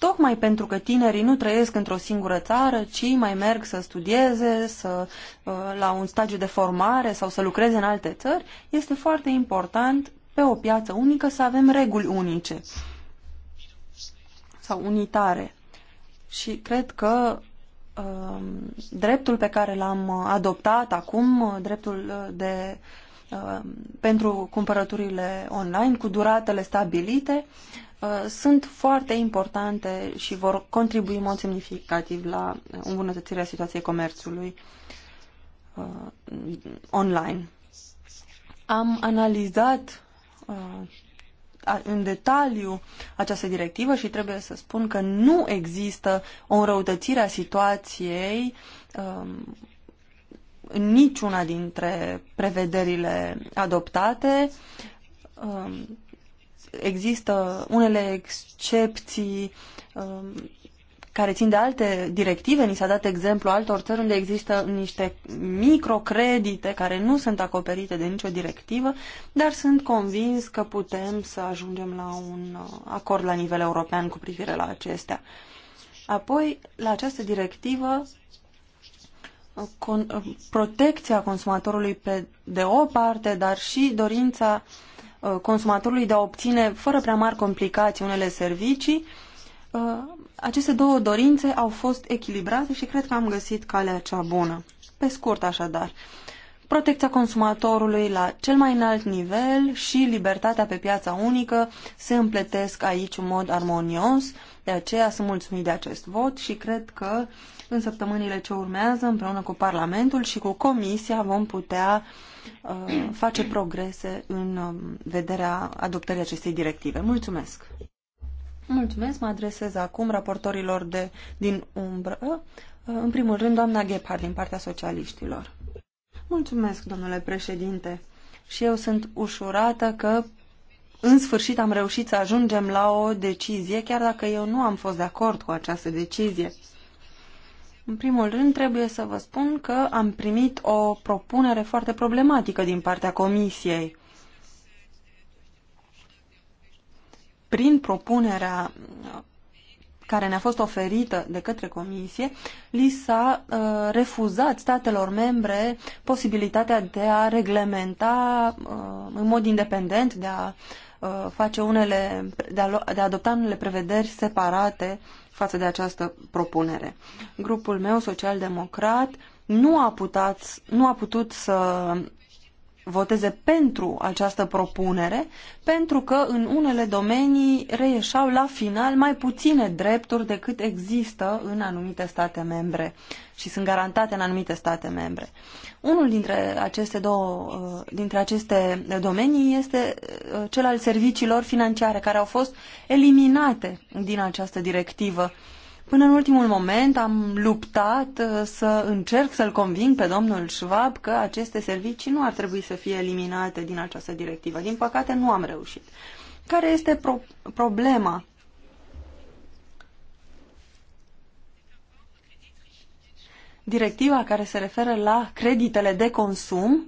tocmai pentru că tinerii nu trăiesc într-o singură țară, ci mai merg să studieze, să, uh, la un stagiu de formare sau să lucreze în alte țări, este foarte important pe o piață unică să avem reguli unice sau unitare. Și cred că uh, dreptul pe care l-am adoptat acum, uh, dreptul de uh, Uh, pentru cumpărăturile online cu duratele stabilite uh, sunt foarte importante și vor contribui în mod semnificativ la îmbunătățirea situației comerțului uh, online. Am analizat în detaliu această directivă și trebuie să spun că nu există o înrăutățire a situației um, în niciuna dintre prevederile adoptate. Um, există unele excepții um, care țin de alte directive. Ni s-a dat exemplu altor țări unde există niște microcredite care nu sunt acoperite de nicio directivă, dar sunt convins că putem să ajungem la un uh, acord la nivel european cu privire la acestea. Apoi, la această directivă con, protecția consumatorului pe de o parte, dar și dorința uh, consumatorului de a obține fără prea mari complicații unele servicii. Uh, aceste două dorințe au fost echilibrate și cred că am găsit calea cea bună. Pe scurt, așadar, protecția consumatorului la cel mai înalt nivel și libertatea pe piața unică se împletesc aici în mod armonios, de aceea sunt mulțumit de acest vot și cred că uh, în săptămânile ce urmează, împreună cu Parlamentul și cu Comisia, vom putea uh, face progrese în uh, vederea adoptării acestei directive. Mulțumesc! Mulțumesc, mă adresez acum raportorilor de, din umbră, uh, în primul rând doamna Gephardt din partea socialiștilor. Mulțumesc, domnule președinte! Și eu sunt ușurată că în sfârșit am reușit să ajungem la o decizie, chiar dacă eu nu am fost de acord cu această decizie. În primul rând, trebuie să vă spun că am primit o propunere foarte problematică din partea Comisiei. Prin propunerea care ne-a fost oferită de către Comisie, li s-a uh, refuzat statelor membre posibilitatea de a reglementa uh, în mod independent, de a uh, face unele, de a, de a adopta unele prevederi separate uh, față de această propunere. Grupul meu social-democrat nu a, putat, nu a putut să voteze pentru această propunere, pentru că în unele domenii reieșau la final mai puține drepturi decât există în anumite state membre și sunt garantate în anumite state membre. Unul dintre aceste, două, uh, dintre aceste domenii este uh, cel al serviciilor financiare, care au fost eliminate din această directivă Până în ultimul moment am luptat uh, să încerc să-l conving pe domnul Schwab că aceste servicii nu ar trebui să fie eliminate din această directivă. Din păcate nu am reușit. Care este pro problema? Directiva care se referă la creditele de consum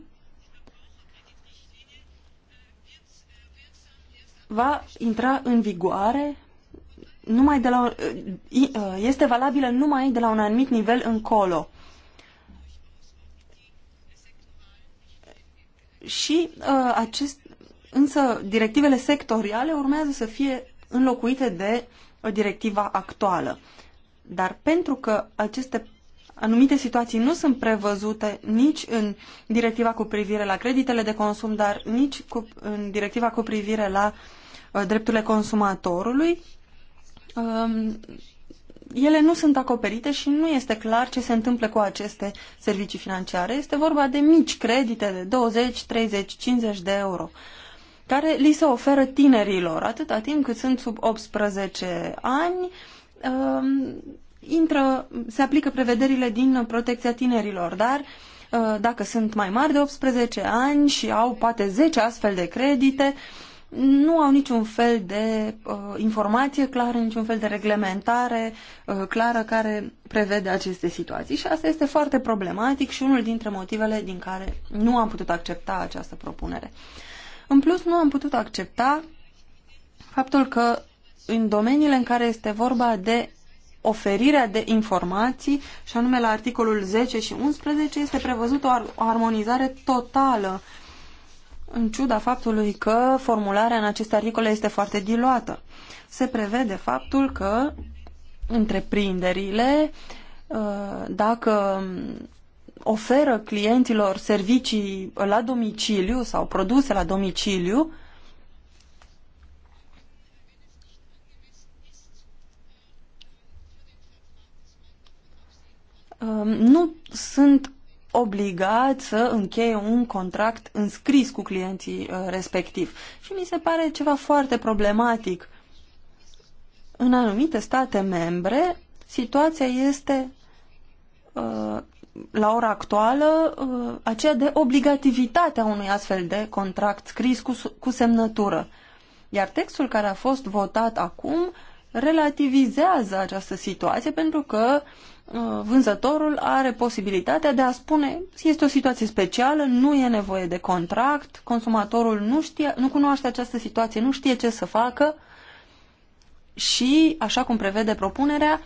va intra în vigoare numai de la, uh, este valabilă numai de la un anumit nivel încolo. Și uh, acest, însă directivele sectoriale urmează să fie înlocuite de uh, directiva actuală. Dar pentru că aceste anumite situații nu sunt prevăzute nici în directiva cu privire la creditele de consum, dar nici cu, în directiva cu privire la uh, drepturile consumatorului, um, ele nu sunt acoperite și nu este clar ce se întâmplă cu aceste servicii financiare. Este vorba de mici credite de 20, 30, 50 de euro care li se oferă tinerilor atâta timp cât sunt sub 18 ani. Um, intră, se aplică prevederile din protecția tinerilor, dar uh, dacă sunt mai mari de 18 ani și au poate 10 astfel de credite, nu au niciun fel de uh, informație clară, niciun fel de reglementare uh, clară care prevede aceste situații și asta este foarte problematic și unul dintre motivele din care nu am putut accepta această propunere. În plus, nu am putut accepta faptul că în domeniile în care este vorba de oferirea de informații, și anume la articolul 10 și 11, este prevăzută o armonizare totală uh, în ciuda faptului că formularea în aceste articole este foarte diluată. Se prevede faptul că întreprinderile, uh, dacă oferă clienților servicii la domiciliu sau produse la domiciliu, uh, nu sunt obligat să încheie un contract înscris cu clienții uh, respectiv. Și mi se pare ceva foarte problematic. În anumite state membre, situația este uh, la ora actuală uh, aceea de obligativitatea unui astfel de contract scris cu, cu semnătură. Iar textul care a fost votat acum relativizează această situație pentru că uh, Uh, vânzătorul are posibilitatea de a spune este o situație specială, nu e nevoie de contract, consumatorul nu, știe, nu cunoaște această situație, nu știe ce să facă și, așa cum prevede propunerea,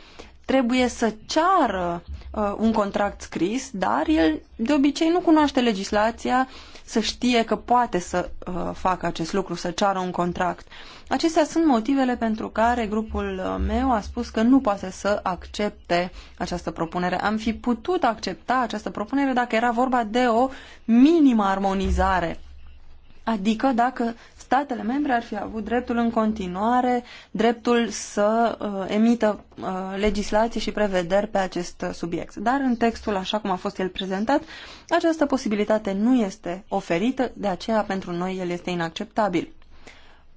trebuie să ceară uh, un contract scris, dar el de obicei nu cunoaște legislația, să știe că poate să uh, facă acest lucru, să ceară un contract. Acestea sunt motivele pentru care grupul uh, meu a spus că nu poate să accepte această propunere. Am fi putut accepta această propunere dacă era vorba de o minimă armonizare, adică dacă statele membre ar fi avut dreptul în continuare, dreptul să uh, emită uh, legislație și prevederi pe acest uh, subiect. Dar în textul așa cum a fost el prezentat, această posibilitate nu este oferită, de aceea pentru noi el este inacceptabil.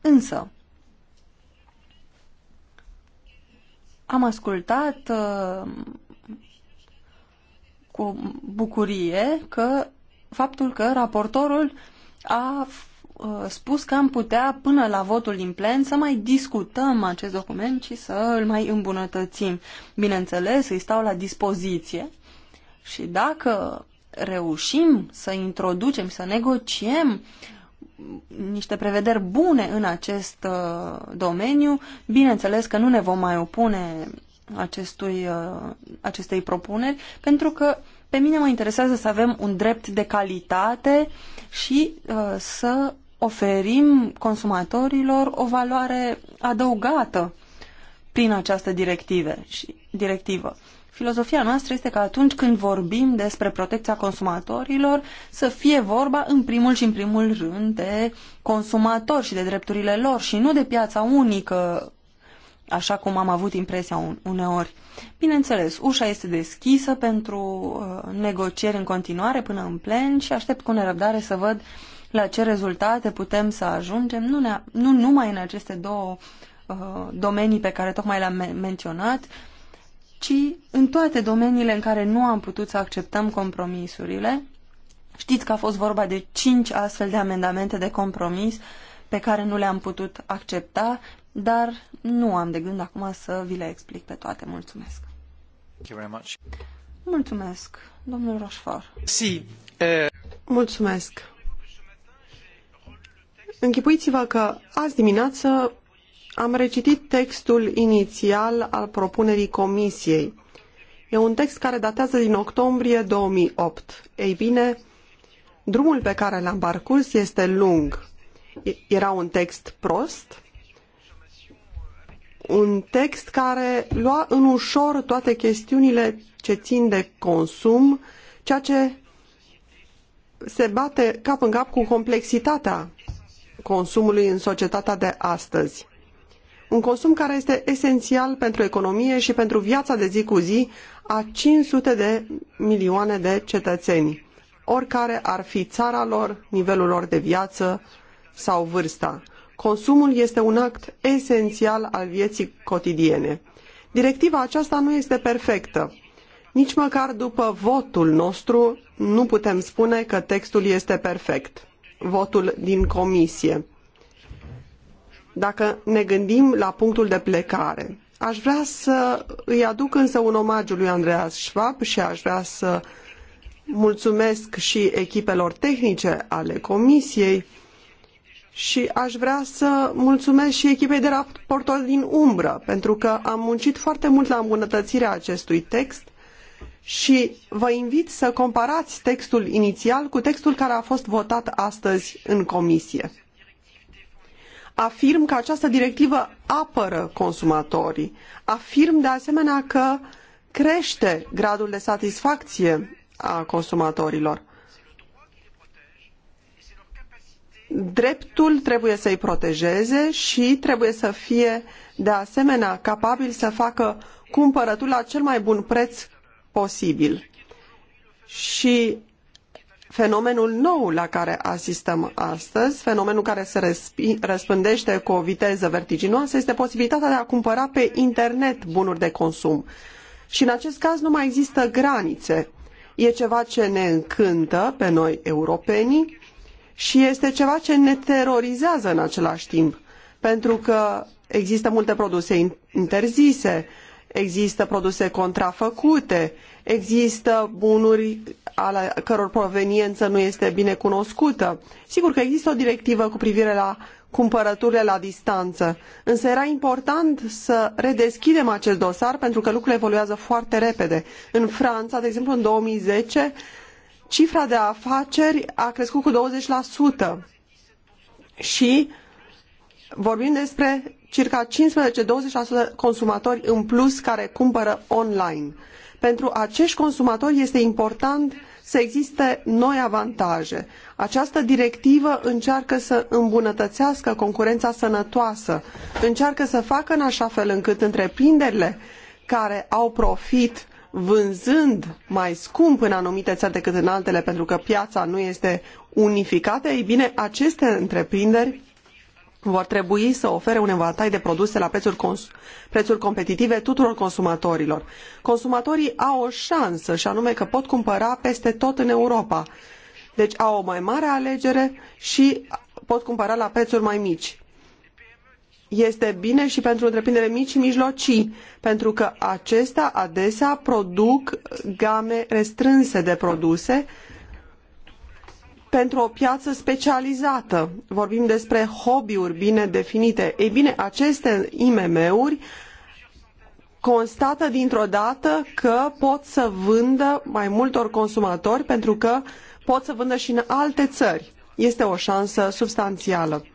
Însă, am ascultat uh, cu bucurie că faptul că raportorul a Uh, spus că am putea până la votul din plen să mai discutăm acest document și să îl mai îmbunătățim. Bineînțeles, îi stau la dispoziție și dacă reușim să introducem, să negociem niște prevederi bune în acest uh, domeniu, bineînțeles că nu ne vom mai opune acestui, uh, acestei propuneri, pentru că pe mine mă interesează să avem un drept de calitate și uh, să oferim consumatorilor o valoare adăugată prin această directive și, directivă. Filozofia noastră este că atunci când vorbim despre protecția consumatorilor, să fie vorba în primul și în primul rând de consumatori și de drepturile lor și nu de piața unică, așa cum am avut impresia uneori. Bineînțeles, ușa este deschisă pentru uh, negocieri în continuare până în plen și aștept cu nerăbdare să văd uh, la ce rezultate putem să ajungem, nu, ne, nu numai în aceste două uh, domenii pe care tocmai le-am men menționat, ci în toate domeniile în care nu am putut să acceptăm compromisurile. Știți că a fost vorba de cinci astfel de amendamente de compromis pe care nu le-am putut accepta, dar nu am de gând acum să vi le explic pe toate. Mulțumesc!
Thank you very much.
Mulțumesc, domnul Rochefort.
Si, uh...
Mulțumesc. Închipuiți-vă că azi dimineață am recitit textul inițial al propunerii comisiei. E un text care datează din octombrie 2008. Ei bine, drumul pe care l-am parcurs este lung. Era un text prost, un text care lua în ușor toate chestiunile ce țin de consum, ceea ce se bate cap în cap cu complexitatea consumului în societatea de astăzi. Un consum care este esențial pentru economie și pentru viața de zi cu zi a 500 de milioane de cetățeni, oricare ar fi țara lor, nivelul lor de viață sau vârsta. Consumul este un act esențial al vieții cotidiene. Directiva aceasta nu este perfectă. Nici măcar după votul nostru nu putem spune că textul este perfect votul din comisie. Dacă ne gândim la punctul de plecare, aș vrea să îi aduc însă un omagiu lui Andreas Schwab și aș vrea să mulțumesc și echipelor tehnice ale comisiei și aș vrea să mulțumesc și echipei de raportori din umbră, pentru că am muncit foarte mult la îmbunătățirea acestui text și vă invit să comparați textul inițial cu textul care a fost votat astăzi în comisie. Afirm că această directivă apără consumatorii. Afirm de asemenea că crește gradul de satisfacție a consumatorilor. Dreptul trebuie să-i protejeze și trebuie să fie de asemenea capabil să facă cumpărătul la cel mai bun preț posibil. Și fenomenul nou la care asistăm astăzi, fenomenul care se răspândește cu o viteză vertiginoasă, este posibilitatea de a cumpăra pe internet bunuri de consum. Și în acest caz nu mai există granițe. E ceva ce ne încântă pe noi europenii și este ceva ce ne terorizează în același timp, pentru că există multe produse interzise, există produse contrafăcute, există bunuri ale căror proveniență nu este bine cunoscută. Sigur că există o directivă cu privire la cumpărăturile la distanță, însă era important să redeschidem acest dosar pentru că lucrurile evoluează foarte repede. În Franța, de exemplu, în 2010, cifra de afaceri a crescut cu 20% și vorbim despre circa 15-20% consumatori în plus care cumpără online. Pentru acești consumatori este important să existe noi avantaje. Această directivă încearcă să îmbunătățească concurența sănătoasă, încearcă să facă în așa fel încât întreprinderile care au profit vânzând mai scump în anumite țări decât în altele pentru că piața nu este unificată, ei bine, aceste întreprinderi vor trebui să ofere un evantai de produse la prețuri, prețuri competitive tuturor consumatorilor. Consumatorii au o șansă și anume că pot cumpăra peste tot în Europa. Deci au o mai mare alegere și pot cumpăra la prețuri mai mici. Este bine și pentru întreprinderile mici și mijlocii, pentru că acestea adesea produc game restrânse de produse, pentru o piață specializată. Vorbim despre hobby-uri bine definite. Ei bine, aceste IMM-uri constată dintr-o dată că pot să vândă mai multor consumatori pentru că pot să vândă și în alte țări. Este o șansă substanțială.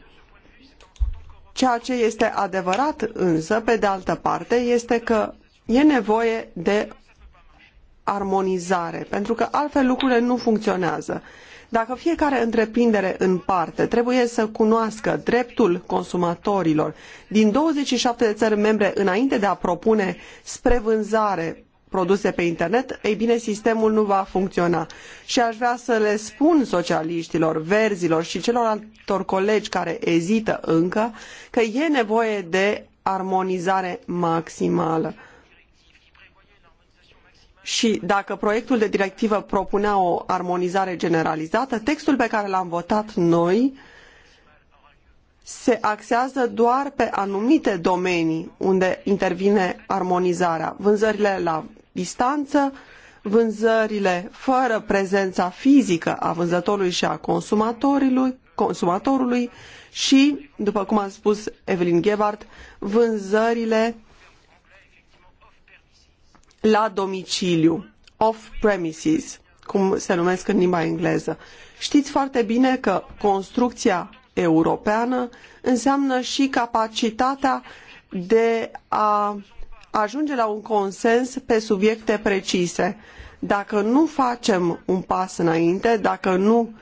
Ceea ce este adevărat însă, pe de altă parte, este că e nevoie de armonizare, pentru că altfel lucrurile nu funcționează. Dacă fiecare întreprindere în parte trebuie să cunoască dreptul consumatorilor din 27 de țări membre înainte de a propune spre vânzare produse pe internet, ei bine, sistemul nu va funcționa. Și aș vrea să le spun socialiștilor, verzilor și celorlaltor colegi care ezită încă că e nevoie de armonizare maximală și dacă proiectul de directivă propunea o armonizare generalizată, textul pe care l-am votat noi se axează doar pe anumite domenii unde intervine armonizarea. Vânzările la distanță, vânzările fără prezența fizică a vânzătorului și a consumatorului, consumatorului și, după cum a spus Evelyn Gebhardt, vânzările la domiciliu, off-premises, cum se numesc în limba engleză. Știți foarte bine că construcția europeană înseamnă și capacitatea de a ajunge la un consens pe subiecte precise. Dacă nu facem un pas înainte, dacă nu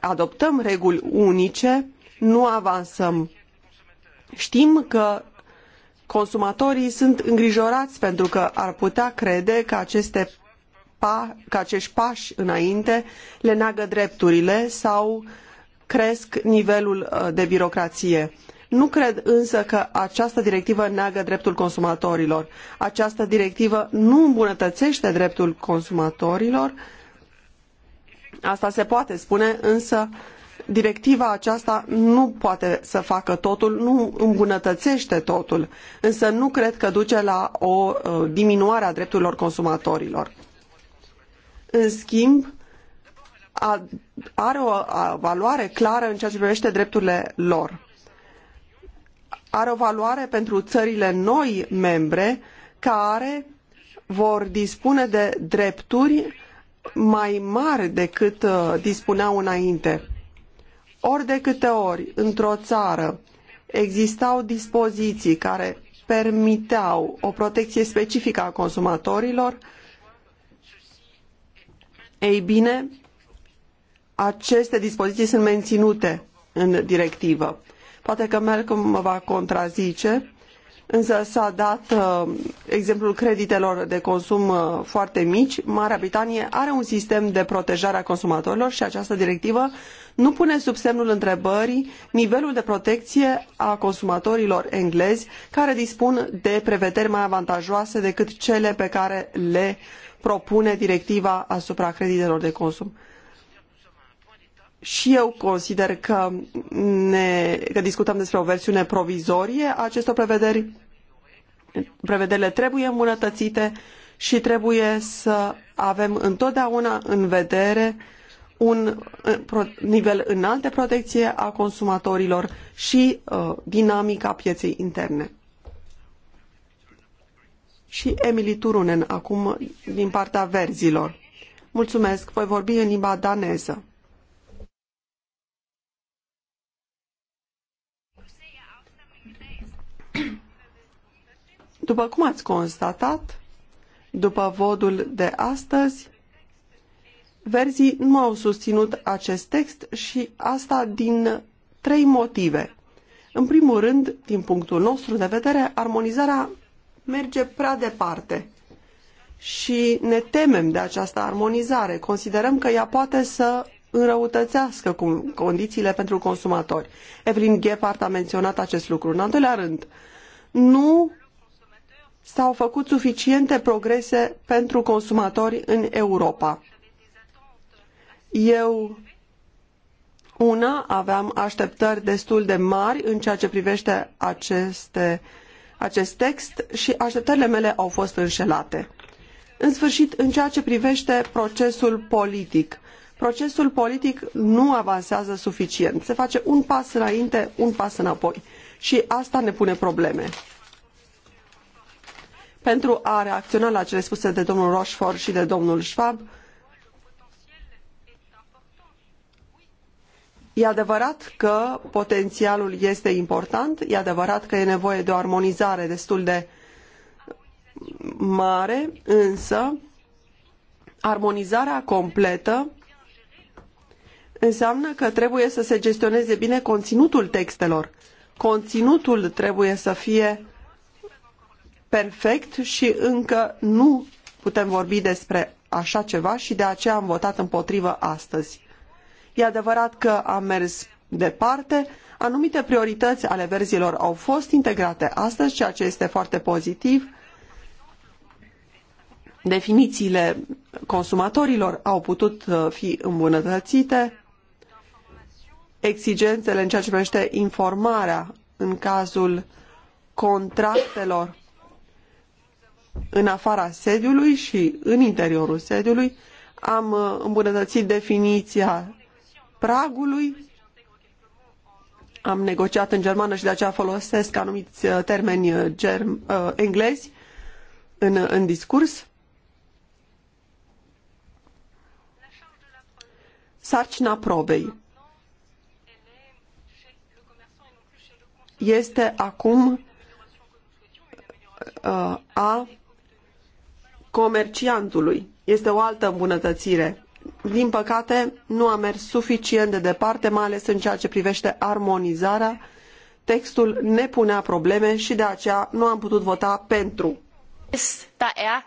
adoptăm reguli unice, nu avansăm. Știm că Consumatorii sunt îngrijorați pentru că ar putea crede că, aceste pa, că acești pași înainte le neagă drepturile sau cresc nivelul uh, de birocrație. Nu cred însă că această directivă neagă dreptul consumatorilor. Această directivă nu îmbunătățește dreptul consumatorilor. Asta se poate spune, însă Directiva aceasta nu poate să facă totul, nu îmbunătățește totul, însă nu cred că duce la o uh, diminuare a drepturilor consumatorilor. În schimb, are o valoare clară în ceea ce privește drepturile lor. Are o valoare pentru țările noi membre care vor dispune de drepturi mai mari decât uh, dispuneau înainte. Ori de câte ori într-o țară existau dispoziții care permiteau o protecție specifică a consumatorilor, ei bine, aceste dispoziții sunt menținute în directivă. Poate că Malcolm mă va contrazice, însă s-a dat uh, exemplul creditelor de consum uh, foarte mici. Marea Britanie are un sistem de protejare a consumatorilor și această directivă nu pune sub semnul întrebării nivelul de protecție a consumatorilor englezi care dispun de prevederi mai avantajoase decât cele pe care le propune directiva asupra creditelor de consum. Și eu consider că, ne, că discutăm despre o versiune provizorie a acestor prevederi. Prevederile trebuie îmbunătățite și trebuie să avem întotdeauna în vedere uh, un eh, nivel înalt de protecție a consumatorilor și uh, dinamica pieței interne. Și Emily Turunen, acum din partea verzilor. Mulțumesc, voi vorbi în limba daneză. După cum ați constatat, după vodul de astăzi, Verzii nu au susținut acest text și asta din trei motive. În primul rând, din punctul nostru de vedere, armonizarea merge prea departe și ne temem de această armonizare. Considerăm că ea poate să înrăutățească cu condițiile pentru consumatori. Evelyn Gephardt a menționat acest lucru. În al doilea rând, nu s-au făcut suficiente progrese pentru consumatori în Europa. Eu una aveam așteptări destul de mari în ceea ce privește aceste, acest text și așteptările mele au fost înșelate. În sfârșit, în ceea ce privește procesul politic, procesul politic nu avansează suficient. Se face un pas înainte, un pas înapoi. Și asta ne pune probleme. Pentru a reacționa la cele spuse de domnul Rochefort și de domnul Schwab, E adevărat că potențialul este important, e adevărat că e nevoie de o armonizare destul de mare, însă armonizarea completă înseamnă că trebuie să se gestioneze bine conținutul textelor. Conținutul trebuie să fie perfect și încă nu putem vorbi despre așa ceva și de aceea am votat împotrivă astăzi. E adevărat că am mers departe, anumite priorități ale verzilor au fost integrate astăzi, ceea ce este foarte pozitiv. Definițiile consumatorilor au putut uh, fi îmbunătățite, exigențele în ceea ce privește informarea în cazul contractelor în afara sediului și în interiorul sediului. Am uh, îmbunătățit definiția pragului. Am negociat în germană și de aceea folosesc anumiți uh, termeni uh, germ, uh, englezi în, în discurs. Sarcina probei este acum a comerciantului. Este o altă îmbunătățire din păcate, nu a mers suficient de departe, mai ales în ceea ce privește armonizarea. Textul ne punea probleme și de aceea nu am putut vota pentru. Er,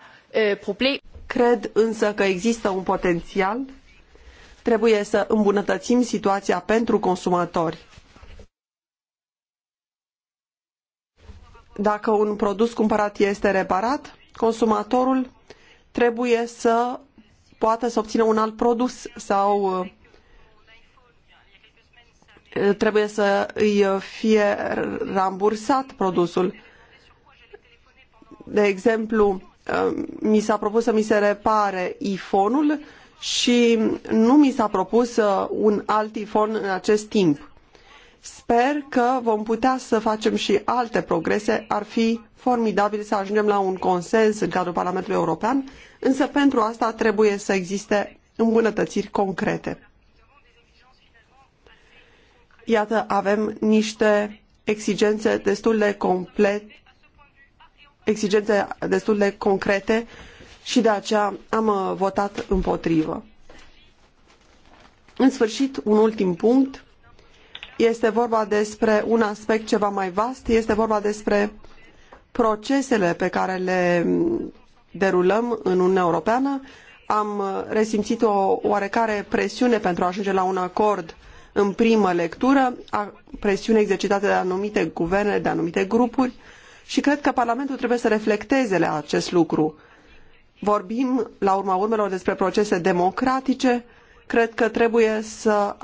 øh, Cred însă că există un potențial. Trebuie să îmbunătățim situația pentru consumatori. Dacă un produs cumpărat este reparat, consumatorul trebuie să poată să obțină un alt produs sau uh, uh, trebuie să îi fie rambursat produsul. De exemplu, uh, mi s-a propus să mi se repare iPhone-ul și nu mi s-a propus un alt iPhone în acest timp. Sper că vom putea să facem și alte progrese. Ar fi formidabil să ajungem la un consens în cadrul Parlamentului European însă pentru asta trebuie să existe îmbunătățiri concrete. Iată, avem niște exigențe destul de complet, exigențe destul de concrete și de aceea am uh, votat împotrivă. În sfârșit, un ultim punct. Este vorba despre un aspect ceva mai vast, este vorba despre procesele pe care le derulăm în Uniunea Europeană. Am uh, resimțit o oarecare presiune pentru a ajunge la un acord în primă lectură, a presiune exercitată de anumite guverne, de anumite grupuri și cred că Parlamentul trebuie să reflecteze la acest lucru. Vorbim, la urma urmelor, despre procese democratice, cred că trebuie să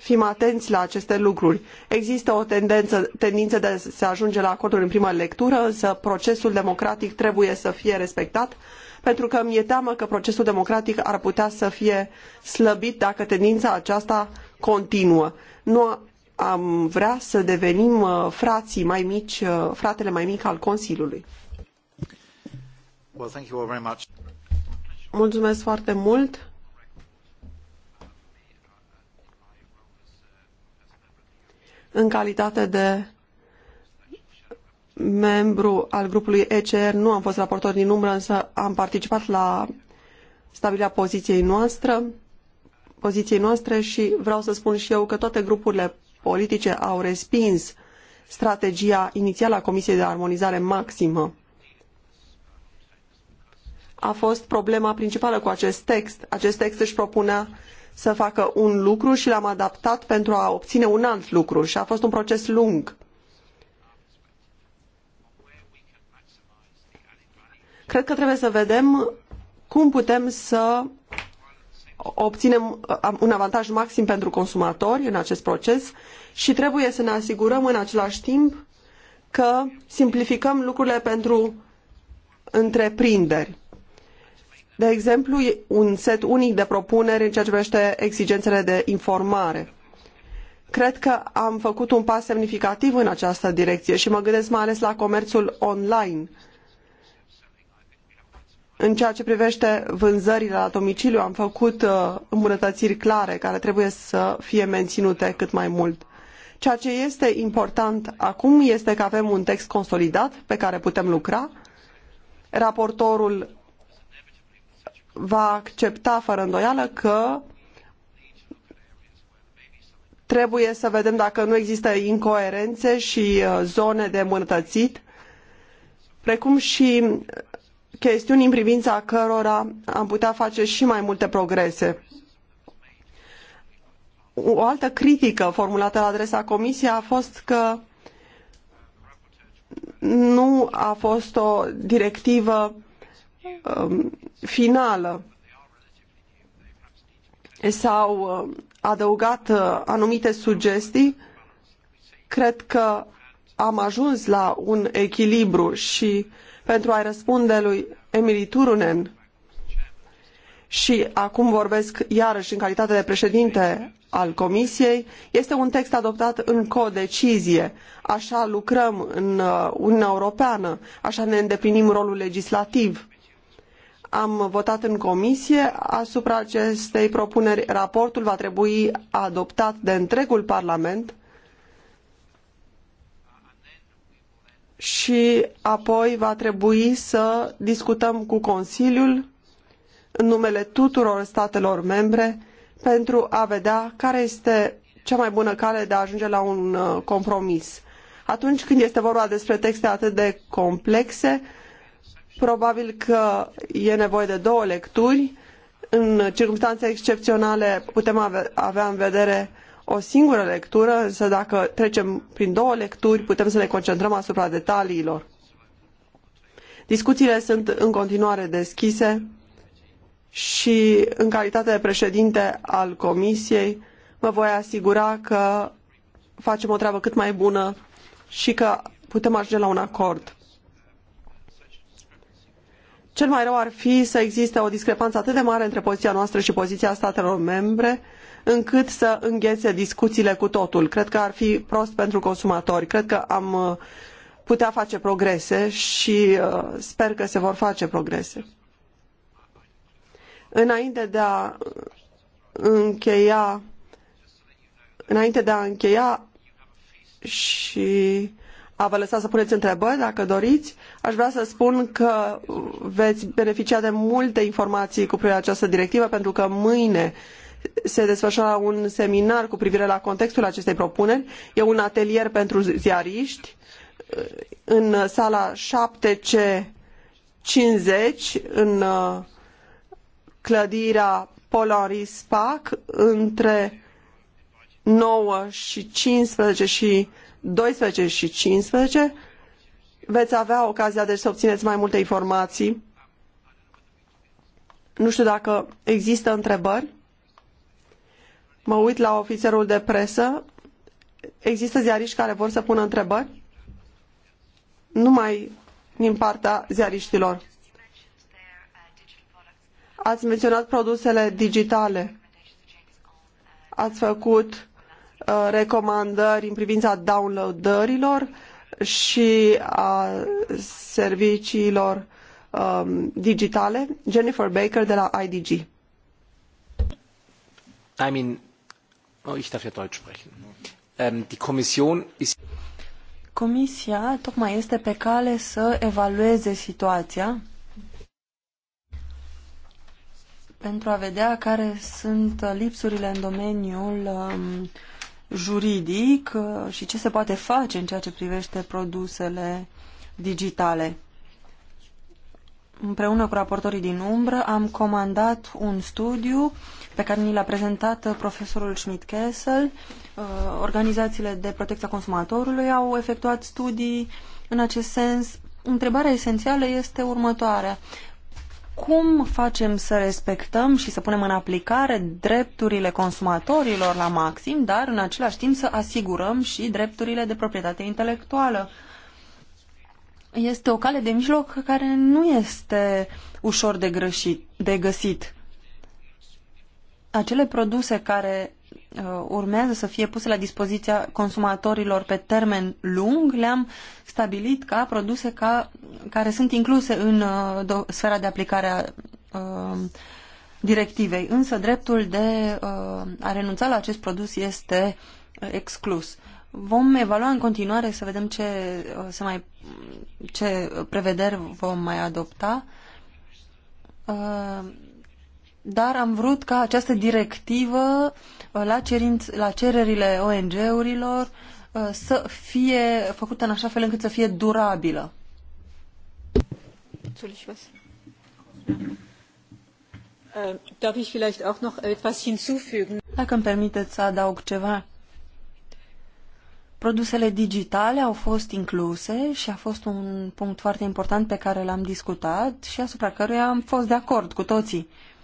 fim atenți la aceste lucruri. Există o tendință, tendință de a se ajunge la acorduri în primă lectură, însă procesul democratic trebuie să fie respectat, pentru că mi-e teamă că procesul democratic ar putea să fie slăbit dacă tendința aceasta continuă. Nu am vrea să devenim uh, frații mai mici, uh, fratele mai mic al Consiliului. Well, Mulțumesc foarte mult. În calitate de membru al grupului ECR, nu am fost raportor din umbră, însă am participat la stabilirea poziției noastre, poziției noastre și vreau să spun și eu că toate grupurile politice au respins strategia inițială a Comisiei de Armonizare Maximă. A fost problema principală cu acest text. Acest text își propunea să facă un lucru și l-am adaptat pentru a obține un alt lucru și a fost un proces lung. Cred că trebuie să vedem cum putem să obținem un avantaj maxim pentru consumatori în acest proces și trebuie să ne asigurăm în același timp că simplificăm lucrurile pentru întreprinderi de exemplu, un set unic de propuneri în ceea ce privește exigențele de informare. Cred că am făcut un pas semnificativ în această direcție și mă gândesc mai ales la comerțul online. În ceea ce privește vânzările la domiciliu, am făcut uh, îmbunătățiri clare care trebuie să fie menținute cât mai mult. Ceea ce este important acum este că avem un text consolidat pe care putem lucra. Raportorul va accepta fără îndoială că trebuie să vedem dacă nu există incoerențe și uh, zone de îmbunătățit, precum și chestiuni în privința cărora am putea face și mai multe progrese. O altă critică formulată la adresa Comisiei a fost că nu a fost o directivă Um, finală s-au uh, adăugat uh, anumite sugestii. Cred că am ajuns la un echilibru și pentru a-i răspunde lui Emily Turunen și acum vorbesc iarăși în calitate de președinte al Comisiei, este un text adoptat în codecizie. Așa lucrăm în uh, Uniunea Europeană, așa ne îndeplinim rolul legislativ am votat în comisie asupra acestei propuneri. Raportul va trebui adoptat de întregul Parlament și apoi va trebui să discutăm cu Consiliul în numele tuturor statelor membre pentru a vedea care este cea mai bună cale de a ajunge la un uh, compromis. Atunci când este vorba despre texte atât de complexe, Probabil că e nevoie de două lecturi. În circunstanțe excepționale putem avea în vedere o singură lectură, însă dacă trecem prin două lecturi, putem să ne concentrăm asupra detaliilor. Discuțiile sunt în continuare deschise și în calitate de președinte al comisiei mă voi asigura că facem o treabă cât mai bună și că putem ajunge la un acord. Cel mai rău ar fi să existe o discrepanță atât de mare între poziția noastră și poziția statelor membre, încât să înghețe discuțiile cu totul. Cred că ar fi prost pentru consumatori. Cred că am uh, putea face progrese și uh, sper că se vor face progrese. Înainte de a uh, încheia, înainte de a încheia și a vă lăsa să puneți întrebări dacă doriți. Aș vrea să spun că veți beneficia de multe informații cu privire la această directivă pentru că mâine se desfășoară un seminar cu privire la contextul acestei propuneri. E un atelier pentru ziariști în sala 7C50 în uh, clădirea Polaris Park între 9 și 15 și 12 și 15. Veți avea ocazia deci să obțineți mai multe informații. Nu știu dacă există întrebări. Mă uit la ofițerul de presă. Există ziariști care vor să pună întrebări? Numai din partea ziariștilor. Ați menționat produsele digitale. Ați făcut Uh, recomandări în privința downloadărilor și a serviciilor um, digitale, Jennifer Baker de la IDG. I
mean, oh, ich darf ja Deutsch sprechen. Um, die Kommission ist
Comisia
tocmai este pe cale să evalueze situația pentru a vedea care sunt lipsurile în domeniul um, juridic uh, și ce se poate face în ceea ce privește produsele digitale. Împreună cu raportorii din umbră am comandat un studiu pe care ni l-a prezentat profesorul Schmidt Kessel. Uh, organizațiile de protecție a consumatorului au efectuat studii în acest sens. Întrebarea esențială este următoarea cum facem să respectăm și să punem în aplicare drepturile consumatorilor la maxim, dar în același timp să asigurăm și drepturile de proprietate intelectuală. Este o cale de mijloc care nu este ușor de, greșit, de găsit. Acele produse care Uh, urmează să fie puse la dispoziția consumatorilor pe termen lung, le-am stabilit ca produse ca, care sunt incluse în uh, sfera de aplicare a uh, directivei. Însă dreptul de uh, a renunța la acest produs este uh, exclus. Vom evalua în continuare să vedem ce, uh, se mai, ce prevederi vom mai adopta dar am vrut ca această directivă uh, la, cerinț, la cererile ONG-urilor uh, să fie făcută în așa fel încât să fie durabilă. Äh, Dacă îmi permiteți să adaug ceva. Produsele digitale au fost incluse și a fost un punct foarte important pe care l-am discutat și asupra căruia am fost de acord cu toții. Uh,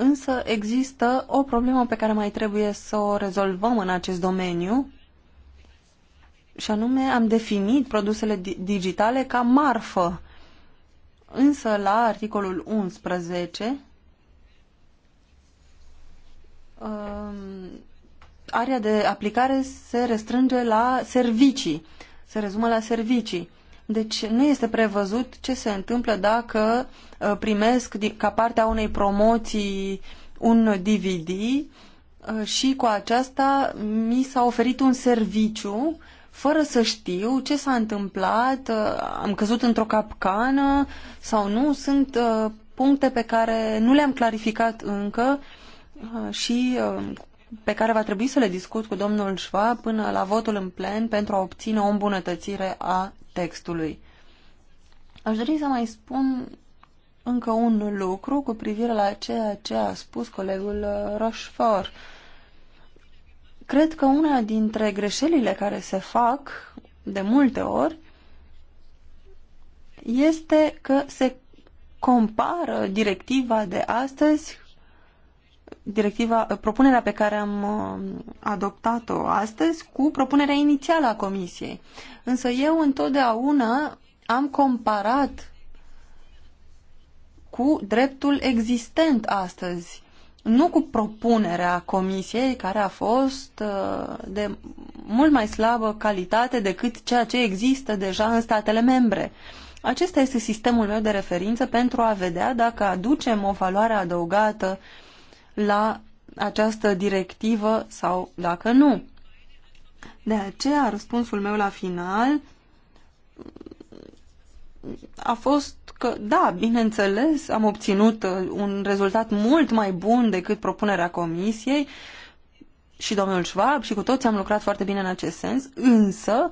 Însă există o problemă pe care mai trebuie să o rezolvăm în acest domeniu și anume am definit produsele digitale ca marfă. Însă la articolul 11 um, area de aplicare se restrânge la servicii, se rezumă la servicii. Deci nu este prevăzut ce se întâmplă dacă uh, primesc ca partea unei promoții un DVD uh, și cu aceasta mi s-a oferit un serviciu fără să știu ce s-a întâmplat, uh, am căzut într-o capcană sau nu, sunt puncte pe care nu le-am clarificat încă și pe care va trebui să le discut cu domnul Schwab până la votul în plen pentru a obține o îmbunătățire a textului. Aș dori să mai spun încă un lucru cu privire la ceea ce a spus colegul uh, Rochefort. Cred că una dintre greșelile care se fac de multe ori este că se compară directiva de astăzi directiva, propunerea pe care am uh, adoptat-o astăzi cu propunerea inițială a Comisiei. Însă eu întotdeauna am comparat cu dreptul existent astăzi, nu cu propunerea Comisiei, care a fost uh, de mult mai slabă calitate decât ceea ce există deja în statele membre. Acesta este sistemul meu de referință pentru a vedea dacă aducem o valoare adăugată uh, la această directivă sau dacă nu. De aceea, răspunsul meu la final a fost că, da, bineînțeles, am obținut uh, un rezultat mult mai bun decât propunerea comisiei și domnul Schwab și cu toți am lucrat foarte bine în acest sens, însă,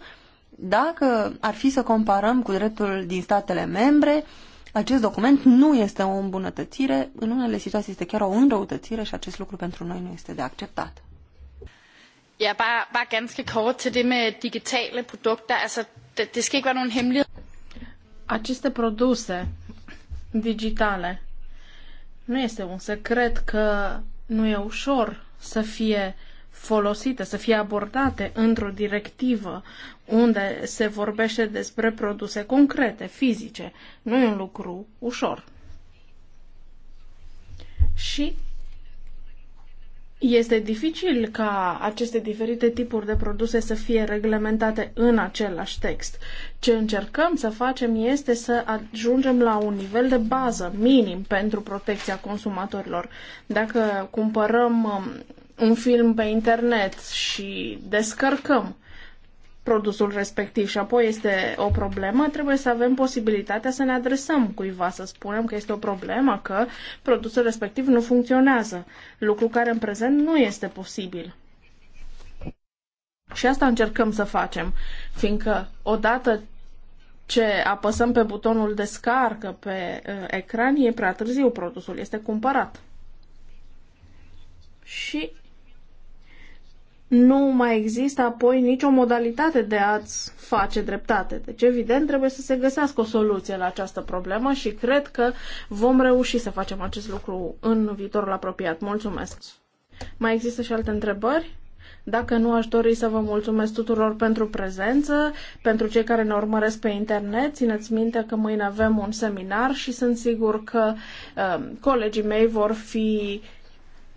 dacă ar fi să comparăm cu dreptul din statele membre, uh, acest document nu este o îmbunătățire, în unele situații este chiar o înrăutățire și acest lucru pentru noi nu este de acceptat.
Ja, bare, bare ganske kort til det med digitale produkter. Altså, det, det skal ikke være nogen hemmelighed. Aceste produse digitale, nu este un secret că nu e ușor să fie folosite, să fie abordate într-o directivă unde se vorbește despre produse concrete, fizice. Nu e un lucru ușor. Și este dificil ca aceste diferite tipuri de produse să fie reglementate în același text. Ce încercăm să facem este să ajungem la un nivel de bază minim pentru protecția consumatorilor. Dacă cumpărăm um, un film pe internet și descărcăm produsul respectiv și apoi este o problemă, trebuie să avem posibilitatea să ne adresăm cuiva, să spunem că este o problemă, că produsul respectiv nu funcționează, lucru care în prezent nu este posibil. Și asta încercăm să facem, fiindcă odată ce apăsăm pe butonul descarcă pe uh, ecran, e prea târziu, produsul este cumpărat. Și nu mai există apoi nicio modalitate de a-ți face dreptate. Deci, evident, trebuie să se găsească o soluție la această problemă și cred că vom reuși să facem acest lucru în viitorul apropiat. Mulțumesc! Mai există și alte întrebări? Dacă nu, aș dori să vă mulțumesc tuturor pentru prezență, pentru cei care ne urmăresc pe internet. Țineți minte că mâine avem un seminar și sunt sigur că uh, colegii mei vor fi uh,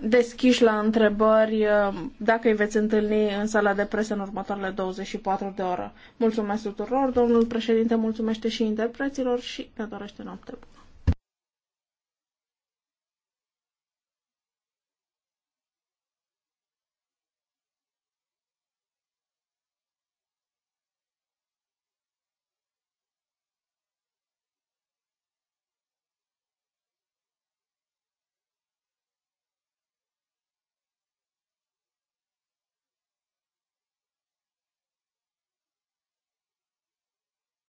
deschiși la întrebări uh, dacă îi veți întâlni în sala de presă în următoarele 24 de ore. Mulțumesc tuturor, domnul președinte mulțumește și interpreților și ne dorește noapte bună.